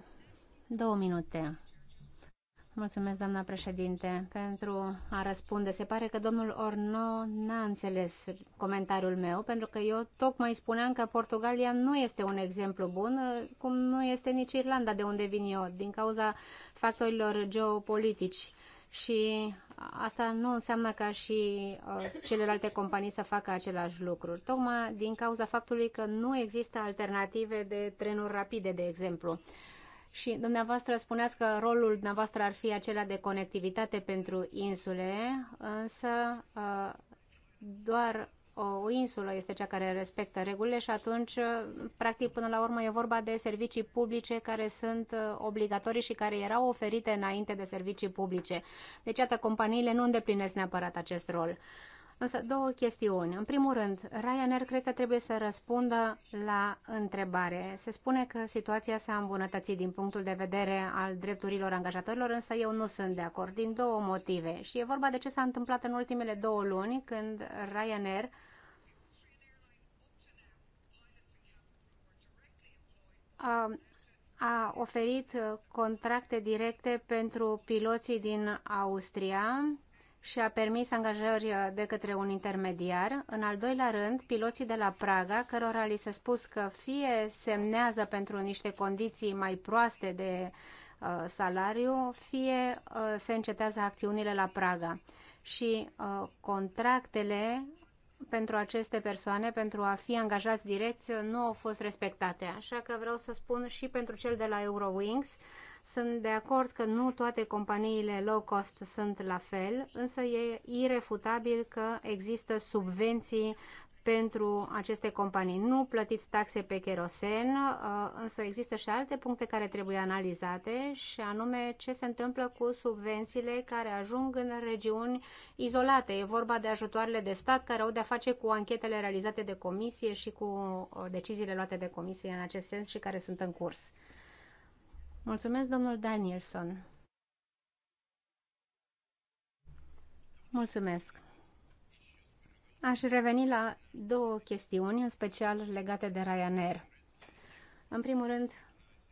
Două minute. Mulțumesc, doamna președinte, pentru a răspunde. Se pare că domnul Orno n-a înțeles comentariul meu, pentru că eu tocmai spuneam că Portugalia nu este un exemplu bun, cum nu este nici Irlanda, de unde vin eu, din cauza factorilor geopolitici. Și asta nu înseamnă ca și uh, celelalte companii să facă același lucru, tocmai din cauza faptului că nu există alternative de trenuri rapide, de exemplu și dumneavoastră spuneați că rolul dumneavoastră ar fi acela de conectivitate pentru insule, însă uh, doar o insulă este cea care respectă regulile și atunci, uh, practic, până la urmă e vorba de servicii publice care sunt uh, obligatorii și care erau oferite înainte de servicii publice. Deci, iată, companiile nu îndeplinesc neapărat acest rol. Uh, Însă două chestiuni. În primul rând, Ryanair cred că trebuie să răspundă la întrebare. Se spune că situația s-a îmbunătățit din punctul de vedere al drepturilor angajatorilor, însă eu nu sunt de acord, din două motive. Și e vorba de ce s-a întâmplat în ultimele două luni, când Ryanair a, a oferit contracte directe pentru piloții din Austria, și a permis angajări uh, de către un intermediar. În al doilea rând, piloții de la Praga, cărora li s-a spus că fie semnează pentru niște condiții mai proaste de uh, salariu, fie uh, se încetează acțiunile la Praga. Și uh, contractele pentru aceste persoane, pentru a fi angajați direct, nu au fost respectate. Așa că vreau să spun și pentru cel de la Eurowings, uh, sunt de acord că nu toate companiile low cost sunt la fel, însă e irefutabil că există subvenții pentru aceste companii. Nu plătiți taxe pe kerosen, uh, însă există și alte puncte care trebuie analizate și anume ce se întâmplă cu subvențiile care ajung în regiuni izolate. E vorba de ajutoarele de stat care au de-a face cu anchetele realizate de comisie și cu uh, deciziile luate de comisie în acest sens și care sunt în curs. Mulțumesc, domnul Danielson. Mulțumesc. Aș reveni la două chestiuni, în special legate de Ryanair. În primul rând,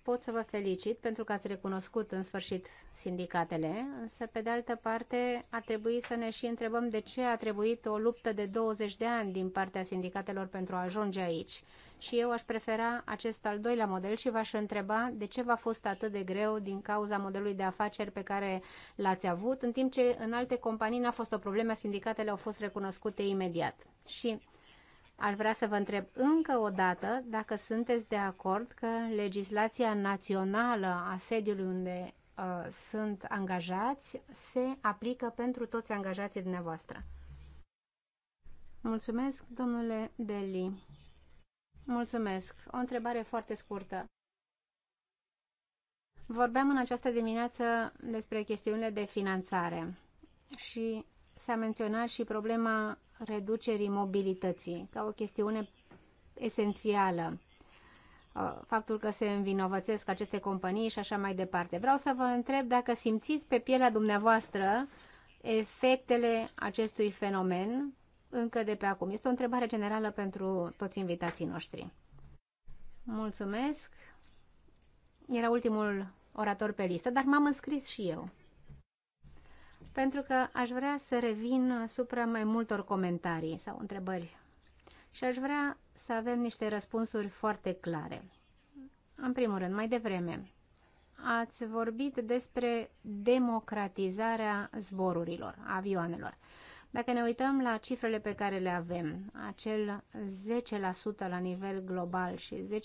pot să vă felicit pentru că ați recunoscut în sfârșit sindicatele, însă pe de altă parte ar trebui să ne și întrebăm de ce a trebuit o luptă de 20 de ani din partea sindicatelor pentru a ajunge aici și eu aș prefera acest al doilea model și v-aș întreba de ce v-a fost atât de greu din cauza modelului de afaceri pe care l-ați avut, în timp ce în alte companii n-a fost o problemă, sindicatele au fost recunoscute imediat. Și ar vrea să vă întreb încă o dată dacă sunteți de acord că legislația națională a sediului unde uh, sunt angajați se aplică pentru toți angajații dumneavoastră. Mulțumesc, domnule Deli. Mulțumesc. O întrebare foarte scurtă. Vorbeam în această dimineață despre chestiunile de finanțare și s-a menționat și problema reducerii mobilității ca o chestiune esențială. Uh, faptul că se învinovățesc aceste companii și așa mai departe. Vreau să vă întreb dacă simțiți pe pielea dumneavoastră efectele acestui fenomen încă de pe acum. Este o întrebare generală pentru toți invitații noștri. Mulțumesc. Era ultimul orator pe listă, dar m-am înscris și eu. Pentru că aș vrea să revin asupra mai multor comentarii sau întrebări și aș vrea să avem niște răspunsuri foarte clare. În primul rând, mai devreme, ați vorbit despre democratizarea zborurilor, avioanelor. Dacă ne uităm la cifrele pe care le avem, acel 10% la nivel global și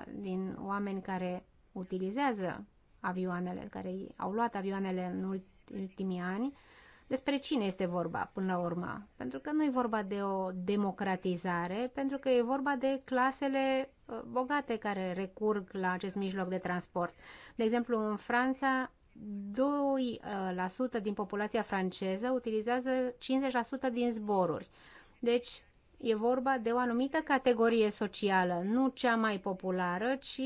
10% din oameni care utilizează avioanele, care au luat avioanele în ultimii ani, despre cine este vorba până la urmă? Pentru că nu e vorba de o democratizare, pentru că e vorba de clasele uh, bogate care recurg la acest mijloc de transport. De exemplu, în Franța 2% uh, din populația franceză utilizează 50% din zboruri. Deci e vorba de o anumită categorie socială, nu cea mai populară, ci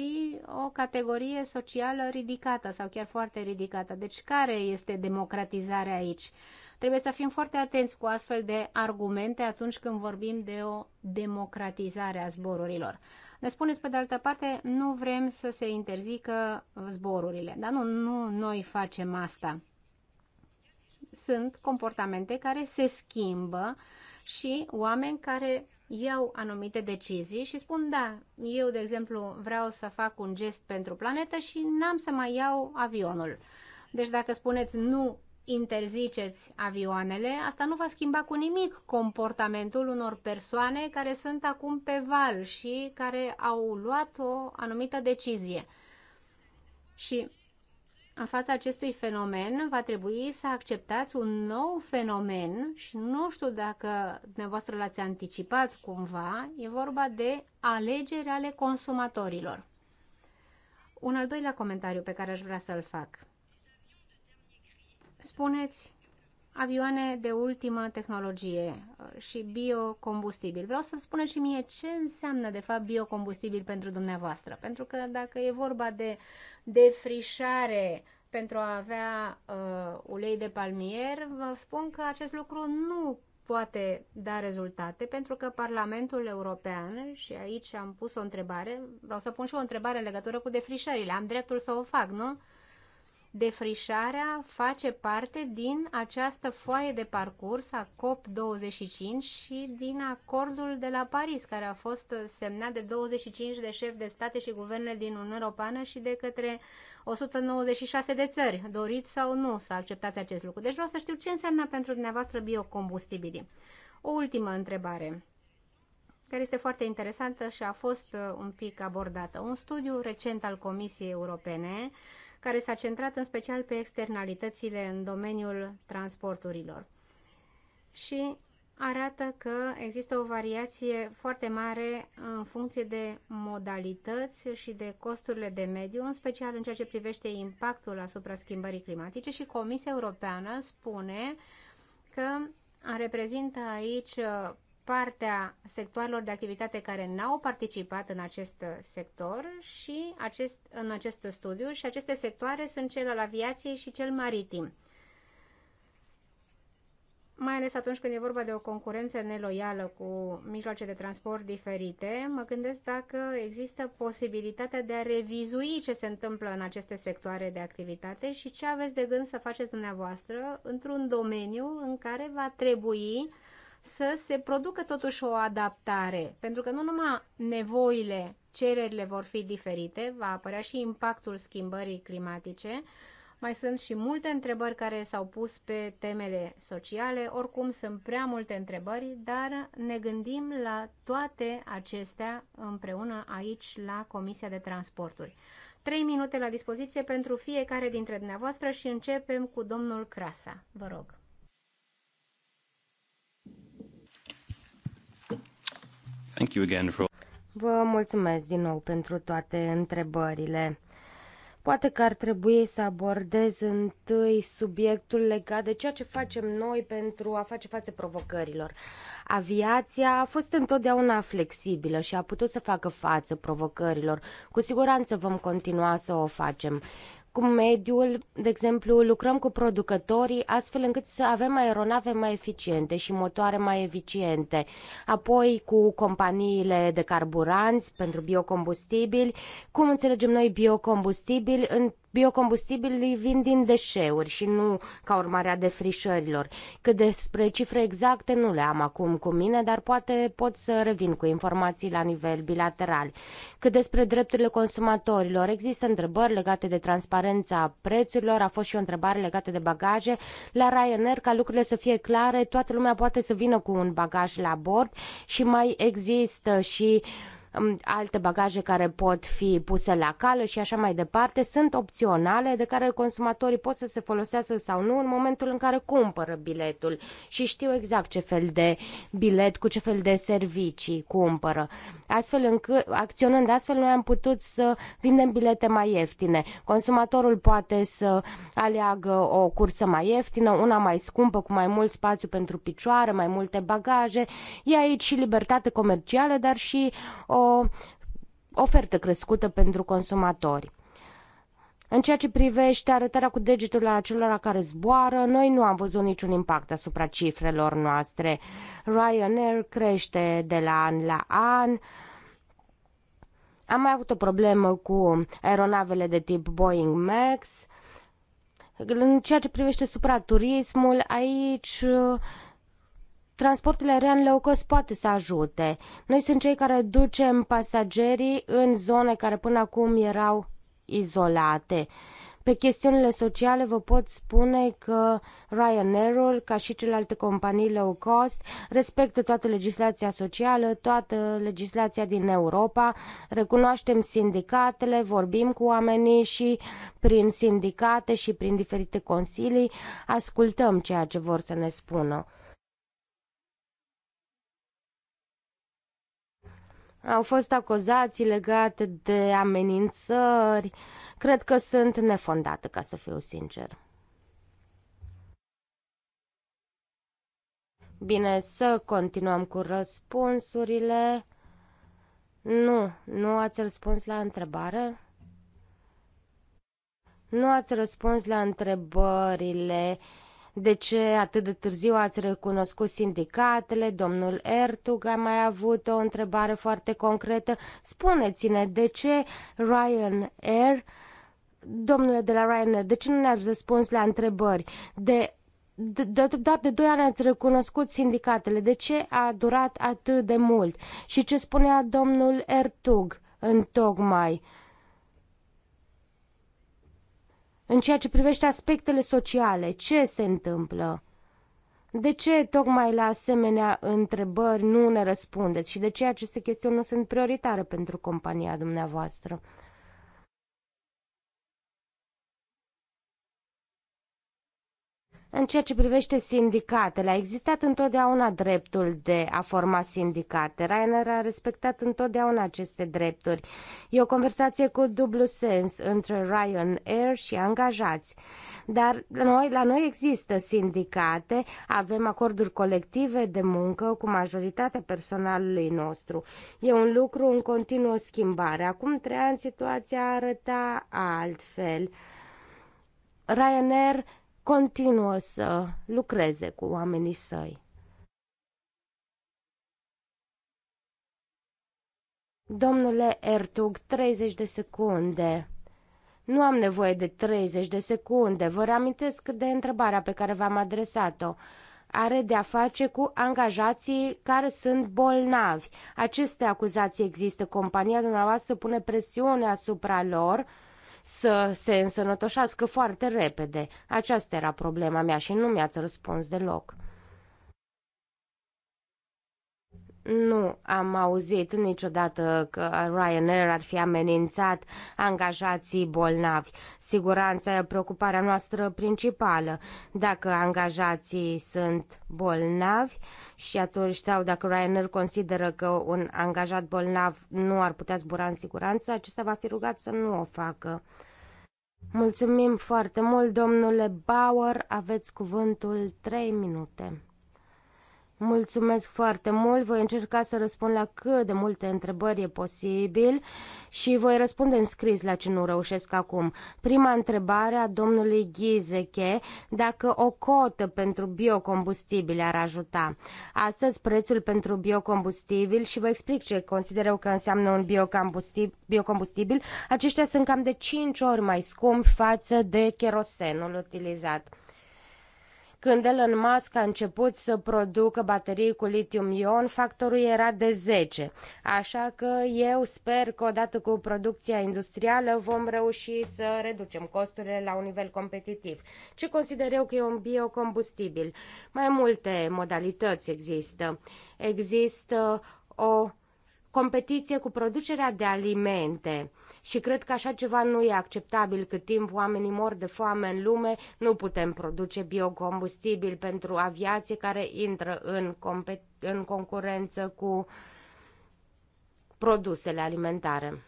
o categorie socială ridicată sau chiar foarte ridicată. Deci care este democratizarea aici? Trebuie să fim foarte atenți cu astfel de argumente atunci când vorbim de o democratizare a zborurilor. Ne spuneți, pe de altă parte, nu vrem să se interzică zborurile. Dar nu, nu noi facem asta. Sunt comportamente care se schimbă și oameni care iau anumite decizii și spun, da, eu, de exemplu, vreau să fac un gest pentru planetă și n-am să mai iau avionul. Deci dacă spuneți nu interziceți avioanele, asta nu va schimba cu nimic comportamentul unor persoane care sunt acum pe val și care au luat o anumită decizie. Și în fața acestui fenomen va trebui să acceptați un nou fenomen și nu știu dacă dumneavoastră l-ați anticipat cumva, e vorba de alegeri ale consumatorilor. Un al doilea comentariu pe care aș vrea să-l fac – spuneți avioane de ultimă tehnologie uh, și biocombustibil. Vreau să-mi spuneți și mie ce înseamnă, de fapt, biocombustibil pentru dumneavoastră. Pentru că dacă e vorba de defrișare pentru a avea uh, ulei de palmier, vă spun că acest lucru nu poate da rezultate, pentru că Parlamentul European, și aici am pus o întrebare, vreau să pun și o întrebare în legătură cu defrișările, am dreptul să o fac, nu? defrișarea face parte din această foaie de parcurs a COP25 și din acordul de la Paris, care a fost semnat de 25 de șefi de state și guverne din Uniunea Europeană și de către 196 de țări. Doriți sau nu să acceptați acest lucru? Deci vreau să știu ce înseamnă pentru dumneavoastră biocombustibilii. O ultimă întrebare care este foarte interesantă și a fost uh, un pic abordată. Un studiu recent al Comisiei Europene uh, care s-a centrat în special pe externalitățile în domeniul transporturilor. Și arată că există o variație foarte mare în funcție de modalități și de costurile de mediu, în special în ceea ce privește impactul asupra schimbării climatice și Comisia Europeană spune că reprezintă aici partea sectoarelor de activitate care n-au participat în acest sector și acest, în acest studiu și aceste sectoare sunt cel al aviației și cel maritim. Mai ales atunci când e vorba de o concurență neloială cu mijloace de transport diferite, mă gândesc dacă există posibilitatea de a revizui ce se întâmplă în aceste sectoare de activitate și ce aveți de gând să faceți dumneavoastră într-un domeniu în care va trebui să se producă totuși o adaptare, pentru că nu numai nevoile, cererile vor fi diferite, va apărea și impactul schimbării climatice, mai sunt și multe întrebări care s-au pus pe temele sociale, oricum sunt prea multe întrebări, dar ne gândim la toate acestea împreună aici la Comisia de Transporturi. Trei minute la dispoziție pentru fiecare dintre dumneavoastră și începem cu domnul Crasa. Vă rog. Thank you again for... Vă mulțumesc din nou pentru toate întrebările. Poate că ar trebui să abordez întâi subiectul legat de ceea ce facem noi pentru a face față provocărilor. Aviația a fost întotdeauna flexibilă și a putut să facă față provocărilor. Cu siguranță vom continua să o facem cu mediul, de exemplu, lucrăm cu producătorii astfel încât să avem aeronave mai eficiente și motoare mai eficiente. Apoi cu companiile de carburanți pentru biocombustibili, cum înțelegem noi biocombustibili în Biocombustibilii vin din deșeuri și nu ca urmare a defrișărilor. Cât despre cifre exacte nu le am acum cu mine, dar poate pot să revin cu informații la nivel bilateral. Cât despre drepturile consumatorilor, există întrebări legate de transparența prețurilor, a fost și o întrebare legată de bagaje. La Ryanair, ca lucrurile să fie clare, toată lumea poate să vină cu un bagaj la bord și mai există și uh, alte bagaje care pot fi puse la cală și așa mai departe, sunt opționale de care consumatorii pot să se folosească sau nu în momentul în care cumpără biletul și știu exact ce fel de bilet, cu ce fel de servicii cumpără. Astfel încât, acționând astfel, noi am putut să vindem bilete mai ieftine. Consumatorul poate să aleagă o cursă mai ieftină, una mai scumpă, cu mai mult spațiu pentru picioare, mai multe bagaje. E aici și libertate comercială, dar și o ofertă crescută pentru consumatori. În ceea ce privește arătarea cu degetul la acelora care zboară, noi nu am văzut niciun impact asupra cifrelor noastre. Ryanair crește de la an la an. Am mai avut o problemă cu aeronavele de tip Boeing MAX. În ceea ce privește supraturismul, aici transportul aerian low cost poate să ajute. Noi sunt cei care ducem pasagerii în zone care până acum erau izolate. Pe chestiunile sociale vă pot spune că Ryanair-ul, ca și celelalte companii low cost, respectă toată legislația socială, toată legislația din Europa, recunoaștem sindicatele, vorbim cu oamenii și prin sindicate și prin diferite consilii ascultăm ceea ce vor să ne spună. Au fost acuzații legate de amenințări. Cred că sunt nefondate, ca să fiu sincer. Bine, să continuăm cu răspunsurile. Nu, nu ați răspuns la întrebare? Nu ați răspuns la întrebările de ce atât de târziu ați recunoscut sindicatele? Domnul Ertug a mai avut o întrebare foarte concretă. Spuneți-ne de ce Ryanair, domnule de la Ryanair, de ce nu ne-ați răspuns la întrebări? De de, de, doar de doi ani ați recunoscut sindicatele. De ce a durat atât de mult? Și ce spunea domnul Ertug în tocmai? În ceea ce privește aspectele sociale, ce se întâmplă? De ce tocmai la asemenea întrebări nu ne răspundeți și de ce aceste chestiuni nu sunt prioritare pentru compania dumneavoastră? În ceea ce privește sindicatele, a existat întotdeauna dreptul de a forma sindicate. Rainer a respectat întotdeauna aceste drepturi. E o conversație cu dublu sens între Ryanair și angajați. Dar noi, la noi există sindicate, avem acorduri colective de muncă cu majoritatea personalului nostru. E un lucru în continuă schimbare. Acum trei ani situația arăta altfel. Ryanair continuă să lucreze cu oamenii săi. Domnule Ertug, 30 de secunde. Nu am nevoie de 30 de secunde. Vă reamintesc de întrebarea pe care v-am adresat-o. Are de-a face cu angajații care sunt bolnavi. Aceste acuzații există. Compania dumneavoastră pune presiune asupra lor să se însănătoșească foarte repede. Aceasta era problema mea și nu mi-ați răspuns deloc. Nu am auzit niciodată că Ryanair ar fi amenințat angajații bolnavi. Siguranța e preocuparea noastră principală. Dacă angajații sunt bolnavi și atunci sau dacă Ryanair consideră că un angajat bolnav nu ar putea zbura în siguranță, acesta va fi rugat să nu o facă. Mulțumim foarte mult, domnule Bauer. Aveți cuvântul 3 minute. Mulțumesc foarte mult, voi încerca să răspund la cât de multe întrebări e posibil și voi răspunde în scris la ce nu reușesc acum. Prima întrebare a domnului Ghizeche, dacă o cotă pentru biocombustibile ar ajuta. Astăzi prețul pentru biocombustibil și vă explic ce consider eu că înseamnă un biocombustibil, biocombustibil aceștia sunt cam de 5 ori mai scumpi față de cherosenul utilizat. Când Elon Musk a început să producă baterii cu litium-ion, factorul era de 10. Așa că eu sper că odată cu producția industrială vom reuși să reducem costurile la un nivel competitiv. Ce consider eu că e un biocombustibil? Mai multe modalități există. Există o competiție cu producerea de alimente. Și cred că așa ceva nu e acceptabil cât timp oamenii mor de foame în lume, nu putem produce biocombustibil pentru aviație care intră în, în concurență cu produsele alimentare.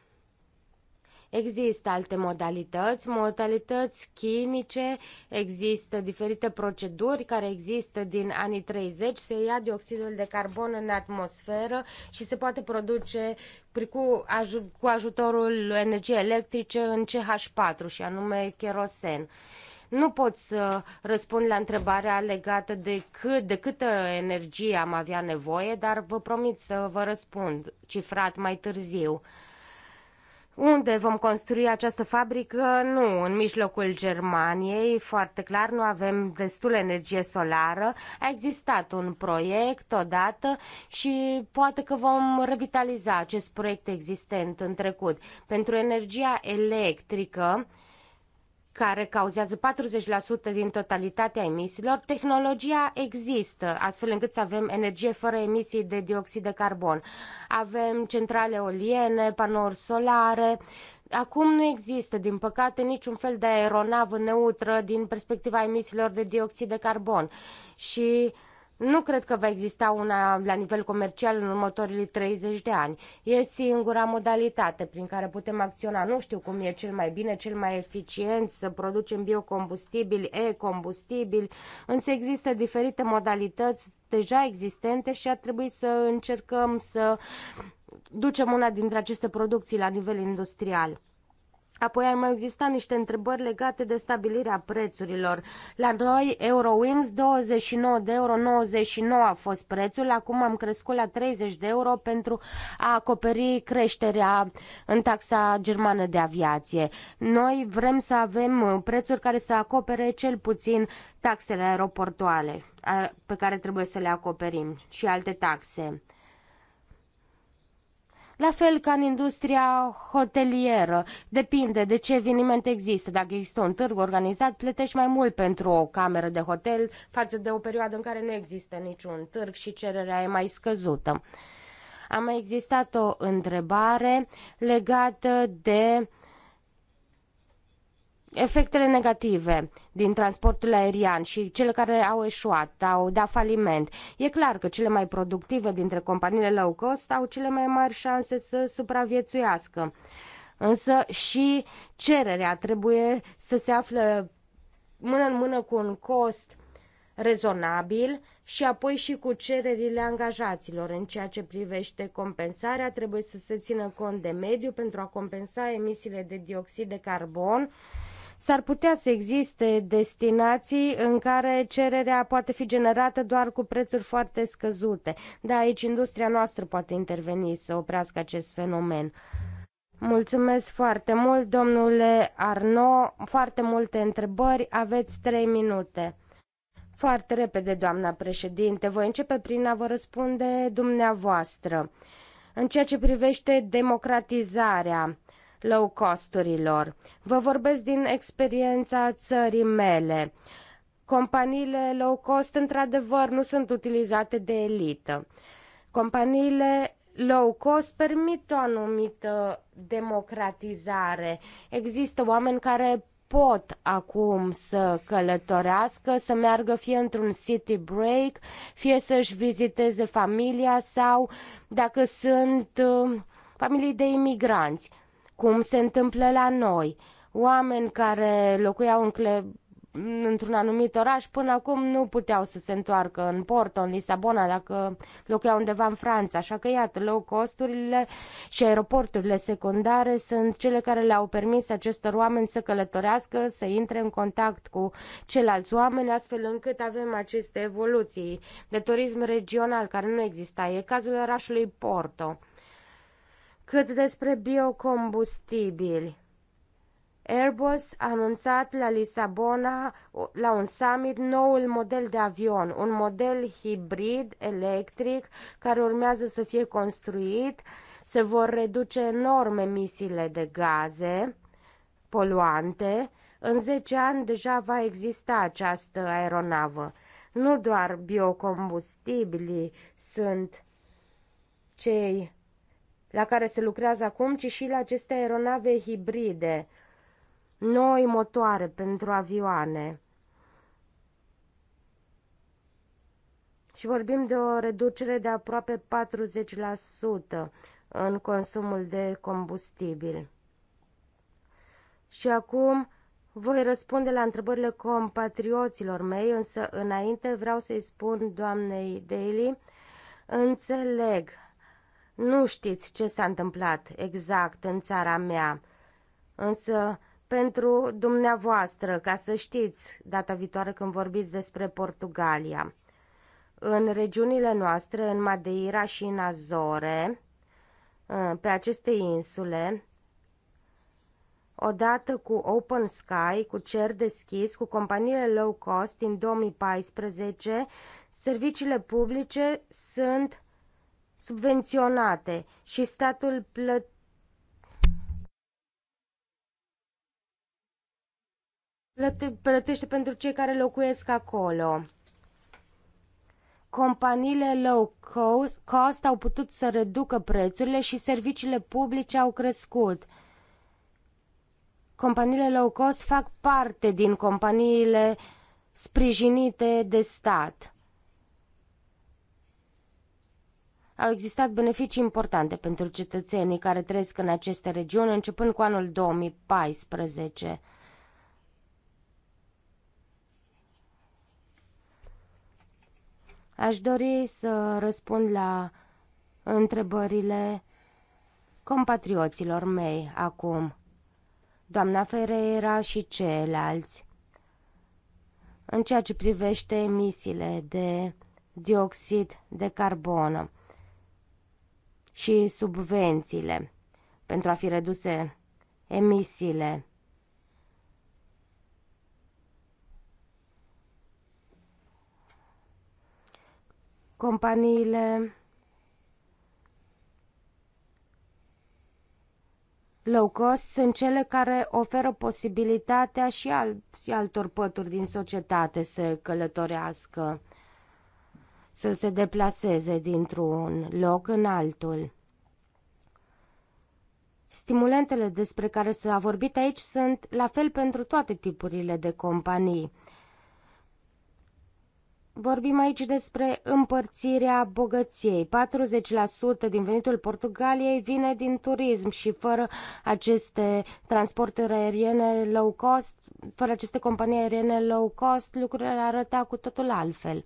Există alte modalități, modalități chimice, există diferite proceduri care există din anii 30, se ia dioxidul de carbon în atmosferă și se poate produce cu, aj- cu ajutorul energiei electrice în CH4 și anume kerosen. Nu pot să răspund la întrebarea legată de, cât, de câtă energie am avea nevoie, dar vă promit să vă răspund cifrat mai târziu. Unde vom construi această fabrică? Nu, în mijlocul Germaniei, foarte clar, nu avem destul energie solară. A existat un proiect odată și poate că vom revitaliza acest proiect existent în trecut. Pentru energia electrică, care cauzează 40% din totalitatea emisiilor, tehnologia există, astfel încât să avem energie fără emisii de dioxid de carbon. Avem centrale oliene, panouri solare. Acum nu există, din păcate, niciun fel de aeronavă neutră din perspectiva emisiilor de dioxid de carbon. Și nu cred că va exista una la nivel comercial în următorii 30 de ani. E singura modalitate prin care putem acționa. Nu știu cum e cel mai bine, cel mai eficient să producem biocombustibili, e-combustibili, însă există diferite modalități deja existente și ar trebui să încercăm să ducem una dintre aceste producții la nivel industrial. Apoi ai mai existat niște întrebări legate de stabilirea prețurilor. La noi, Eurowings, 29 de euro 99 a fost prețul, acum am crescut la 30 de euro pentru a acoperi creșterea în taxa germană de aviație. Noi vrem să avem prețuri care să acopere cel puțin taxele aeroportuale pe care trebuie să le acoperim și alte taxe. La fel ca în industria hotelieră, depinde de ce eveniment există. Dacă există un târg organizat, plătești mai mult pentru o cameră de hotel față de o perioadă în care nu există niciun târg și cererea e mai scăzută. A mai existat o întrebare legată de uh, efectele negative din transportul aerian și cele care au eșuat, au dat faliment. E clar că cele mai productive dintre companiile low cost au cele mai mari șanse să supraviețuiască. Însă și cererea trebuie să se afle mână în mână cu un cost rezonabil și apoi și cu cererile angajaților. În ceea ce privește compensarea, trebuie să se țină cont de mediu pentru a compensa emisiile de dioxid de carbon S-ar putea să existe destinații în care cererea poate fi generată doar cu prețuri foarte scăzute. Da, aici industria noastră poate interveni să oprească acest fenomen. Mulțumesc foarte mult, domnule Arno. Foarte multe întrebări. Aveți trei minute. Foarte repede, doamna președinte. Voi începe prin a vă răspunde dumneavoastră. În ceea ce privește democratizarea low costurilor. Vă vorbesc din experiența țării mele. Companiile low cost, într-adevăr, nu sunt utilizate de elită. Companiile low cost permit o anumită democratizare. Există oameni care pot acum să călătorească, să meargă fie într-un city break, fie să-și viziteze familia sau dacă sunt uh, familii de imigranți cum se întâmplă la noi. Oameni care locuiau în cle- într-un anumit oraș, până acum nu puteau să se întoarcă în Porto, în Lisabona, dacă locuiau undeva în Franța. Așa că, iată, low costurile și aeroporturile secundare sunt cele care le-au permis acestor oameni să călătorească, să intre în contact cu ceilalți oameni, astfel încât avem aceste evoluții de turism regional care nu exista. E cazul orașului Porto. Cât despre biocombustibili, Airbus a anunțat la Lisabona, la un summit, noul model de avion, un model hibrid electric care urmează să fie construit. Se vor reduce enorm emisiile de gaze poluante. În 10 ani deja va exista această aeronavă. Nu doar biocombustibilii sunt cei la care se lucrează acum, ci și la aceste aeronave hibride, noi motoare pentru avioane. Și vorbim de o reducere de aproape 40% în consumul de combustibil. Și acum voi răspunde la întrebările compatrioților mei, însă înainte vreau să-i spun doamnei Daly, înțeleg nu știți ce s-a întâmplat exact în țara mea, însă pentru dumneavoastră, ca să știți data viitoare când vorbiți despre Portugalia. În regiunile noastre, în Madeira și în Azore, ă, pe aceste insule, odată cu Open Sky, cu cer deschis, cu companiile low cost, în 2014, serviciile publice sunt subvenționate și statul plătește plătește pentru cei care locuiesc acolo. Companiile low cost, cost au putut să reducă prețurile și serviciile publice au crescut. Companiile low cost fac parte din companiile sprijinite de stat. au existat beneficii importante pentru cetățenii care trăiesc în aceste regiuni începând cu anul 2014. Aș dori să răspund la întrebările compatrioților mei acum. Doamna Ferreira și ceilalți. În ceea ce privește emisiile de dioxid de carbonă și subvențiile pentru a fi reduse emisiile. Companiile low cost sunt cele care oferă posibilitatea și, și altor pături din societate să călătorească să se deplaseze dintr-un loc în altul. Stimulentele despre care s-a vorbit aici sunt la fel pentru toate tipurile de companii. Vorbim aici despre împărțirea bogăției. 40% din venitul Portugaliei vine din turism și fără aceste transporturi aeriene low cost, fără aceste companii aeriene low cost, lucrurile arăta cu totul altfel.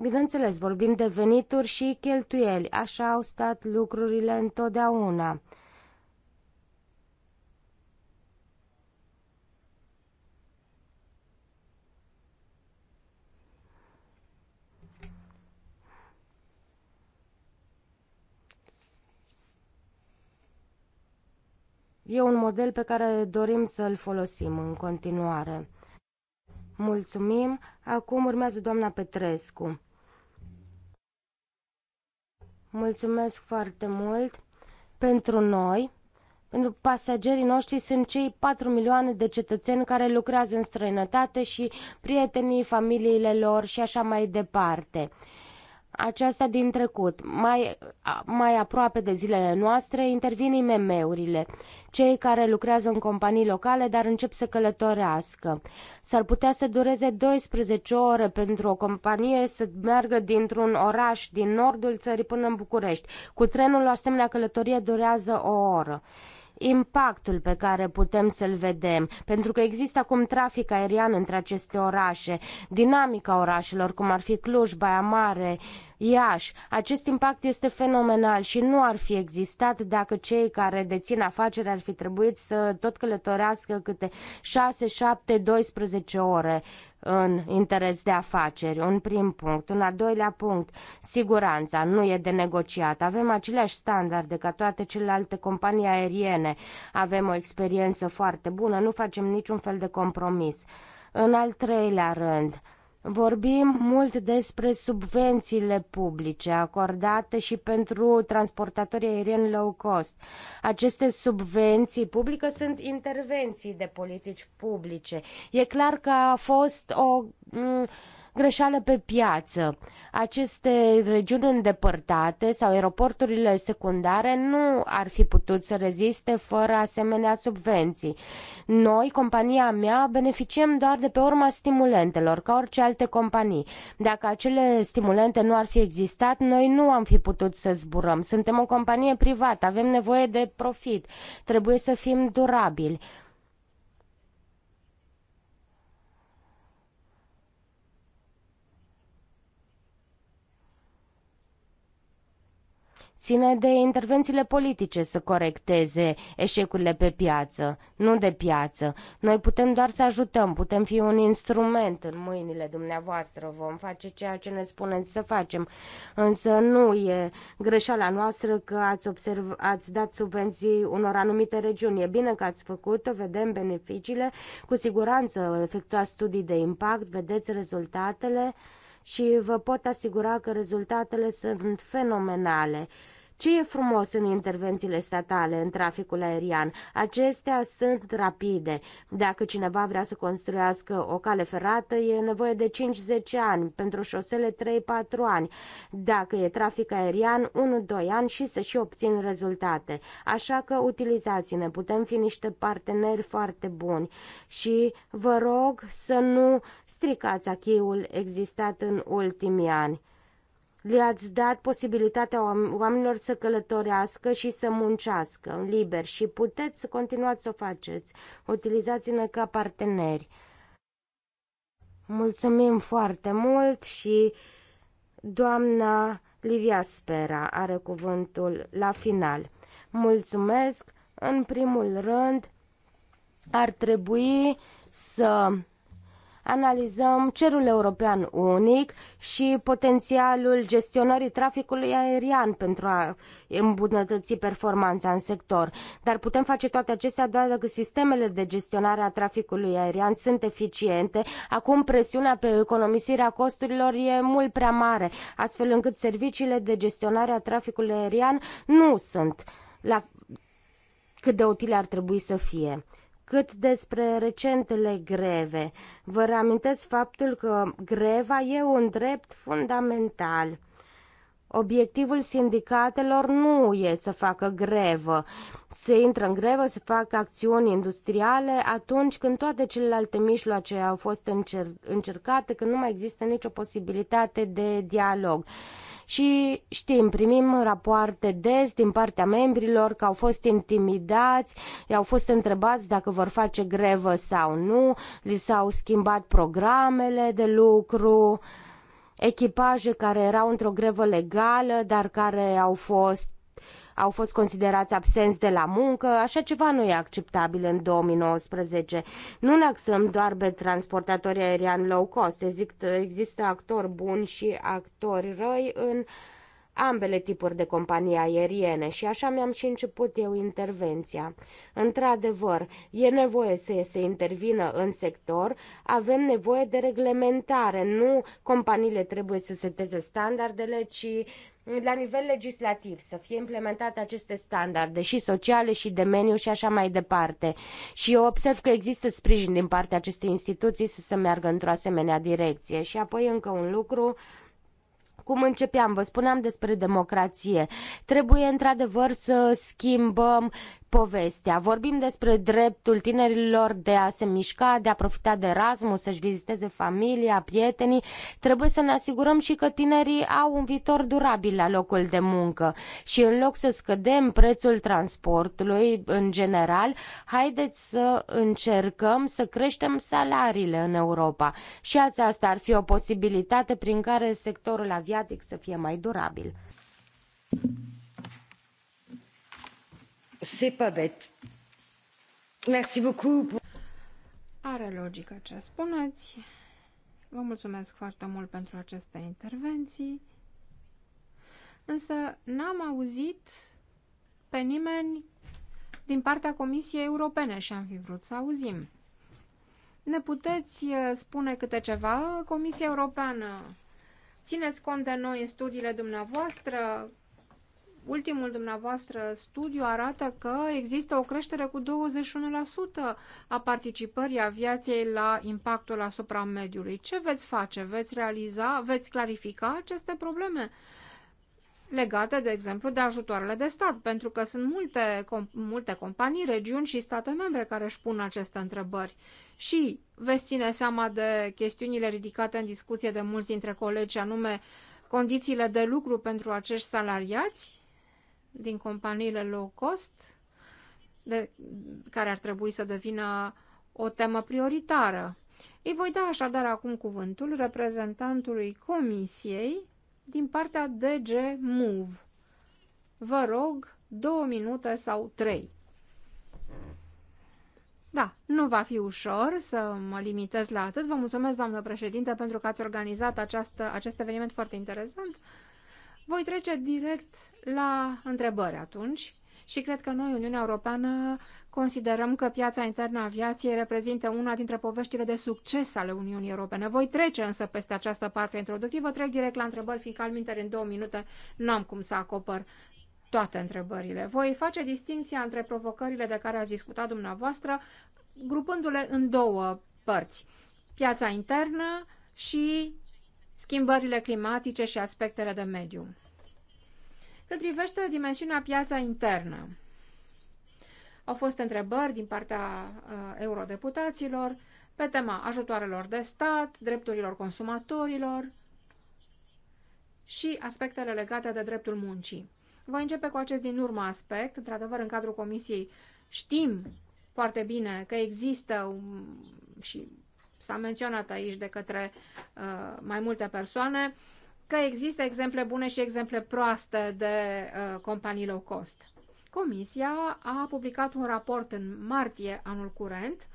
Bineînțeles, vorbim de venituri și cheltuieli, așa au stat lucrurile întotdeauna. E un model pe care dorim să-l folosim în continuare. Mulțumim. Acum urmează doamna Petrescu. Mulțumesc foarte mult pentru noi. Pentru pasagerii noștri sunt cei 4 milioane de cetățeni care lucrează în străinătate și prietenii, familiile lor și așa mai departe aceasta din trecut. Mai, mai aproape de zilele noastre intervin IMM-urile, cei care lucrează în companii locale, dar încep să călătorească. S-ar putea să dureze 12 ore pentru o companie să meargă dintr-un oraș din nordul țării până în București. Cu trenul o asemenea călătorie durează o oră impactul pe care putem să-l vedem, pentru că există acum trafic aerian între aceste orașe, dinamica orașelor, cum ar fi Cluj, Baia Mare, Iași, acest impact este fenomenal și nu ar fi existat dacă cei care dețin afaceri ar fi trebuit să tot călătorească câte 6, 7, 12 ore în interes de afaceri. Un prim punct. Un al doilea punct. Siguranța nu e de negociat. Avem aceleași standarde ca toate celelalte companii aeriene. Avem o experiență foarte bună, nu facem niciun fel de compromis. În al treilea rând, Vorbim mult despre subvențiile publice acordate și pentru transportatorii aerieni low cost. Aceste subvenții publice sunt intervenții de politici publice. E clar că a fost o greșeală pe piață. Aceste regiuni îndepărtate sau aeroporturile secundare nu ar fi putut să reziste fără asemenea subvenții. Noi, compania mea, beneficiem doar de pe urma stimulentelor, ca orice alte companii. Dacă acele stimulente nu ar fi existat, noi nu am fi putut să zburăm. Suntem o companie privată, avem nevoie de profit, trebuie să fim durabili. Ține de intervențiile politice să corecteze eșecurile pe piață, nu de piață. Noi putem doar să ajutăm, putem fi un instrument în mâinile dumneavoastră, vom face ceea ce ne spuneți să facem. Însă nu e greșeala noastră că ați, observ- ați dat subvenții unor anumite regiuni. E bine că ați făcut-o, vedem beneficiile, cu siguranță efectuați studii de impact, vedeți rezultatele și vă pot asigura că rezultatele sunt fenomenale. Ce e frumos în intervențiile statale în traficul aerian? Acestea sunt rapide. Dacă cineva vrea să construiască o cale ferată, e nevoie de 5-10 ani, pentru șosele 3-4 ani. Dacă e trafic aerian, 1-2 ani și să și obțin rezultate. Așa că utilizați-ne, putem fi niște parteneri foarte buni și vă rog să nu stricați achiul existat în ultimii ani le-ați dat posibilitatea oamenilor să călătorească și să muncească liber și puteți să continuați să o faceți. Utilizați-ne ca parteneri. Mulțumim foarte mult și doamna Livia Spera are cuvântul la final. Mulțumesc, în primul rând, ar trebui să analizăm cerul european unic și potențialul gestionării traficului aerian pentru a îmbunătăți performanța în sector. Dar putem face toate acestea doar dacă sistemele de gestionare a traficului aerian sunt eficiente. Acum presiunea pe economisirea costurilor e mult prea mare, astfel încât serviciile de gestionare a traficului aerian nu sunt la cât de utile ar trebui să fie. Cât despre recentele greve, vă reamintesc faptul că greva e un drept fundamental. Obiectivul sindicatelor nu e să facă grevă. Se intră în grevă, se fac acțiuni industriale atunci când toate celelalte mijloace au fost încer- încercate, când nu mai există nicio posibilitate de dialog și știm, primim rapoarte des din partea membrilor că au fost intimidați, au fost întrebați dacă vor face grevă sau nu, li s-au schimbat programele de lucru, echipaje care erau într-o grevă legală, dar care au fost au fost considerați absenți de la muncă, așa ceva nu e acceptabil în 2019. Nu ne axăm doar pe transportatorii aerian low cost, există actori buni și actori răi în ambele tipuri de companii aeriene și așa mi-am și început eu intervenția. Într-adevăr, e nevoie să se intervină în sector, avem nevoie de reglementare, nu companiile trebuie să seteze standardele, ci la nivel legislativ să fie implementate aceste standarde și sociale și de meniu și așa mai departe. Și eu observ că există sprijin din partea acestei instituții să se meargă într-o asemenea direcție. Și apoi încă un lucru, cum începeam, vă spuneam despre democrație. Trebuie într-adevăr să schimbăm povestea. Vorbim despre dreptul tinerilor de a se mișca, de a profita de Erasmus, să-și viziteze familia, prietenii. Trebuie să ne asigurăm și că tinerii au un viitor durabil la locul de muncă. Și în loc să scădem prețul transportului în general, haideți să încercăm să creștem salariile în Europa. Și aceasta ar fi o posibilitate prin care sectorul aviatic să fie mai durabil. Are logică ce spuneți. Vă mulțumesc foarte mult pentru aceste intervenții. Însă n-am auzit pe nimeni din partea Comisiei Europene și am fi vrut să auzim. Ne puteți uh, spune câte ceva? Comisia Europeană, țineți cont de noi în studiile dumneavoastră? ultimul dumneavoastră studiu arată că există o creștere cu 21% a participării aviației la impactul asupra mediului. Ce veți face? Veți realiza, veți clarifica aceste probleme? legate, de exemplu, de ajutoarele de stat, pentru că sunt multe, com- multe companii, regiuni și state membre care își pun aceste întrebări. Și veți ține seama de chestiunile ridicate în discuție de mulți dintre colegi, anume condițiile de lucru pentru acești salariați? din companiile low cost, de, care ar trebui să devină o temă prioritară. Îi voi da așadar acum cuvântul reprezentantului Comisiei din partea DG Move. Vă rog, două minute sau trei. Da, nu va fi ușor să mă limitez la atât. Vă mulțumesc, doamnă președinte, pentru că ați organizat această, acest eveniment foarte interesant. Voi trece direct la întrebări atunci și cred că noi, Uniunea Europeană, considerăm că piața internă a aviației reprezintă una dintre poveștile de succes ale Uniunii Europene. Voi trece însă peste această parte introductivă, trec direct la întrebări, fiindcă al minter în două minute n-am cum să acopăr toate întrebările. Voi face distinția între provocările de care ați discutat dumneavoastră, grupându-le în două părți. Piața internă și schimbările climatice și aspectele de mediu. Cât privește dimensiunea piața internă, au fost întrebări din partea uh, eurodeputaților pe tema ajutoarelor de stat, drepturilor consumatorilor și aspectele legate de dreptul muncii. Voi începe cu acest din urmă aspect. Într-adevăr, în cadrul Comisiei știm foarte bine că există și s-a menționat aici de către uh, mai multe persoane, că există exemple bune și exemple proaste de uh, companii low cost. Comisia a publicat un raport în martie anul curent.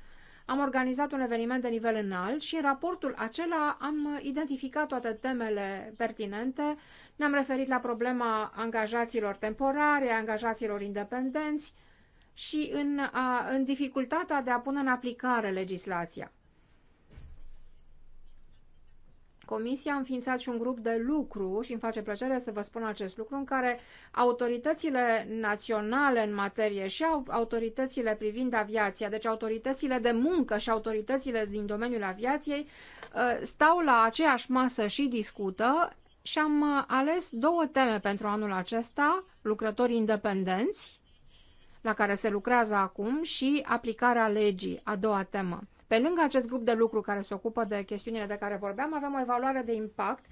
Am organizat un eveniment de nivel înalt și în raportul acela am identificat toate temele pertinente. Ne-am referit la problema angajaților temporare, angajaților independenți și în, a, în dificultatea de a pune în aplicare legislația. Comisia a înființat și un grup de lucru și îmi face plăcere să vă spun acest lucru, în care autoritățile naționale în materie și autoritățile privind aviația, deci autoritățile de muncă și autoritățile din domeniul aviației, uh, stau la aceeași masă și discută și am uh, ales două teme pentru anul acesta, lucrători independenți, la care se lucrează acum, și aplicarea legii, a doua temă. Pe lângă acest grup de lucru care se ocupă de chestiunile de care vorbeam, avem o evaluare de impact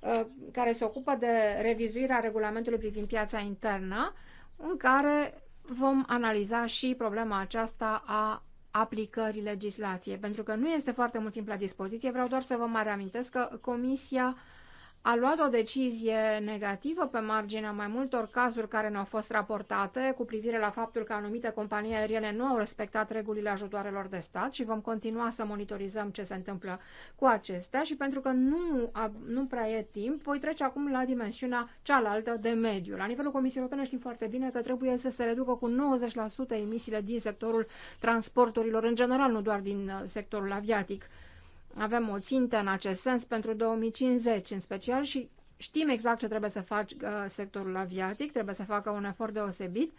uh, care se ocupă de revizuirea regulamentului privind piața internă, în care vom analiza și problema aceasta a aplicării legislației. Pentru că nu este foarte mult timp la dispoziție, vreau doar să vă mai reamintesc că Comisia a luat o decizie negativă pe marginea mai multor cazuri care ne-au fost raportate cu privire la faptul că anumite companii aeriene nu au respectat regulile ajutoarelor de stat și vom continua să monitorizăm ce se întâmplă cu acestea și pentru că nu, nu prea e timp, voi trece acum la dimensiunea cealaltă de mediu. La nivelul Comisiei Europene știm foarte bine că trebuie să se reducă cu 90% emisiile din sectorul transporturilor în general, nu doar din uh, sectorul aviatic. Avem o țintă în acest sens pentru 2050 în special și știm exact ce trebuie să faci uh, sectorul aviatic, trebuie să facă un efort deosebit.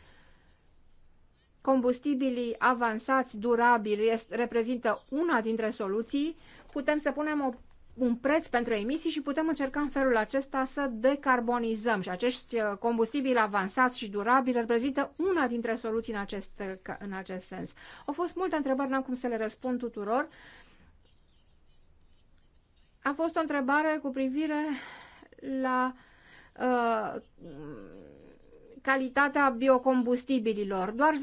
Combustibilii avansați, durabili, reprezintă una dintre soluții. Putem să punem o un preț pentru emisii și putem încerca în felul acesta să decarbonizăm. Și acești uh, combustibili avansați și durabili reprezintă una dintre soluții în acest, uh, în acest sens. Au fost multe întrebări, n-am cum să le răspund tuturor. Uh, a fost o întrebare cu privire la uh, calitatea biocombustibililor. Doar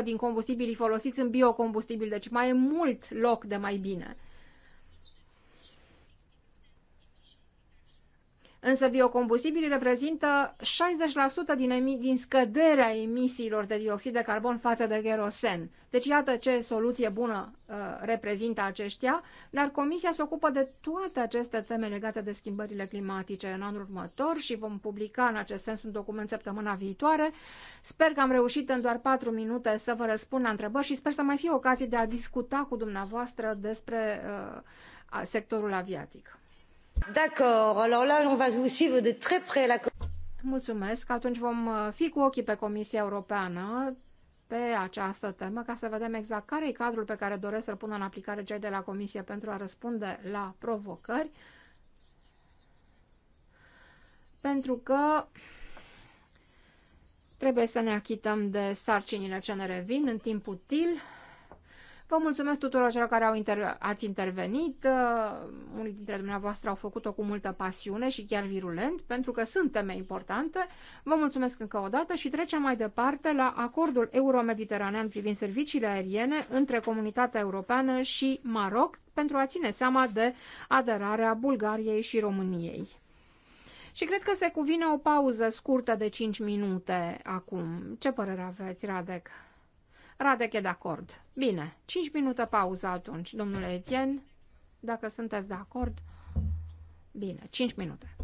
0,5% din combustibilii folosiți în biocombustibili, deci mai e mult loc de mai bine. Însă biocombustibilii reprezintă 60% din, emi- din scăderea emisiilor de dioxid de carbon față de kerosen. Deci iată ce soluție bună uh, reprezintă aceștia, dar Comisia se ocupă de toate aceste teme legate de schimbările climatice în anul următor și vom publica în acest sens un document săptămâna viitoare. Sper că am reușit în doar 4 minute să vă răspund la întrebări și sper să mai fie ocazie de a discuta cu dumneavoastră despre uh, sectorul aviatic. D'accord, alors là, on va vous suivre de très près la... Mulțumesc, atunci vom uh, fi cu ochii pe Comisia Europeană pe această temă ca să vedem exact care e cadrul pe care doresc să-l pună în aplicare cei de la Comisie pentru a răspunde la provocări. Pentru că trebuie să ne achităm de sarcinile ce ne revin în timp util Vă mulțumesc tuturor celor care au inter- ați intervenit. Uh, unii dintre dumneavoastră au făcut-o cu multă pasiune și chiar virulent, pentru că sunt teme importante. Vă mulțumesc încă o dată și trecem mai departe la acordul euromediteranean privind serviciile aeriene între Comunitatea Europeană și Maroc pentru a ține seama de aderarea Bulgariei și României. Și cred că se cuvine o pauză scurtă de 5 minute acum. Ce părere aveți, Radek? Radec e de acord. Bine, 5 minute pauză atunci, domnule Etienne, dacă sunteți de acord. Bine, 5 minute.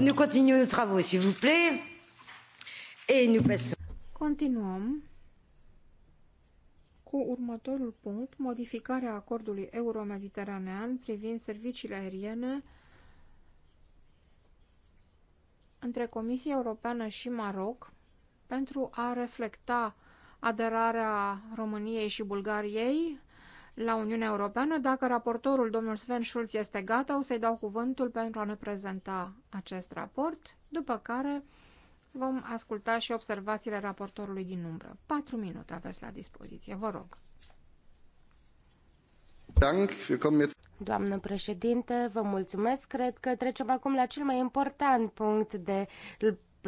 Nous continuons nos travaux, s'il vous plaît. Et nous passons. Continuăm cu următorul punct, modificarea acordului euro-mediteranean privind serviciile aeriene între Comisia Europeană și Maroc pentru a reflecta aderarea României și Bulgariei la Uniunea Europeană. Dacă raportorul, domnul Sven Schulz, este gata, o să-i dau cuvântul pentru a ne prezenta acest raport, după care vom asculta și observațiile raportorului din umbră. Patru minute aveți la dispoziție, vă rog. Doamnă președinte, vă mulțumesc. Cred că trecem acum la cel mai important punct de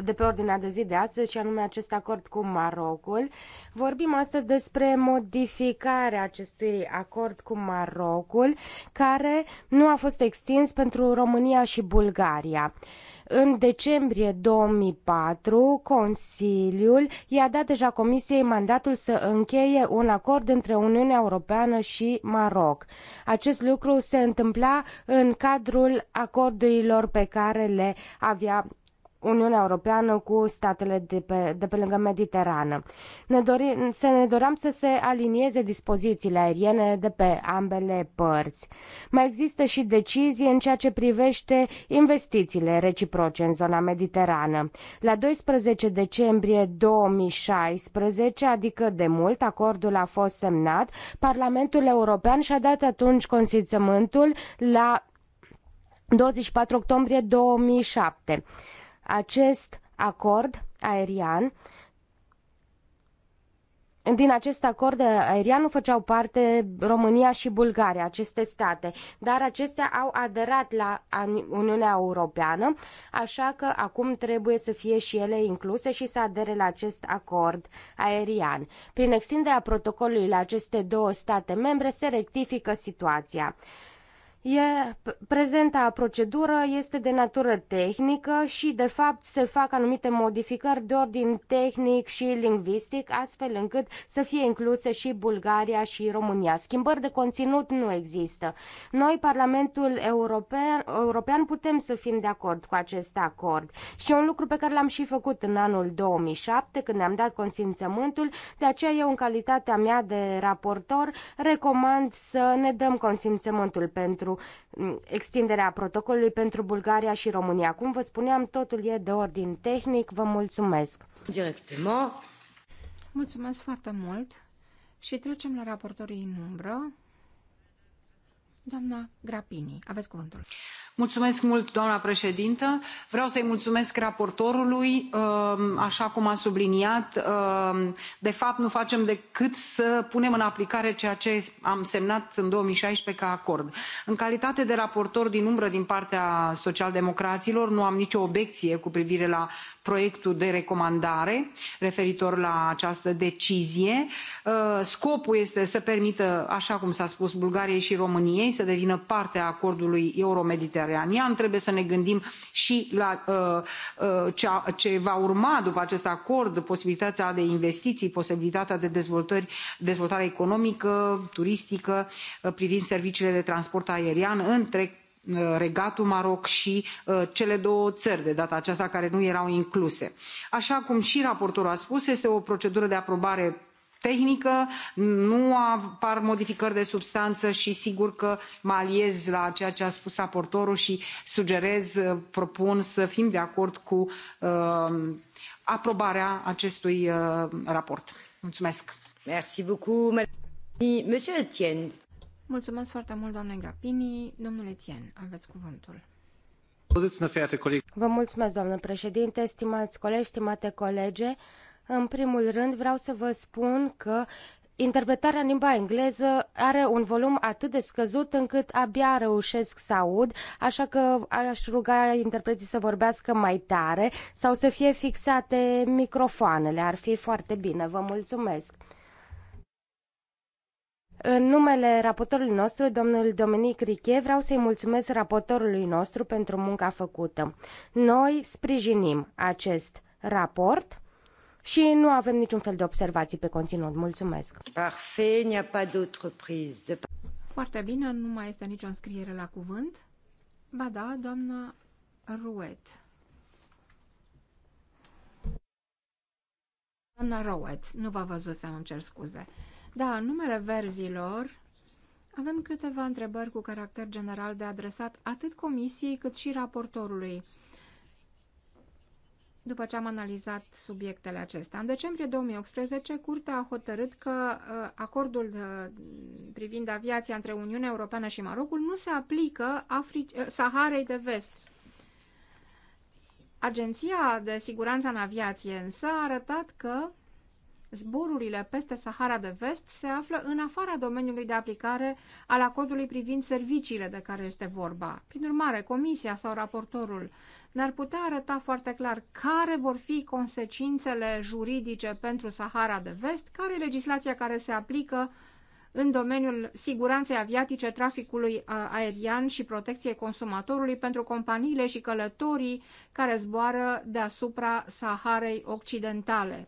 de pe ordinea de zi de astăzi, și anume acest acord cu Marocul. Vorbim astăzi despre modificarea acestui acord cu Marocul, care nu a fost extins pentru România și Bulgaria. În decembrie 2004, Consiliul i-a dat deja Comisiei mandatul să încheie un acord între Uniunea Europeană și Maroc. Acest lucru se întâmpla în cadrul acordurilor pe care le avea Uniunea Europeană cu statele de pe, de pe lângă Mediterană. Ne dori, să ne doream să se alinieze dispozițiile aeriene de pe ambele părți. Mai există și decizii în ceea ce privește investițiile reciproce în zona mediterană. La 12 decembrie 2016, adică de mult, acordul a fost semnat. Parlamentul European și-a dat atunci consimțământul la 24 octombrie 2007. Acest acord aerian din acest acord aerian nu făceau parte România și Bulgaria, aceste state, dar acestea au aderat la Uniunea Europeană, așa că acum trebuie să fie și ele incluse și să adere la acest acord aerian. Prin extinderea protocolului la aceste două state membre se rectifică situația. E, prezenta procedură este de natură tehnică și, de fapt, se fac anumite modificări de ordin tehnic și lingvistic, astfel încât să fie incluse și Bulgaria și România. Schimbări de conținut nu există. Noi, Parlamentul European, European putem să fim de acord cu acest acord. Și un lucru pe care l-am și făcut în anul 2007, când ne-am dat consimțământul, de aceea eu, în calitatea mea de raportor, recomand să ne dăm consimțământul pentru pentru mm, extinderea protocolului pentru Bulgaria și România. Cum vă spuneam, totul e de ordin tehnic. Vă mulțumesc! Directement. Mulțumesc foarte mult și trecem la raportorii în umbră. Doamna Grapini, aveți cuvântul. Mulțumesc mult, doamna președintă. Vreau să-i mulțumesc raportorului, um, așa cum a subliniat. Um, de fapt, nu facem decât să punem în aplicare ceea ce am semnat în 2016 ca acord. În calitate de raportor din umbră din partea socialdemocraților, nu am nicio obiecție cu privire la proiectul de recomandare referitor la această decizie. Uh, scopul este să permită, așa cum s-a spus, Bulgariei și României să devină parte a acordului euromediteranean. Trebuie să ne gândim și la uh, uh, ce va urma după acest acord, posibilitatea de investiții, posibilitatea de dezvoltare economică, turistică, privind serviciile de transport aerian între Uh, regatul maroc și uh, cele două țări de data aceasta care nu erau incluse. așa cum și raportorul a spus este o procedură de aprobare tehnică nu apar modificări de substanță și sigur că mă aliez la ceea ce a spus raportorul și sugerez uh, propun să fim de acord cu uh, aprobarea acestui uh, raport. mulțumesc. Merci beaucoup, Monsieur Etienne. Mulțumesc foarte mult, doamne Grapini. Domnule Tien, aveți cuvântul. Vă mulțumesc, doamnă președinte, stimați colegi, stimate colege. În primul rând vreau să vă spun că Interpretarea în limba engleză are un volum atât de scăzut încât abia reușesc să aud, așa că aș ruga interpreții să vorbească mai tare sau să fie fixate microfoanele. Ar fi foarte bine. Vă mulțumesc! În numele raportorului nostru, domnul Dominic Riche, vreau să-i mulțumesc raportorului nostru pentru munca făcută. Noi sprijinim acest raport și nu avem niciun fel de observații pe conținut. Mulțumesc! Parfait, n'y pas d'autre prise de... Foarte bine, nu mai este nicio înscriere la cuvânt. Ba da, doamna Ruet. Doamna Rowett, nu v-a văzut să îmi cer scuze. Da, în numele verzilor avem câteva întrebări cu caracter general de adresat atât comisiei cât și raportorului. După ce am analizat subiectele acestea, în decembrie 2018, Curtea a hotărât că uh, acordul uh, privind aviația între Uniunea Europeană și Marocul nu se aplică Afri uh, Saharei de Vest. Agenția de Siguranță în Aviație însă a arătat că zborurile peste Sahara de Vest se află în afara domeniului de aplicare al acordului privind serviciile de care este vorba. Prin urmare, comisia sau raportorul ne-ar putea arăta foarte clar care vor fi consecințele juridice pentru Sahara de Vest, care e legislația care se aplică în domeniul siguranței aviatice, traficului aerian și protecției consumatorului pentru companiile și călătorii care zboară deasupra Saharei Occidentale.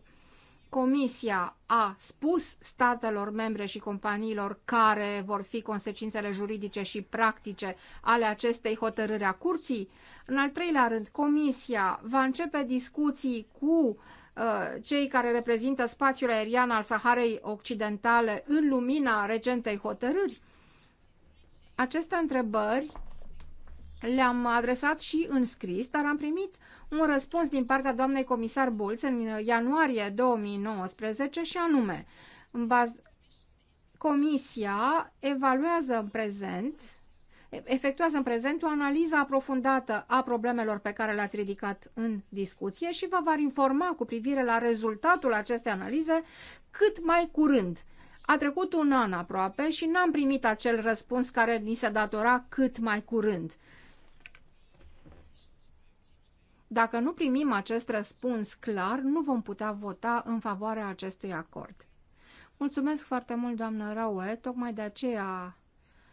Comisia a spus statelor membre și companiilor care vor fi consecințele juridice și practice ale acestei hotărâri a curții. În al treilea rând, Comisia va începe discuții cu uh, cei care reprezintă spațiul aerian al Saharei Occidentale în lumina recentei hotărâri? Aceste întrebări le-am adresat și în scris, dar am primit un răspuns din partea doamnei comisar Bulț în ianuarie 2019 și anume, în baz... Comisia evaluează în prezent efectuează în prezent o analiză aprofundată a problemelor pe care le-ați ridicat în discuție și vă va informa cu privire la rezultatul acestei analize cât mai curând. A trecut un an aproape și n-am primit acel răspuns care ni se datora cât mai curând. Dacă nu primim acest răspuns clar, nu vom putea vota în favoarea acestui acord. Mulțumesc foarte mult, doamnă Raue, tocmai de aceea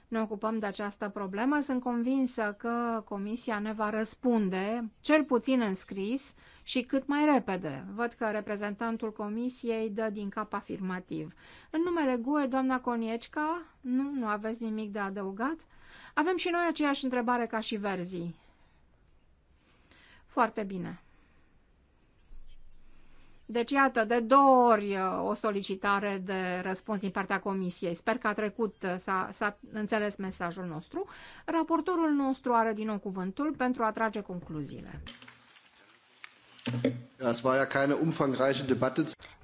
ne ocupăm de această problemă. Sunt convinsă că Comisia ne va răspunde, cel puțin în scris, și cât mai repede. Văd că reprezentantul Comisiei dă din cap afirmativ. În numele GUE, doamna Coniecica, nu, nu aveți nimic de adăugat? Avem și noi aceeași întrebare ca și verzii. Foarte bine. Deci, iată, de două ori uh, o solicitare de răspuns din partea comisiei. Sper că a trecut, uh, s-a, înțeles mesajul nostru. Raportorul nostru are din nou cuvântul pentru a trage concluziile.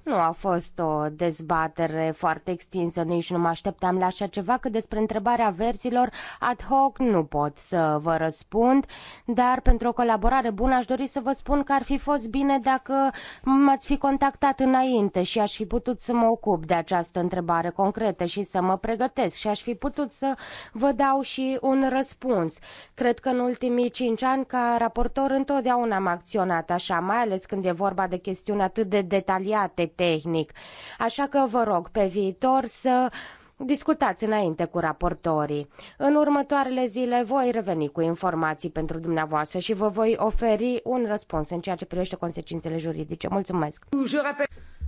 Nu a fost o dezbatere foarte extinsă, nici nu mă așteptam la așa ceva, că despre întrebarea versilor ad hoc nu pot să vă răspund, dar pentru o colaborare bună aș dori să vă spun că ar fi fost bine dacă m-ați fi contactat înainte și aș fi putut să mă ocup de această întrebare concretă și să mă pregătesc și aș fi putut să vă dau și un răspuns. Cred că în ultimii cinci ani ca raportor întotdeauna am acționat așa, mai ales când când e vorba de chestiuni atât de detaliate tehnic. Așa că vă rog pe viitor să discutați înainte cu raportorii. În următoarele zile voi reveni cu informații pentru dumneavoastră și vă voi oferi un răspuns în ceea ce privește consecințele juridice. Mulțumesc!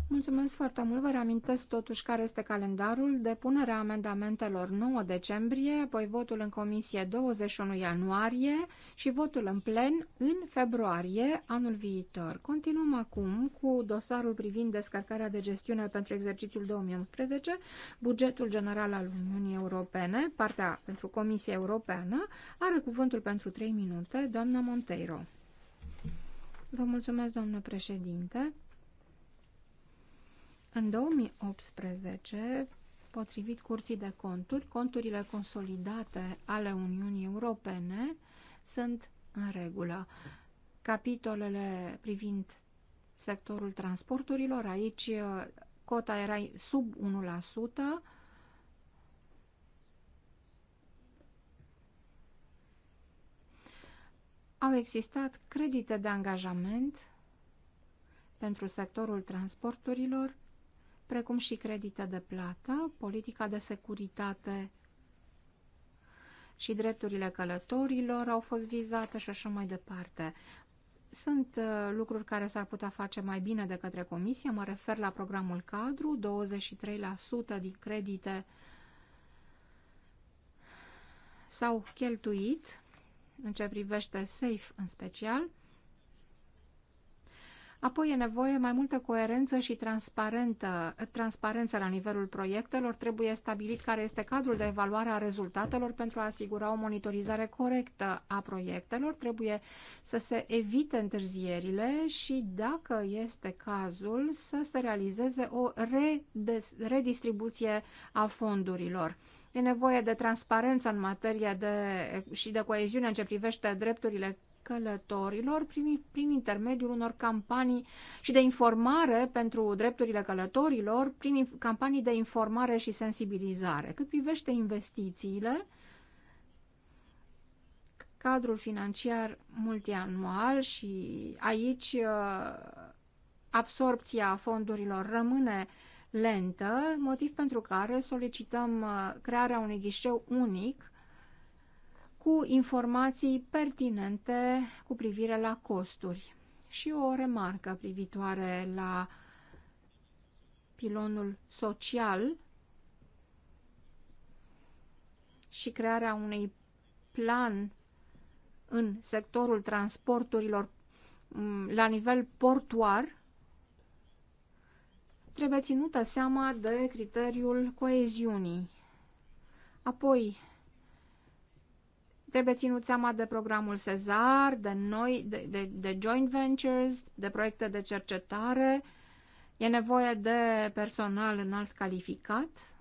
Mulțumesc foarte mult. Vă reamintesc totuși care este calendarul. de punere a amendamentelor 9 decembrie, apoi votul în comisie 21 ianuarie și votul în plen în februarie anul viitor. Continuăm acum cu dosarul privind descărcarea de gestiune pentru exercițiul 2011, bugetul general al Uniunii Europene, partea pentru Comisia Europeană. Are cuvântul pentru 3 minute doamna Monteiro. Vă mulțumesc, doamnă președinte. În 2018, potrivit Curții de Conturi, conturile consolidate ale Uniunii Europene sunt în regulă. Capitolele privind sectorul transporturilor, aici uh, cota era sub 1%, au existat credite de angajament pentru sectorul transporturilor precum și credite de plată, politica de securitate și drepturile călătorilor au fost vizate și așa mai departe. Sunt uh, lucruri care s-ar putea face mai bine de către comisie. Mă refer la programul cadru, 23% din credite s-au cheltuit în ce privește SAFE în special, Apoi e nevoie mai multă coerență și transparentă, transparență la nivelul proiectelor. Trebuie stabilit care este cadrul de evaluare a rezultatelor pentru a asigura o monitorizare corectă a proiectelor. Trebuie să se evite întârzierile și, dacă este cazul, să se realizeze o redistribuție a fondurilor. E nevoie de transparență în materie de, și de coeziune în ce privește drepturile călătorilor prin, prin intermediul unor campanii și de informare pentru drepturile călătorilor, prin campanii de informare și sensibilizare. Cât privește investițiile, cadrul financiar multianual și aici uh, absorpția fondurilor rămâne lentă, motiv pentru care solicităm uh, crearea unui ghișeu unic cu informații pertinente cu privire la costuri. Și o remarcă privitoare la pilonul social și crearea unui plan în sectorul transporturilor mm, la nivel portuar, trebuie ținută seama de criteriul coeziunii. Apoi, Trebuie ținut seama de programul Cezar, de noi, de, de, de joint ventures, de proiecte de cercetare. E nevoie de personal înalt calificat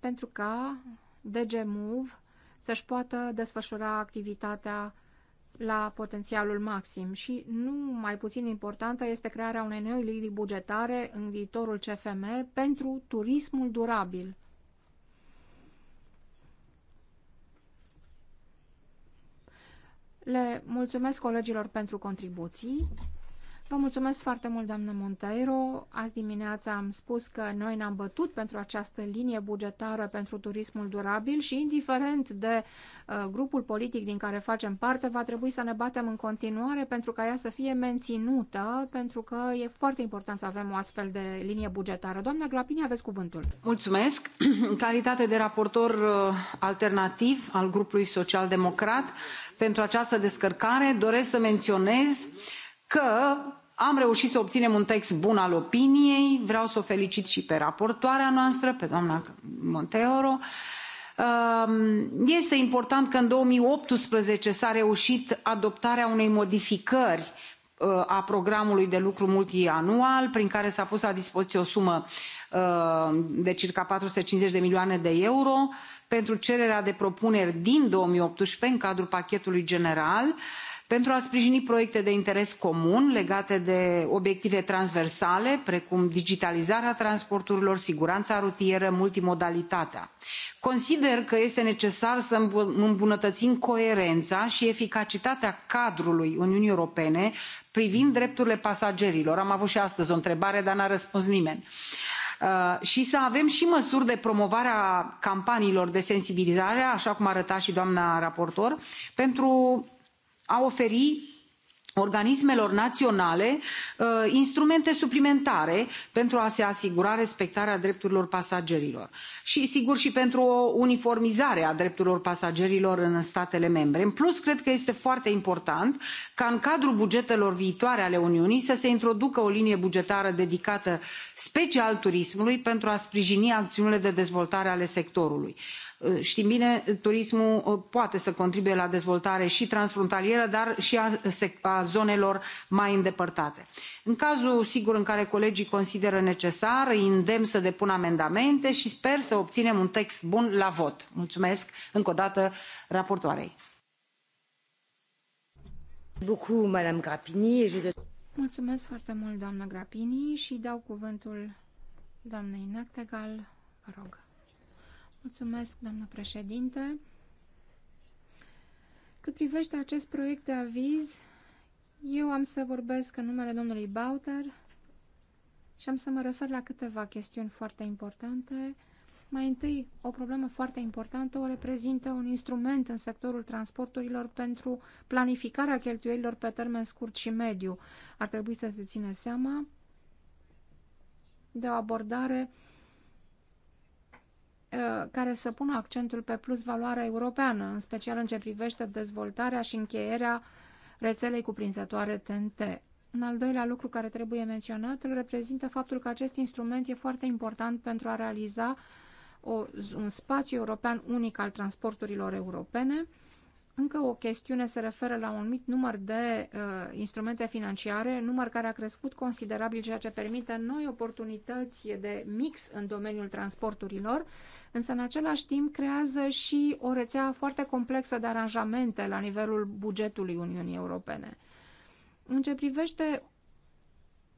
pentru ca DG Move să-și poată desfășura activitatea la potențialul maxim și nu mai puțin importantă este crearea unei noi linii bugetare în viitorul CFM pentru turismul durabil. Le mulțumesc colegilor pentru contribuții. Vă mulțumesc foarte mult, doamnă Monteiro. Azi dimineața am spus că noi ne-am bătut pentru această linie bugetară pentru turismul durabil și, indiferent de uh, grupul politic din care facem parte, va trebui să ne batem în continuare pentru ca ea să fie menținută, pentru că e foarte important să avem o astfel de linie bugetară. Doamna Grapini, aveți cuvântul. Mulțumesc. În calitate de raportor uh, alternativ al grupului social-democrat pentru această descărcare, doresc să menționez că am reușit să obținem un text bun al opiniei vreau să o felicit și pe raportoarea noastră pe doamna monteiro um, este important că în două mii optsprezece s a reușit adoptarea unei modificări uh, a programului de lucru multianual prin care s a pus la dispoziție o sumă uh, de circa patru sute cincizeci de milioane de euro pentru cererea de propuneri din două mii optsprezece în cadrul pachetului general și pentru a sprijini proiecte de interes comun legate de obiective transversale precum digitalizarea transporturilor siguranța rutieră multimodalitatea. consider că este necesar să îmbunătățim coerența și eficacitatea cadrului uniunii europene privind drepturile pasagerilor am avut și astăzi o întrebare dar n a răspuns nimeni uh, și să avem și măsuri de promovare a campaniilor de sensibilizare așa cum arăta și doamna raportor pentru a oferi organismelor naționale uh, instrumente suplimentare pentru a se asigura respectarea drepturilor pasagerilor și sigur și pentru o uniformizare a drepturilor pasagerilor în statele membre. în plus cred că este foarte important ca în cadrul bugetelor viitoare ale uniunii să se introducă o linie bugetară dedicată special turismului pentru a sprijini acțiunile de dezvoltare ale sectorului. Știm bine, turismul uh, poate să contribuie la dezvoltare și transfrontalieră, dar și a, a zonelor mai îndepărtate. În cazul, sigur, în care colegii consideră necesar, îi îndemn să depună amendamente și sper să obținem un text bun la vot. Mulțumesc încă o dată raportoarei. Mulțumesc foarte mult, doamnă Grapini, și dau cuvântul doamnei Nactegal. Vă rog. Mulțumesc, doamnă președinte. Cât privește acest proiect de aviz, eu am să vorbesc în numele domnului Bauter și am să mă refer la câteva chestiuni foarte importante. Mai întâi, o problemă foarte importantă o reprezintă un instrument în sectorul transporturilor pentru planificarea cheltuielilor pe termen scurt și mediu. Ar trebui să se țină seama de o abordare uh, Uh, care să pună accentul pe plus valoarea europeană, în special în ce privește dezvoltarea și încheierea rețelei cuprinzătoare TNT. Un al doilea lucru care trebuie menționat îl reprezintă faptul că acest instrument e foarte important pentru a realiza o, un spațiu european unic al transporturilor europene. Încă o chestiune se referă la un mic număr de uh, instrumente financiare, număr care a crescut considerabil, ceea ce permite noi oportunități de mix în domeniul transporturilor însă în același timp creează și o rețea foarte complexă de aranjamente la nivelul bugetului Uniunii Europene. În ce privește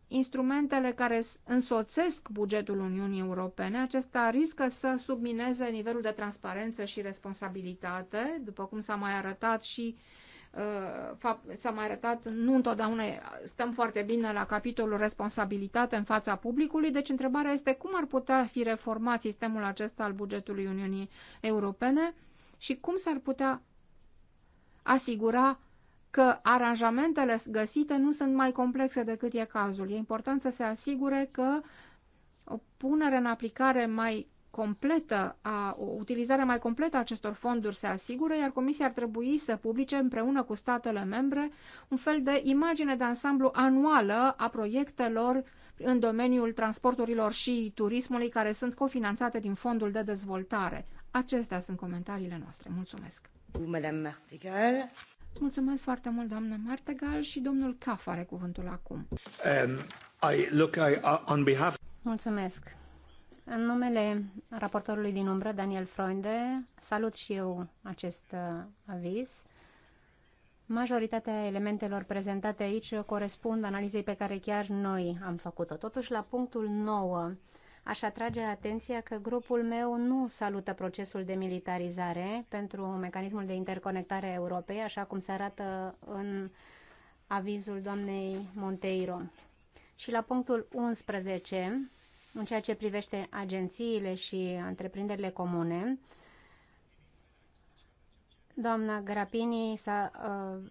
instrumentele care însoțesc bugetul Uniunii Europene, acesta riscă să submineze nivelul de transparență și responsabilitate, după cum s-a mai arătat și uh, Uh, s-a mai arătat, nu întotdeauna stăm foarte bine la capitolul responsabilitate în fața publicului, deci întrebarea este cum ar putea fi reformat sistemul acesta al bugetului Uniunii Europene și cum s-ar putea asigura că aranjamentele găsite nu sunt mai complexe decât e cazul. E important să se asigure că o punere în aplicare mai completă, a, o utilizare mai completă a acestor fonduri se asigură, iar Comisia ar trebui să publice împreună cu statele membre un fel de imagine de ansamblu anuală a proiectelor în domeniul transporturilor și turismului care sunt cofinanțate din fondul de dezvoltare. Acestea sunt comentariile noastre. Mulțumesc! Mulțumesc foarte mult, doamnă Martegal, și domnul Caf are cuvântul acum. Um, I, look, I, uh, on behalf... Mulțumesc! În numele raportorului din umbră, Daniel Freunde, salut și eu acest uh, aviz. Majoritatea elementelor prezentate aici corespund analizei pe care chiar noi am făcut-o. Totuși, la punctul 9, aș atrage atenția că grupul meu nu salută procesul de militarizare pentru mecanismul de interconectare a Europei, așa cum se arată în avizul doamnei Monteiro. Și la punctul 11, în ceea ce privește agențiile și întreprinderile comune. Doamna Grapini s-a uh,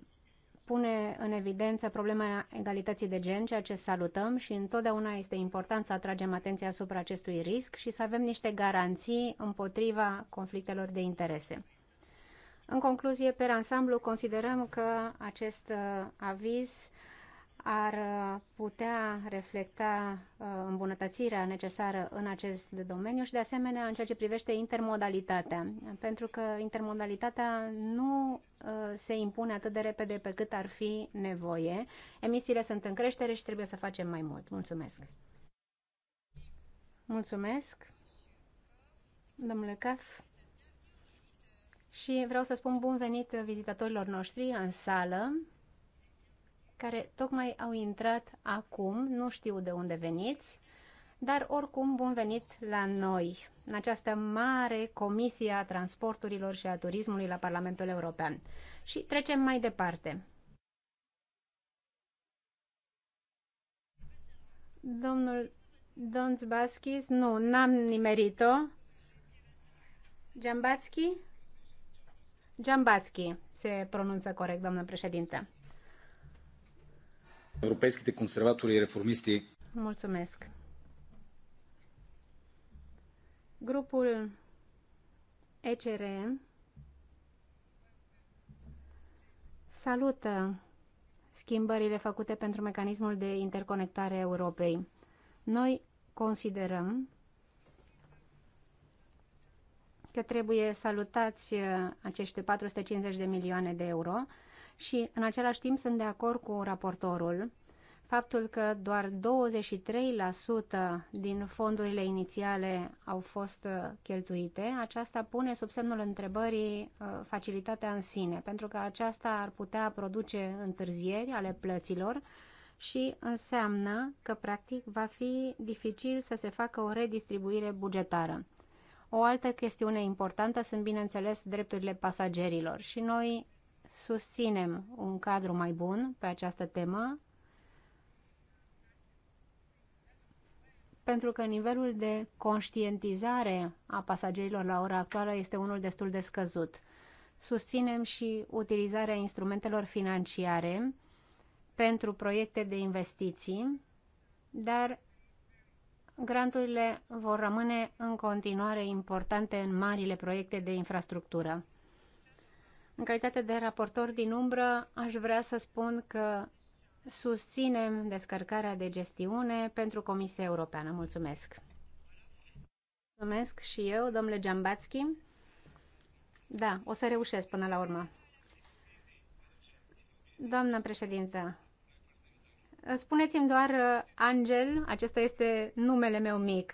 pune în evidență problema egalității de gen, ceea ce salutăm și întotdeauna este important să atragem atenția asupra acestui risc și să avem niște garanții împotriva conflictelor de interese. În concluzie, pe ansamblu, considerăm că acest uh, aviz uh, ar uh, putea reflecta uh, îmbunătățirea necesară în acest domeniu și, de asemenea, în ceea ce privește intermodalitatea, pentru că intermodalitatea nu uh, se impune atât de repede pe cât ar fi nevoie. Emisiile sunt în creștere și trebuie să facem mai mult. Mulțumesc! Mulțumesc, domnule Caf. Și vreau să spun bun venit vizitatorilor noștri în sală care tocmai au intrat acum, nu știu de unde veniți, dar oricum bun venit la noi, în această mare comisie a transporturilor și a turismului la Parlamentul European. Și trecem mai departe. Domnul Donț nu, n-am nimerit-o. Giambatski? Giambatski se pronunță corect, domnul președinte. Европейските консерватори и реформисти. Mulțumesc. Grupul ECR salută schimbările făcute pentru mecanismul de interconectare Europei. Noi considerăm că trebuie salutați uh, acești 450 de milioane de euro și în același timp sunt de acord cu raportorul faptul că doar 23% din fondurile inițiale au fost uh, cheltuite, aceasta pune sub semnul întrebării uh, facilitatea în sine, pentru că aceasta ar putea produce întârzieri ale plăților și înseamnă că, practic, va fi dificil să se facă o redistribuire bugetară. O altă chestiune importantă sunt, bineînțeles, drepturile pasagerilor și noi susținem un cadru mai bun pe această temă, pentru că nivelul de conștientizare a pasagerilor la ora actuală este unul destul de scăzut. Susținem și utilizarea instrumentelor financiare pentru proiecte de investiții, dar granturile vor rămâne în continuare importante în marile proiecte de infrastructură. În calitate de raportor din umbră, aș vrea să spun că susținem descărcarea de gestiune pentru Comisia Europeană. Mulțumesc! Mulțumesc și eu, domnule Giambatski. Da, o să reușesc până la urmă. Doamna președintă, spuneți-mi doar uh, Angel, acesta este numele meu mic,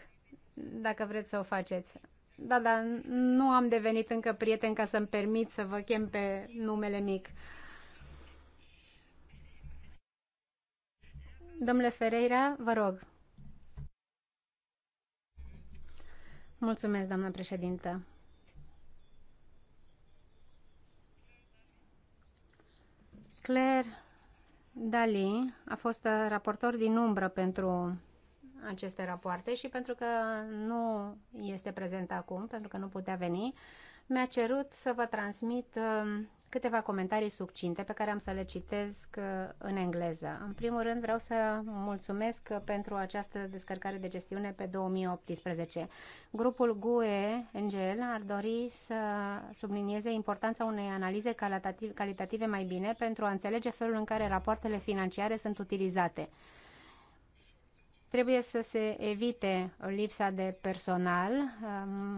dacă vreți să o faceți. Da, dar nu am devenit încă prieten ca să-mi permit să vă chem pe numele mic. Domnule Ferreira, vă rog. Mulțumesc, doamnă președintă. Claire Dali a fost raportor din umbră pentru aceste rapoarte și pentru că nu este prezent acum, pentru că nu putea veni, mi-a cerut să vă transmit uh, câteva comentarii succinte pe care am să le citesc uh, în engleză. În primul rând vreau să mulțumesc pentru această descărcare de gestiune pe 2018. Grupul GUE NGL ar dori să sublinieze importanța unei analize calitative mai bine pentru a înțelege felul în care rapoartele financiare sunt utilizate. Trebuie să se evite lipsa de personal, uh,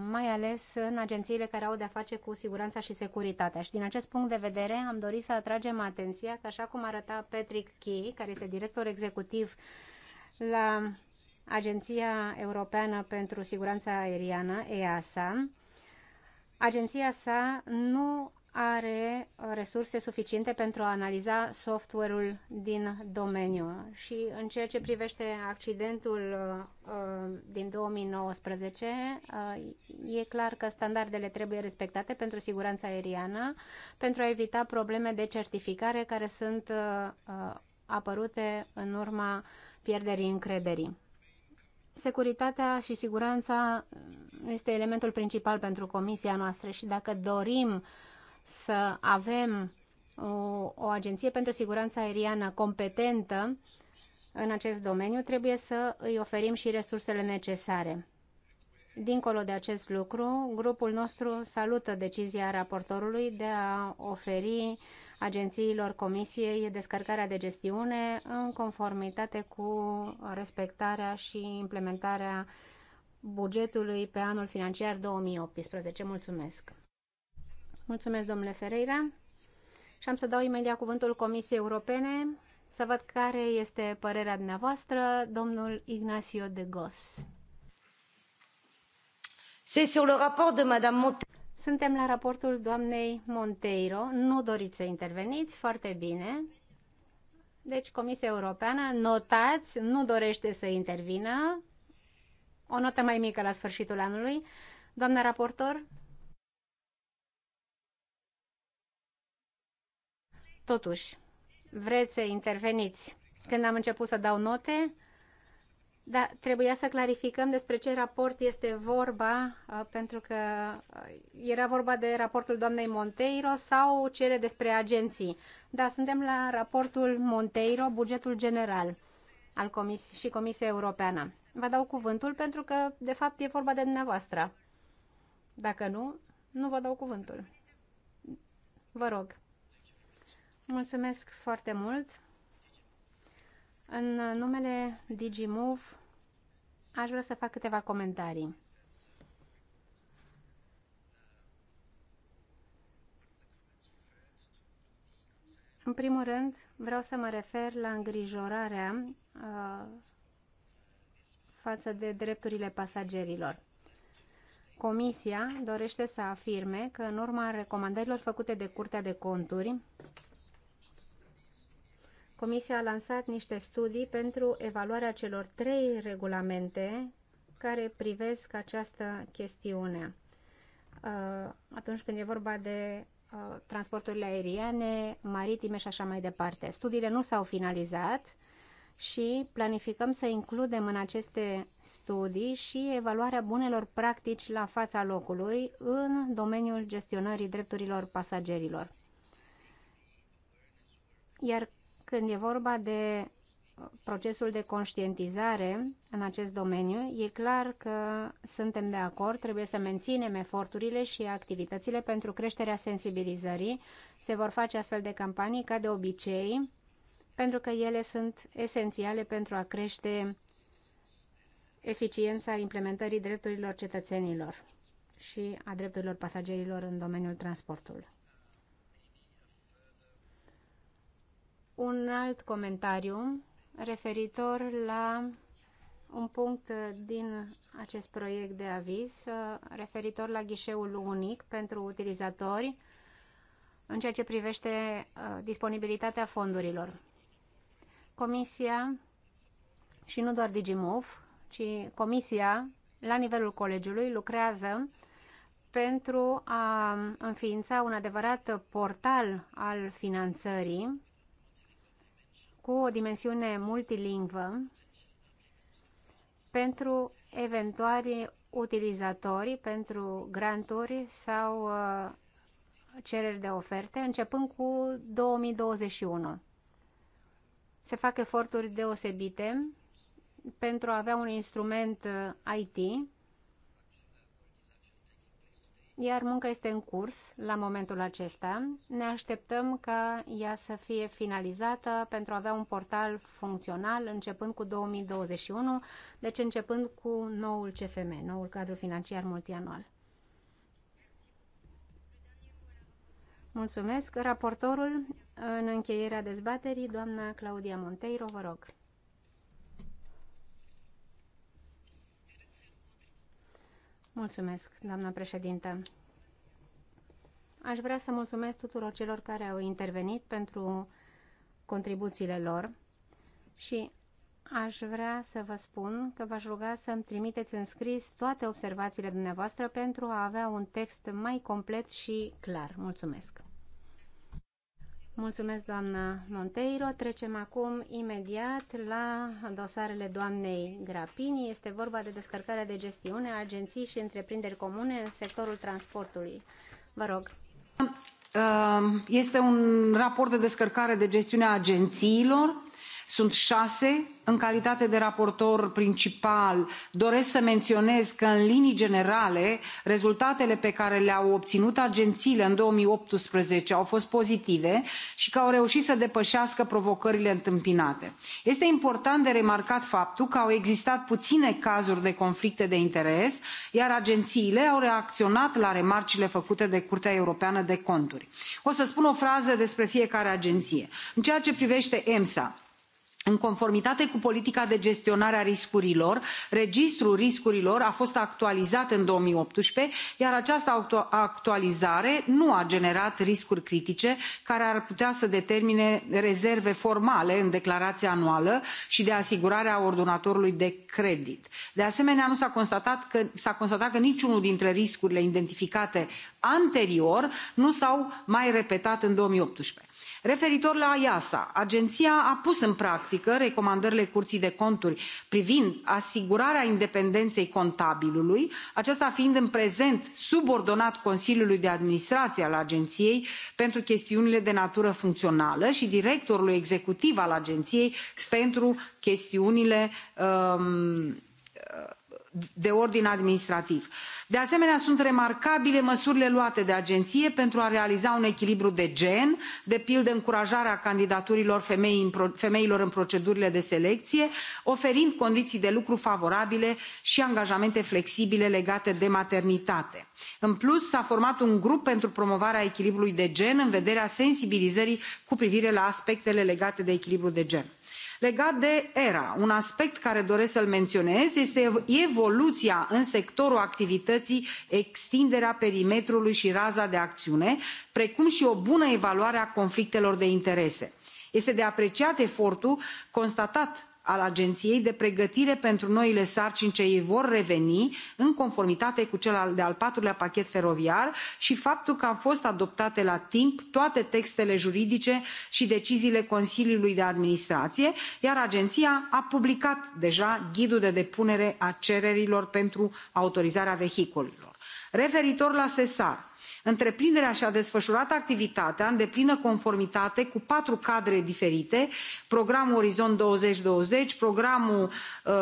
mai ales în agențiile care au de-a face cu siguranța și securitatea. Și din acest punct de vedere am dorit să atragem atenția că așa cum arăta Patrick Key, care este director executiv la Agenția Europeană pentru Siguranța Aeriană, EASA, agenția sa nu are uh, resurse suficiente pentru a analiza software-ul din domeniu. Și în ceea ce privește accidentul uh, uh din 2019, uh, e clar că standardele trebuie respectate pentru siguranța aeriană, pentru a evita probleme de certificare care sunt uh, uh apărute în urma pierderii încrederii. Securitatea și siguranța este elementul principal pentru comisia noastră și dacă dorim uh, să avem o, o agenție pentru siguranță aeriană competentă în acest domeniu, trebuie să îi oferim și resursele necesare. Dincolo de acest lucru, grupul nostru salută decizia raportorului de a oferi agențiilor Comisiei descărcarea de gestiune în conformitate cu respectarea și implementarea bugetului pe anul financiar 2018. Mulțumesc! Mulțumesc, domnule Ferreira. Și am să dau imediat cuvântul Comisiei Europene să văd care este părerea dumneavoastră, domnul Ignacio de Gos. C'est sur le rapport de Madame Monte... Suntem la raportul doamnei Monteiro. Nu doriți să interveniți? Foarte bine. Deci Comisia Europeană, notați, nu dorește să intervină. O notă mai mică la sfârșitul anului. Doamna raportor, Totuși, vreți să interveniți. Când am început să dau note, dar trebuia să clarificăm despre ce raport este vorba, uh, pentru că uh, era vorba de raportul doamnei Monteiro sau cere despre agenții. dar suntem la raportul Monteiro, bugetul general al Comis- și Comisia Europeană. Vă dau cuvântul pentru că, de fapt, e vorba de dumneavoastră. Dacă nu, nu vă dau cuvântul. Vă rog. Mulțumesc foarte mult! În numele DigiMove aș vrea să fac câteva comentarii. În primul rând, vreau să mă refer la îngrijorarea uh, față de drepturile pasagerilor. Comisia dorește să afirme că în urma recomandărilor făcute de Curtea de Conturi Comisia a lansat niște studii pentru evaluarea celor trei regulamente care privesc această chestiune. Uh, atunci când e vorba de uh, transporturile aeriene, maritime și așa mai departe. Studiile nu s-au finalizat și planificăm să includem în aceste studii și evaluarea bunelor practici la fața locului în domeniul gestionării drepturilor pasagerilor. Iar când e vorba de uh, procesul de conștientizare în acest domeniu, e clar că suntem de acord, trebuie să menținem eforturile și activitățile pentru creșterea sensibilizării. Se vor face astfel de campanii, ca de obicei, pentru că ele sunt esențiale pentru a crește eficiența implementării drepturilor cetățenilor și a drepturilor pasagerilor în domeniul transportului. Un alt comentariu referitor la un punct din acest proiect de aviz uh, referitor la ghișeul unic pentru utilizatori în ceea ce privește uh, disponibilitatea fondurilor. Comisia și nu doar Digimov, ci Comisia la nivelul colegiului lucrează pentru a înființa un adevărat portal al finanțării cu o dimensiune multilingvă pentru eventuali utilizatori, pentru granturi sau uh, cereri de oferte, începând cu 2021. Se fac eforturi deosebite pentru a avea un instrument uh, IT iar munca este în curs la momentul acesta. Ne așteptăm ca ea să fie finalizată pentru a avea un portal funcțional începând cu 2021, deci începând cu noul CFM, noul cadru financiar multianual. Mulțumesc. Raportorul în încheierea dezbaterii, doamna Claudia Monteiro, vă rog. Mulțumesc, doamna președintă. Aș vrea să mulțumesc tuturor celor care au intervenit pentru contribuțiile lor și aș vrea să vă spun că v-aș ruga să-mi trimiteți în scris toate observațiile dumneavoastră pentru a avea un text mai complet și clar. Mulțumesc! Mulțumesc, doamna Monteiro. Trecem acum imediat la dosarele doamnei Grapini. Este vorba de descărcarea de gestiune a agenții și întreprinderi comune în sectorul transportului. Vă rog. Este un raport de descărcare de gestiune a agențiilor sunt șase în calitate de raportor principal doresc să menționez că în linii generale rezultatele pe care le au obținut agențiile în două mii optsprezece au fost pozitive și că au reușit să depășească provocările întâmpinate. este important de remarcat faptul că au existat puține cazuri de conflicte de interes iar agențiile au reacționat la remarcile făcute de curtea europeană de conturi. o să spun o frază despre fiecare agenție în ceea ce privește emsa în conformitate cu politica de gestionare a riscurilor registrul riscurilor a fost actualizat în două mii optsprezece iar această actualizare nu a generat riscuri critice care ar putea să determine rezerve formale în declarația anuală și de asigurare a ordonatorului de credit. de asemenea s a constatat că, constatat că niciunul dintre riscurile identificate anterior nu s au mai repetat în două mii optsprezece referitor la easa agenția a pus în practică recomandările curții de conturi privind asigurarea independenței contabilului acesta fiind în prezent subordonat consiliului de administrație al agenției pentru chestiunile de natură funcțională și directorului executiv al agenției pentru chestiunile um, de ordin administrativ. de asemenea sunt remarcabile măsurile luate de agenție pentru a realiza un echilibru de gen de pildă încurajarea candidaturilor femeilor în procedurile de selecție oferind condiții de lucru favorabile și angajamente flexibile legate de maternitate. în plus s a format un grup pentru promovarea echilibrului de gen în vederea sensibilizării cu privire la aspectele legate de echilibrul de gen legat de era un aspect care doresc să îl menționez este evoluția în sectorul activității extinderea perimetrului și raza de acțiune precum și o bună evaluare a conflictelor de interese. este de apreciat efortul constatat al agenției de pregătire pentru noile sarcini ce îi vor reveni în conformitate cu cel de al patrulea pachet feroviar și faptul că au fost adoptate la timp toate textele juridice și deciziile consiliului de administrație iar agenția a publicat deja ghidul de depunere a cererilor pentru autorizarea vehiculelor. referitor la sesar întreprinderea și a desfășurat activitatea în deplină conformitate cu patru cadre diferite programul orizont două mii douăzeci programul ue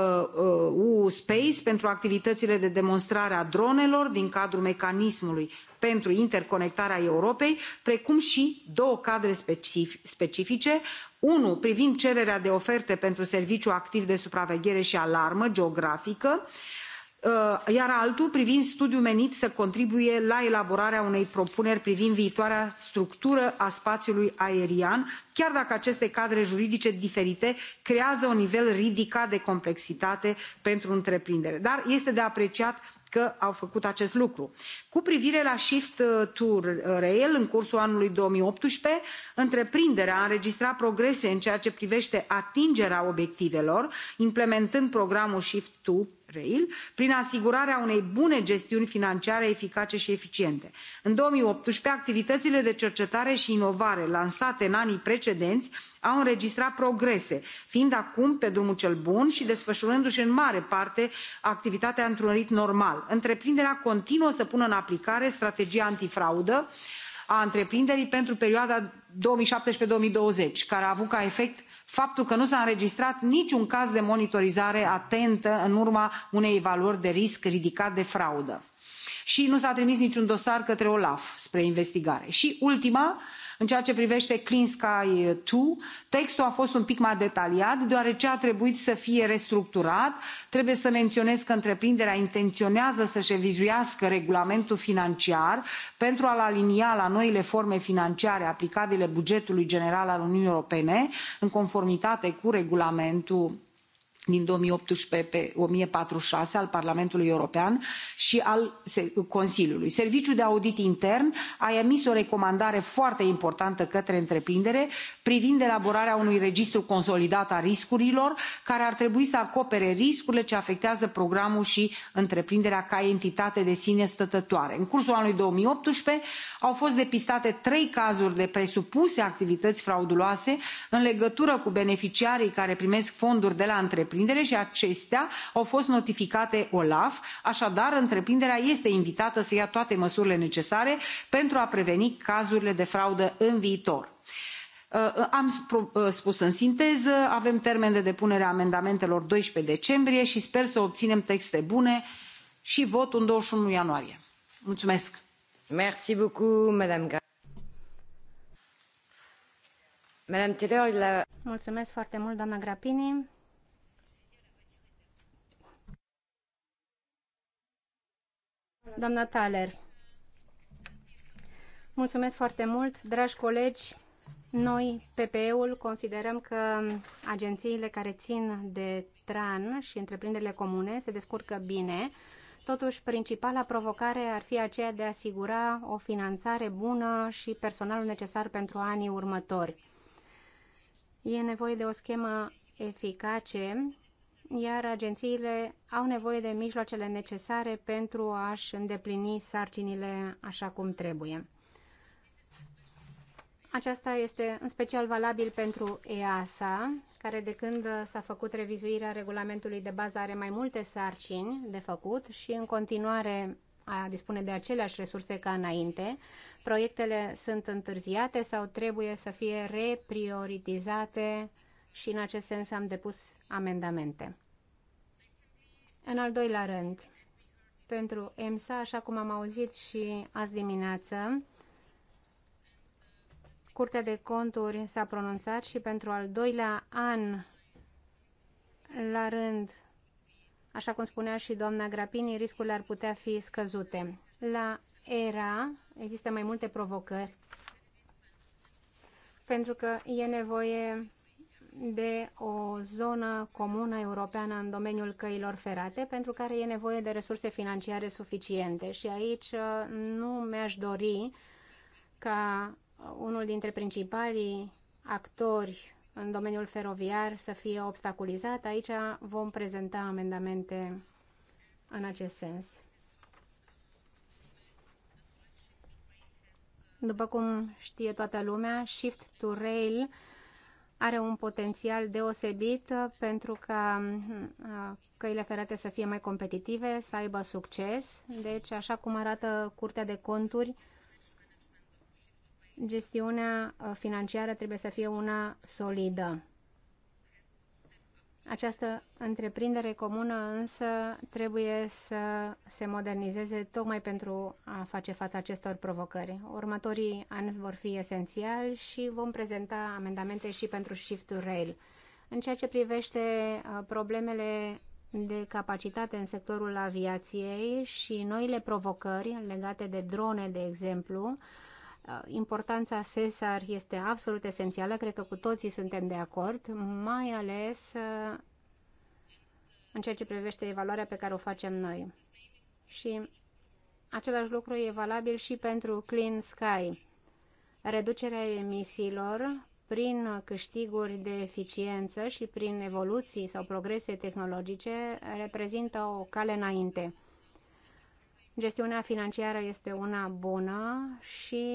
uh, uh, space pentru activitățile de demonstrare a dronelor din cadrul mecanismului pentru interconectarea europei precum și două cadre specifice unul privind cererea de oferte pentru serviciul activ de supraveghere și alarmă geografică și Uh, iar altul privind studiul menit să contribuie la elaborarea unei propuneri privind viitoarea structură a spațiului aerian chiar dacă aceste cadre juridice diferite creează un nivel ridicat de complexitate pentru întreprindere dar este de apreciat că au făcut acest lucru. cu privire la shift uh, to rail în cursul anului două mii optsprezece întreprinderea a înregistrat progrese în ceea ce privește atingerea obiectivelor implementând programul shift to rail prin asigurarea unei bune gestiuni financiare eficace și eficiente. în două mii optsprezece activitățile de cercetare și inovare lansate în anii precedenți au înregistrat progrese fiind acum pe drumul cel bun și desfășurându și în mare parte activitatea într un ritm normal. întreprinderea continuă să pună în aplicare strategia antifraudă a întreprinderii pentru perioada două mii șaptesprezece două mii douăzeci care a avut ca efect faptul că nu s a înregistrat niciun caz de monitorizare atentă în urma unei valori de risc ridicat de fraudă și nu s a trimis niciun dosar către olaf spre investigare și ultima în ceea ce privește clean sky doi eh, textul a fost un pic mai detaliat deoarece a trebuit să fie restructurat trebuie să menționez că întreprinderea intenționează să și revizuiască regulamentul financiar pentru a l alinia la noile forme financiare aplicabile bugetului general al uniunii europene în conformitate cu regulamentul din 2018 pe șase al Parlamentului European și al Consiliului. Serviciul de Audit Intern a emis o recomandare foarte importantă către întreprindere privind elaborarea unui registru consolidat a riscurilor care ar trebui să acopere riscurile ce afectează programul și întreprinderea ca entitate de sine stătătoare. În cursul anului optsprezece au fost depistate trei cazuri de presupuse activități frauduloase în legătură cu beneficiarii care primesc fonduri de la întreprindere întreprindere și acestea au fost notificate olaf așadar întreprinderea este invitată să ia toate măsurile necesare pentru a preveni cazurile de fraudă în viitor uh, am uh, spus în sinteză avem termen de depunere a amendamentelor doisprezece decembrie și sper să obținem texte bune și vot în douăzeci și unu ianuarie. mulțumesc. Merci beaucoup, Madame... Madame Taylor, la... mulțumesc foarte mult doamnă grapini. doamna Thaler. Mulțumesc foarte mult, dragi colegi. Noi, PPE-ul, considerăm că agențiile care țin de TRAN și întreprinderile comune se descurcă bine. Totuși, principala provocare ar fi aceea de a asigura o finanțare bună și personalul necesar pentru anii următori. E nevoie de o schemă eficace iar agențiile au nevoie de mijloacele necesare pentru a-și îndeplini sarcinile așa cum trebuie. Aceasta este în special valabil pentru EASA, care de când s-a făcut revizuirea regulamentului de bază are mai multe sarcini de făcut și în continuare a dispune de aceleași resurse ca înainte. Proiectele sunt întârziate sau trebuie să fie reprioritizate și în acest sens am depus amendamente. În al doilea rând, pentru EMSA, așa cum am auzit și azi dimineață, Curtea de Conturi s-a pronunțat și pentru al doilea an la rând, așa cum spunea și doamna Grapini, riscurile ar putea fi scăzute. La ERA există mai multe provocări pentru că e nevoie de o zonă comună europeană în domeniul căilor ferate, pentru care e nevoie de resurse financiare suficiente. Și aici uh, nu mi-aș dori ca unul dintre principalii actori în domeniul feroviar să fie obstaculizat. Aici vom prezenta amendamente în acest sens. După cum știe toată lumea, Shift to Rail are un potențial deosebit uh, pentru că, uh, căile ferate să fie mai competitive, să aibă succes. Deci, așa cum arată Curtea de Conturi, gestiunea uh, financiară trebuie să fie una solidă. Această întreprindere comună însă trebuie să se modernizeze tocmai pentru a face față acestor provocări. Următorii ani vor fi esențiali și vom prezenta amendamente și pentru Shift to Rail. În ceea ce privește uh, problemele de capacitate în sectorul aviației și noile provocări legate de drone, de exemplu, Uh, importanța Cesar este absolut esențială, cred că cu toții suntem de acord, mai ales uh, în ceea ce privește evaluarea pe care o facem noi. Și același lucru e valabil și pentru Clean Sky. Reducerea emisiilor prin câștiguri de eficiență și prin evoluții sau progrese tehnologice reprezintă o cale înainte. Gestiunea financiară este una bună și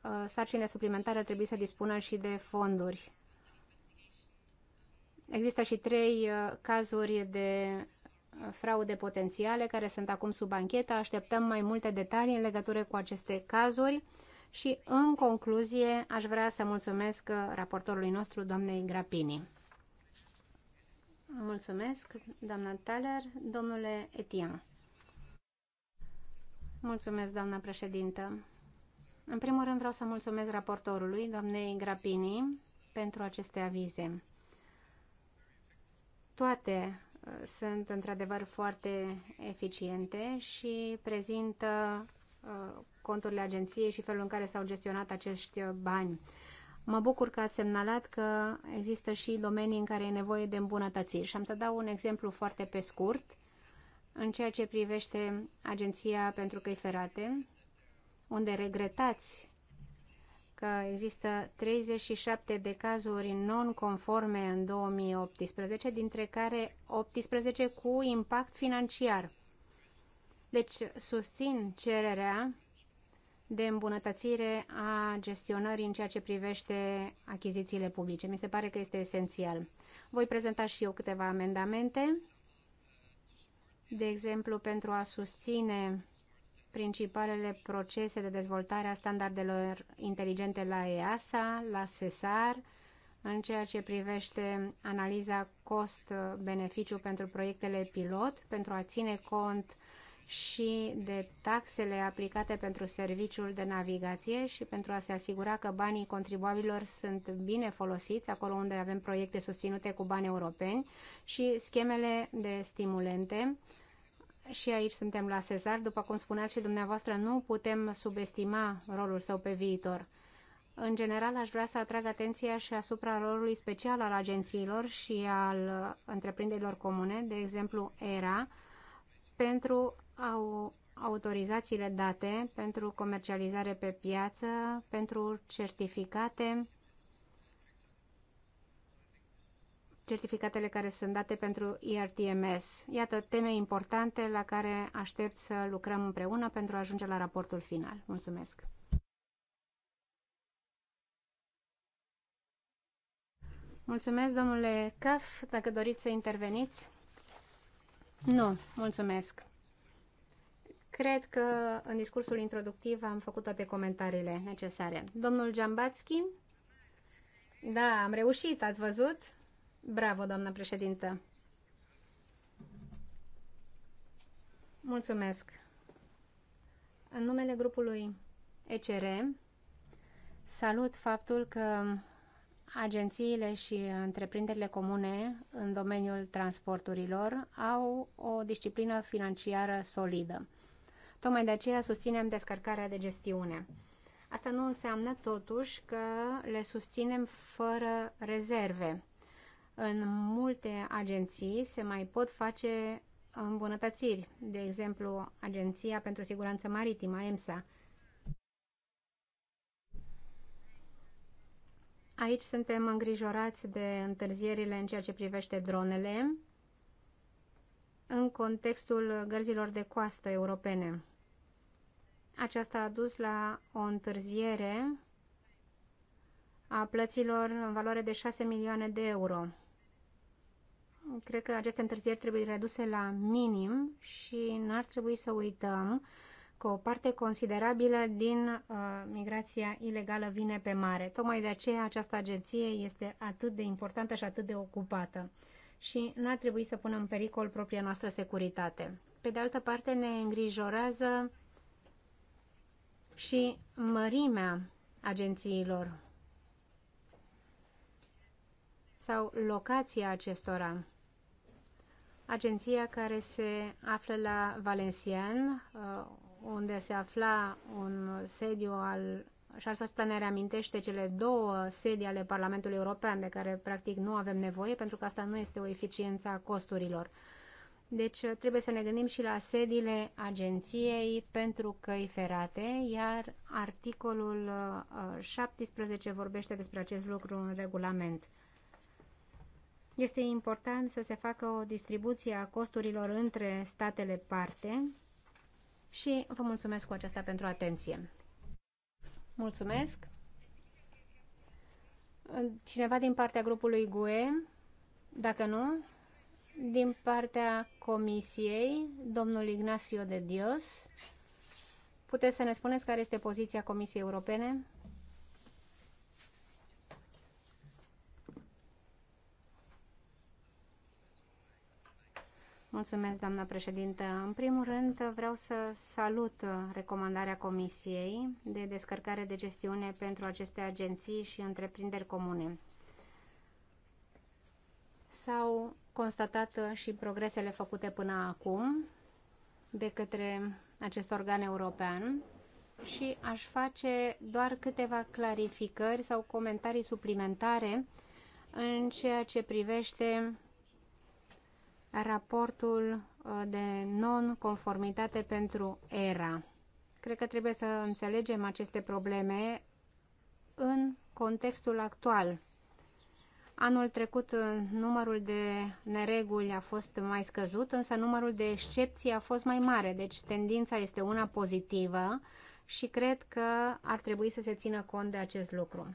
uh, sarcinile suplimentare ar trebui să dispună și de fonduri. Există și trei uh, cazuri de uh, fraude potențiale care sunt acum sub anchetă. Așteptăm mai multe detalii în legătură cu aceste cazuri și, în concluzie, aș vrea să mulțumesc uh, raportorului nostru, doamnei Grapini. Mulțumesc, doamna Taler, domnule Etian. Mulțumesc, doamna președintă. În primul rând vreau să mulțumesc raportorului, doamnei Grapini, pentru aceste avize. Toate uh, sunt într-adevăr foarte eficiente și prezintă uh, conturile agenției și felul în care s-au gestionat acești uh, bani. Mă bucur că ați semnalat că există și domenii în care e nevoie de îmbunătățiri și am să dau un exemplu foarte pe scurt în ceea ce privește Agenția pentru Căi Ferate, unde regretați că există 37 de cazuri non-conforme în 2018, dintre care 18 cu impact financiar. Deci susțin cererea de îmbunătățire a gestionării în ceea ce privește achizițiile publice. Mi se pare că este esențial. Voi prezenta și eu câteva amendamente de exemplu, pentru a susține principalele procese de dezvoltare a standardelor inteligente la EASA, la SESAR, în ceea ce privește analiza cost-beneficiu pentru proiectele pilot, pentru a ține cont și de taxele aplicate pentru serviciul de navigație și pentru a se asigura că banii contribuabilor sunt bine folosiți acolo unde avem proiecte susținute cu bani europeni și schemele de stimulente și aici suntem la Cezar. după cum spuneați și dumneavoastră, nu putem subestima rolul său pe viitor. În general, aș vrea să atrag atenția și asupra rolului special al agențiilor și al uh, întreprinderilor comune, de exemplu ERA, pentru au autorizațiile date, pentru comercializare pe piață, pentru certificate certificatele care sunt date pentru IRTMS. Iată teme importante la care aștept să lucrăm împreună pentru a ajunge la raportul final. Mulțumesc! Mulțumesc, domnule Caf, dacă doriți să interveniți. Nu, mulțumesc. Cred că în discursul introductiv am făcut toate comentariile necesare. Domnul Giambatski? Da, am reușit, ați văzut? Bravo, doamnă președintă. Mulțumesc. În numele grupului ECR, salut faptul că agențiile și întreprinderile comune în domeniul transporturilor au o disciplină financiară solidă. Tocmai de aceea susținem descărcarea de gestiune. Asta nu înseamnă totuși că le susținem fără rezerve în multe agenții se mai pot face îmbunătățiri, de exemplu Agenția pentru Siguranță Maritimă, EMSA. Aici suntem îngrijorați de întârzierile în ceea ce privește dronele în contextul gărzilor de coastă europene. Aceasta a dus la o întârziere a plăților în valoare de 6 milioane de euro. Cred că aceste întârzieri trebuie reduse la minim și n-ar trebui să uităm că o parte considerabilă din uh, migrația ilegală vine pe mare. Tocmai de aceea această agenție este atât de importantă și atât de ocupată și n-ar trebui să punem în pericol propria noastră securitate. Pe de altă parte, ne îngrijorează și mărimea agențiilor sau locația acestora agenția care se află la Valencian, uh, unde se afla un sediu al și asta ne reamintește cele două sedii ale Parlamentului European, de care practic nu avem nevoie, pentru că asta nu este o eficiență a costurilor. Deci uh, trebuie să ne gândim și la sediile agenției pentru căi ferate, iar articolul 17 uh, vorbește despre acest lucru în regulament. Este important să se facă o distribuție a costurilor între statele parte și vă mulțumesc cu aceasta pentru atenție. Mulțumesc! Cineva din partea grupului GUE? Dacă nu, din partea Comisiei, domnul Ignacio de Dios, puteți să ne spuneți care este poziția Comisiei Europene? Mulțumesc, doamna președintă. În primul rând, vreau să salut recomandarea Comisiei de descărcare de gestiune pentru aceste agenții și întreprinderi comune. S-au constatat și progresele făcute până acum de către acest organ european și aș face doar câteva clarificări sau comentarii suplimentare în ceea ce privește raportul uh, de non-conformitate pentru ERA. Cred că trebuie să înțelegem aceste probleme în contextul actual. Anul trecut uh, numărul de nereguli a fost mai scăzut, însă numărul de excepții a fost mai mare, deci tendința este una pozitivă și cred că ar trebui să se țină cont de acest lucru.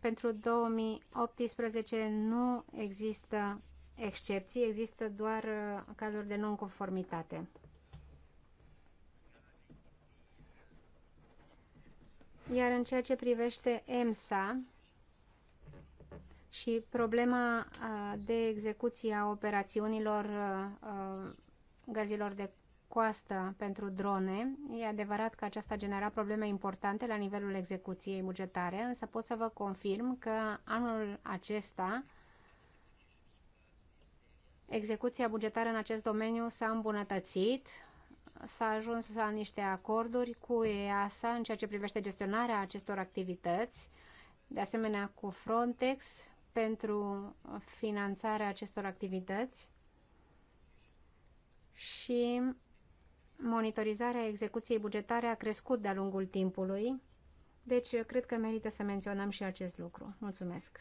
Pentru 2018 nu există excepții, există doar uh, cazuri de nonconformitate. Iar în ceea ce privește EMSA și problema uh, de execuție a operațiunilor uh, gazilor de coastă pentru drone. E adevărat că aceasta genera probleme importante la nivelul execuției bugetare, însă pot să vă confirm că anul acesta execuția bugetară în acest domeniu s-a îmbunătățit, s-a ajuns la niște acorduri cu EASA în ceea ce privește gestionarea acestor activități, de asemenea cu Frontex pentru finanțarea acestor activități și monitorizarea execuției bugetare a crescut de-a lungul timpului, deci cred că merită să menționăm și acest lucru. Mulțumesc!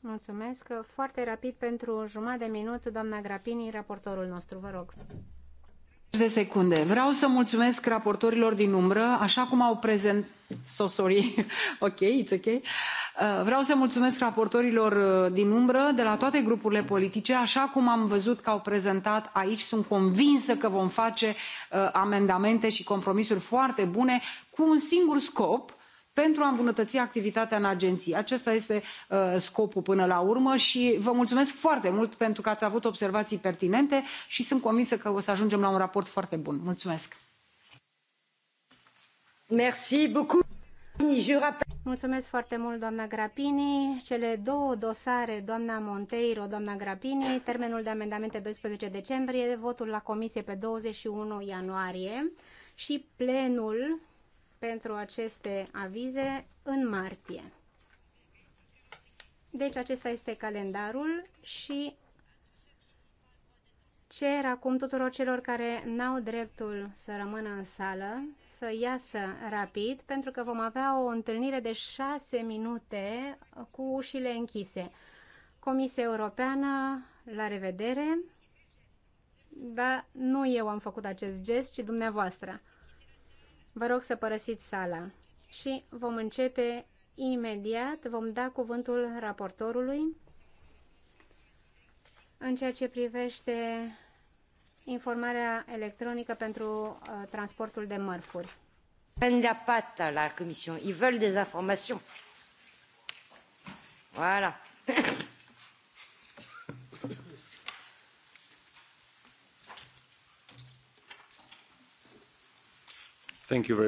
Mulțumesc! Foarte rapid pentru jumătate de minut, doamna Grapini, raportorul nostru, vă rog de secunde. Vreau să mulțumesc raportorilor din umbră, așa cum au prezentat So sorry. ok, it's ok. Uh, vreau să mulțumesc raportorilor uh, din umbră de la toate grupurile politice. Așa cum am văzut că au prezentat aici, sunt convinsă că vom face uh, amendamente și compromisuri foarte bune cu un singur scop, pentru a îmbunătăți activitatea în agenții. Acesta este uh, scopul până la urmă și vă mulțumesc foarte mult pentru că ați avut observații pertinente și sunt convinsă că o să ajungem la un raport foarte bun. Mulțumesc! Merci beaucoup. Mulțumesc foarte mult, doamna Grapini. Cele două dosare, doamna Monteiro, doamna Grapini, termenul de amendamente 12 decembrie, votul la comisie pe 21 ianuarie și plenul pentru aceste avize în martie. Deci acesta este calendarul și cer acum tuturor celor care n-au dreptul să rămână în sală să iasă rapid pentru că vom avea o întâlnire de șase minute cu ușile închise. Comisia Europeană, la revedere! Dar nu eu am făcut acest gest, ci dumneavoastră. Vă rog să părăsiți sala și vom începe imediat, vom da cuvântul raportorului în ceea ce privește informarea electronică pentru uh, transportul de mărfuri. Il n'y la comisie. Ils veulent des informations. Voilà. Thank you very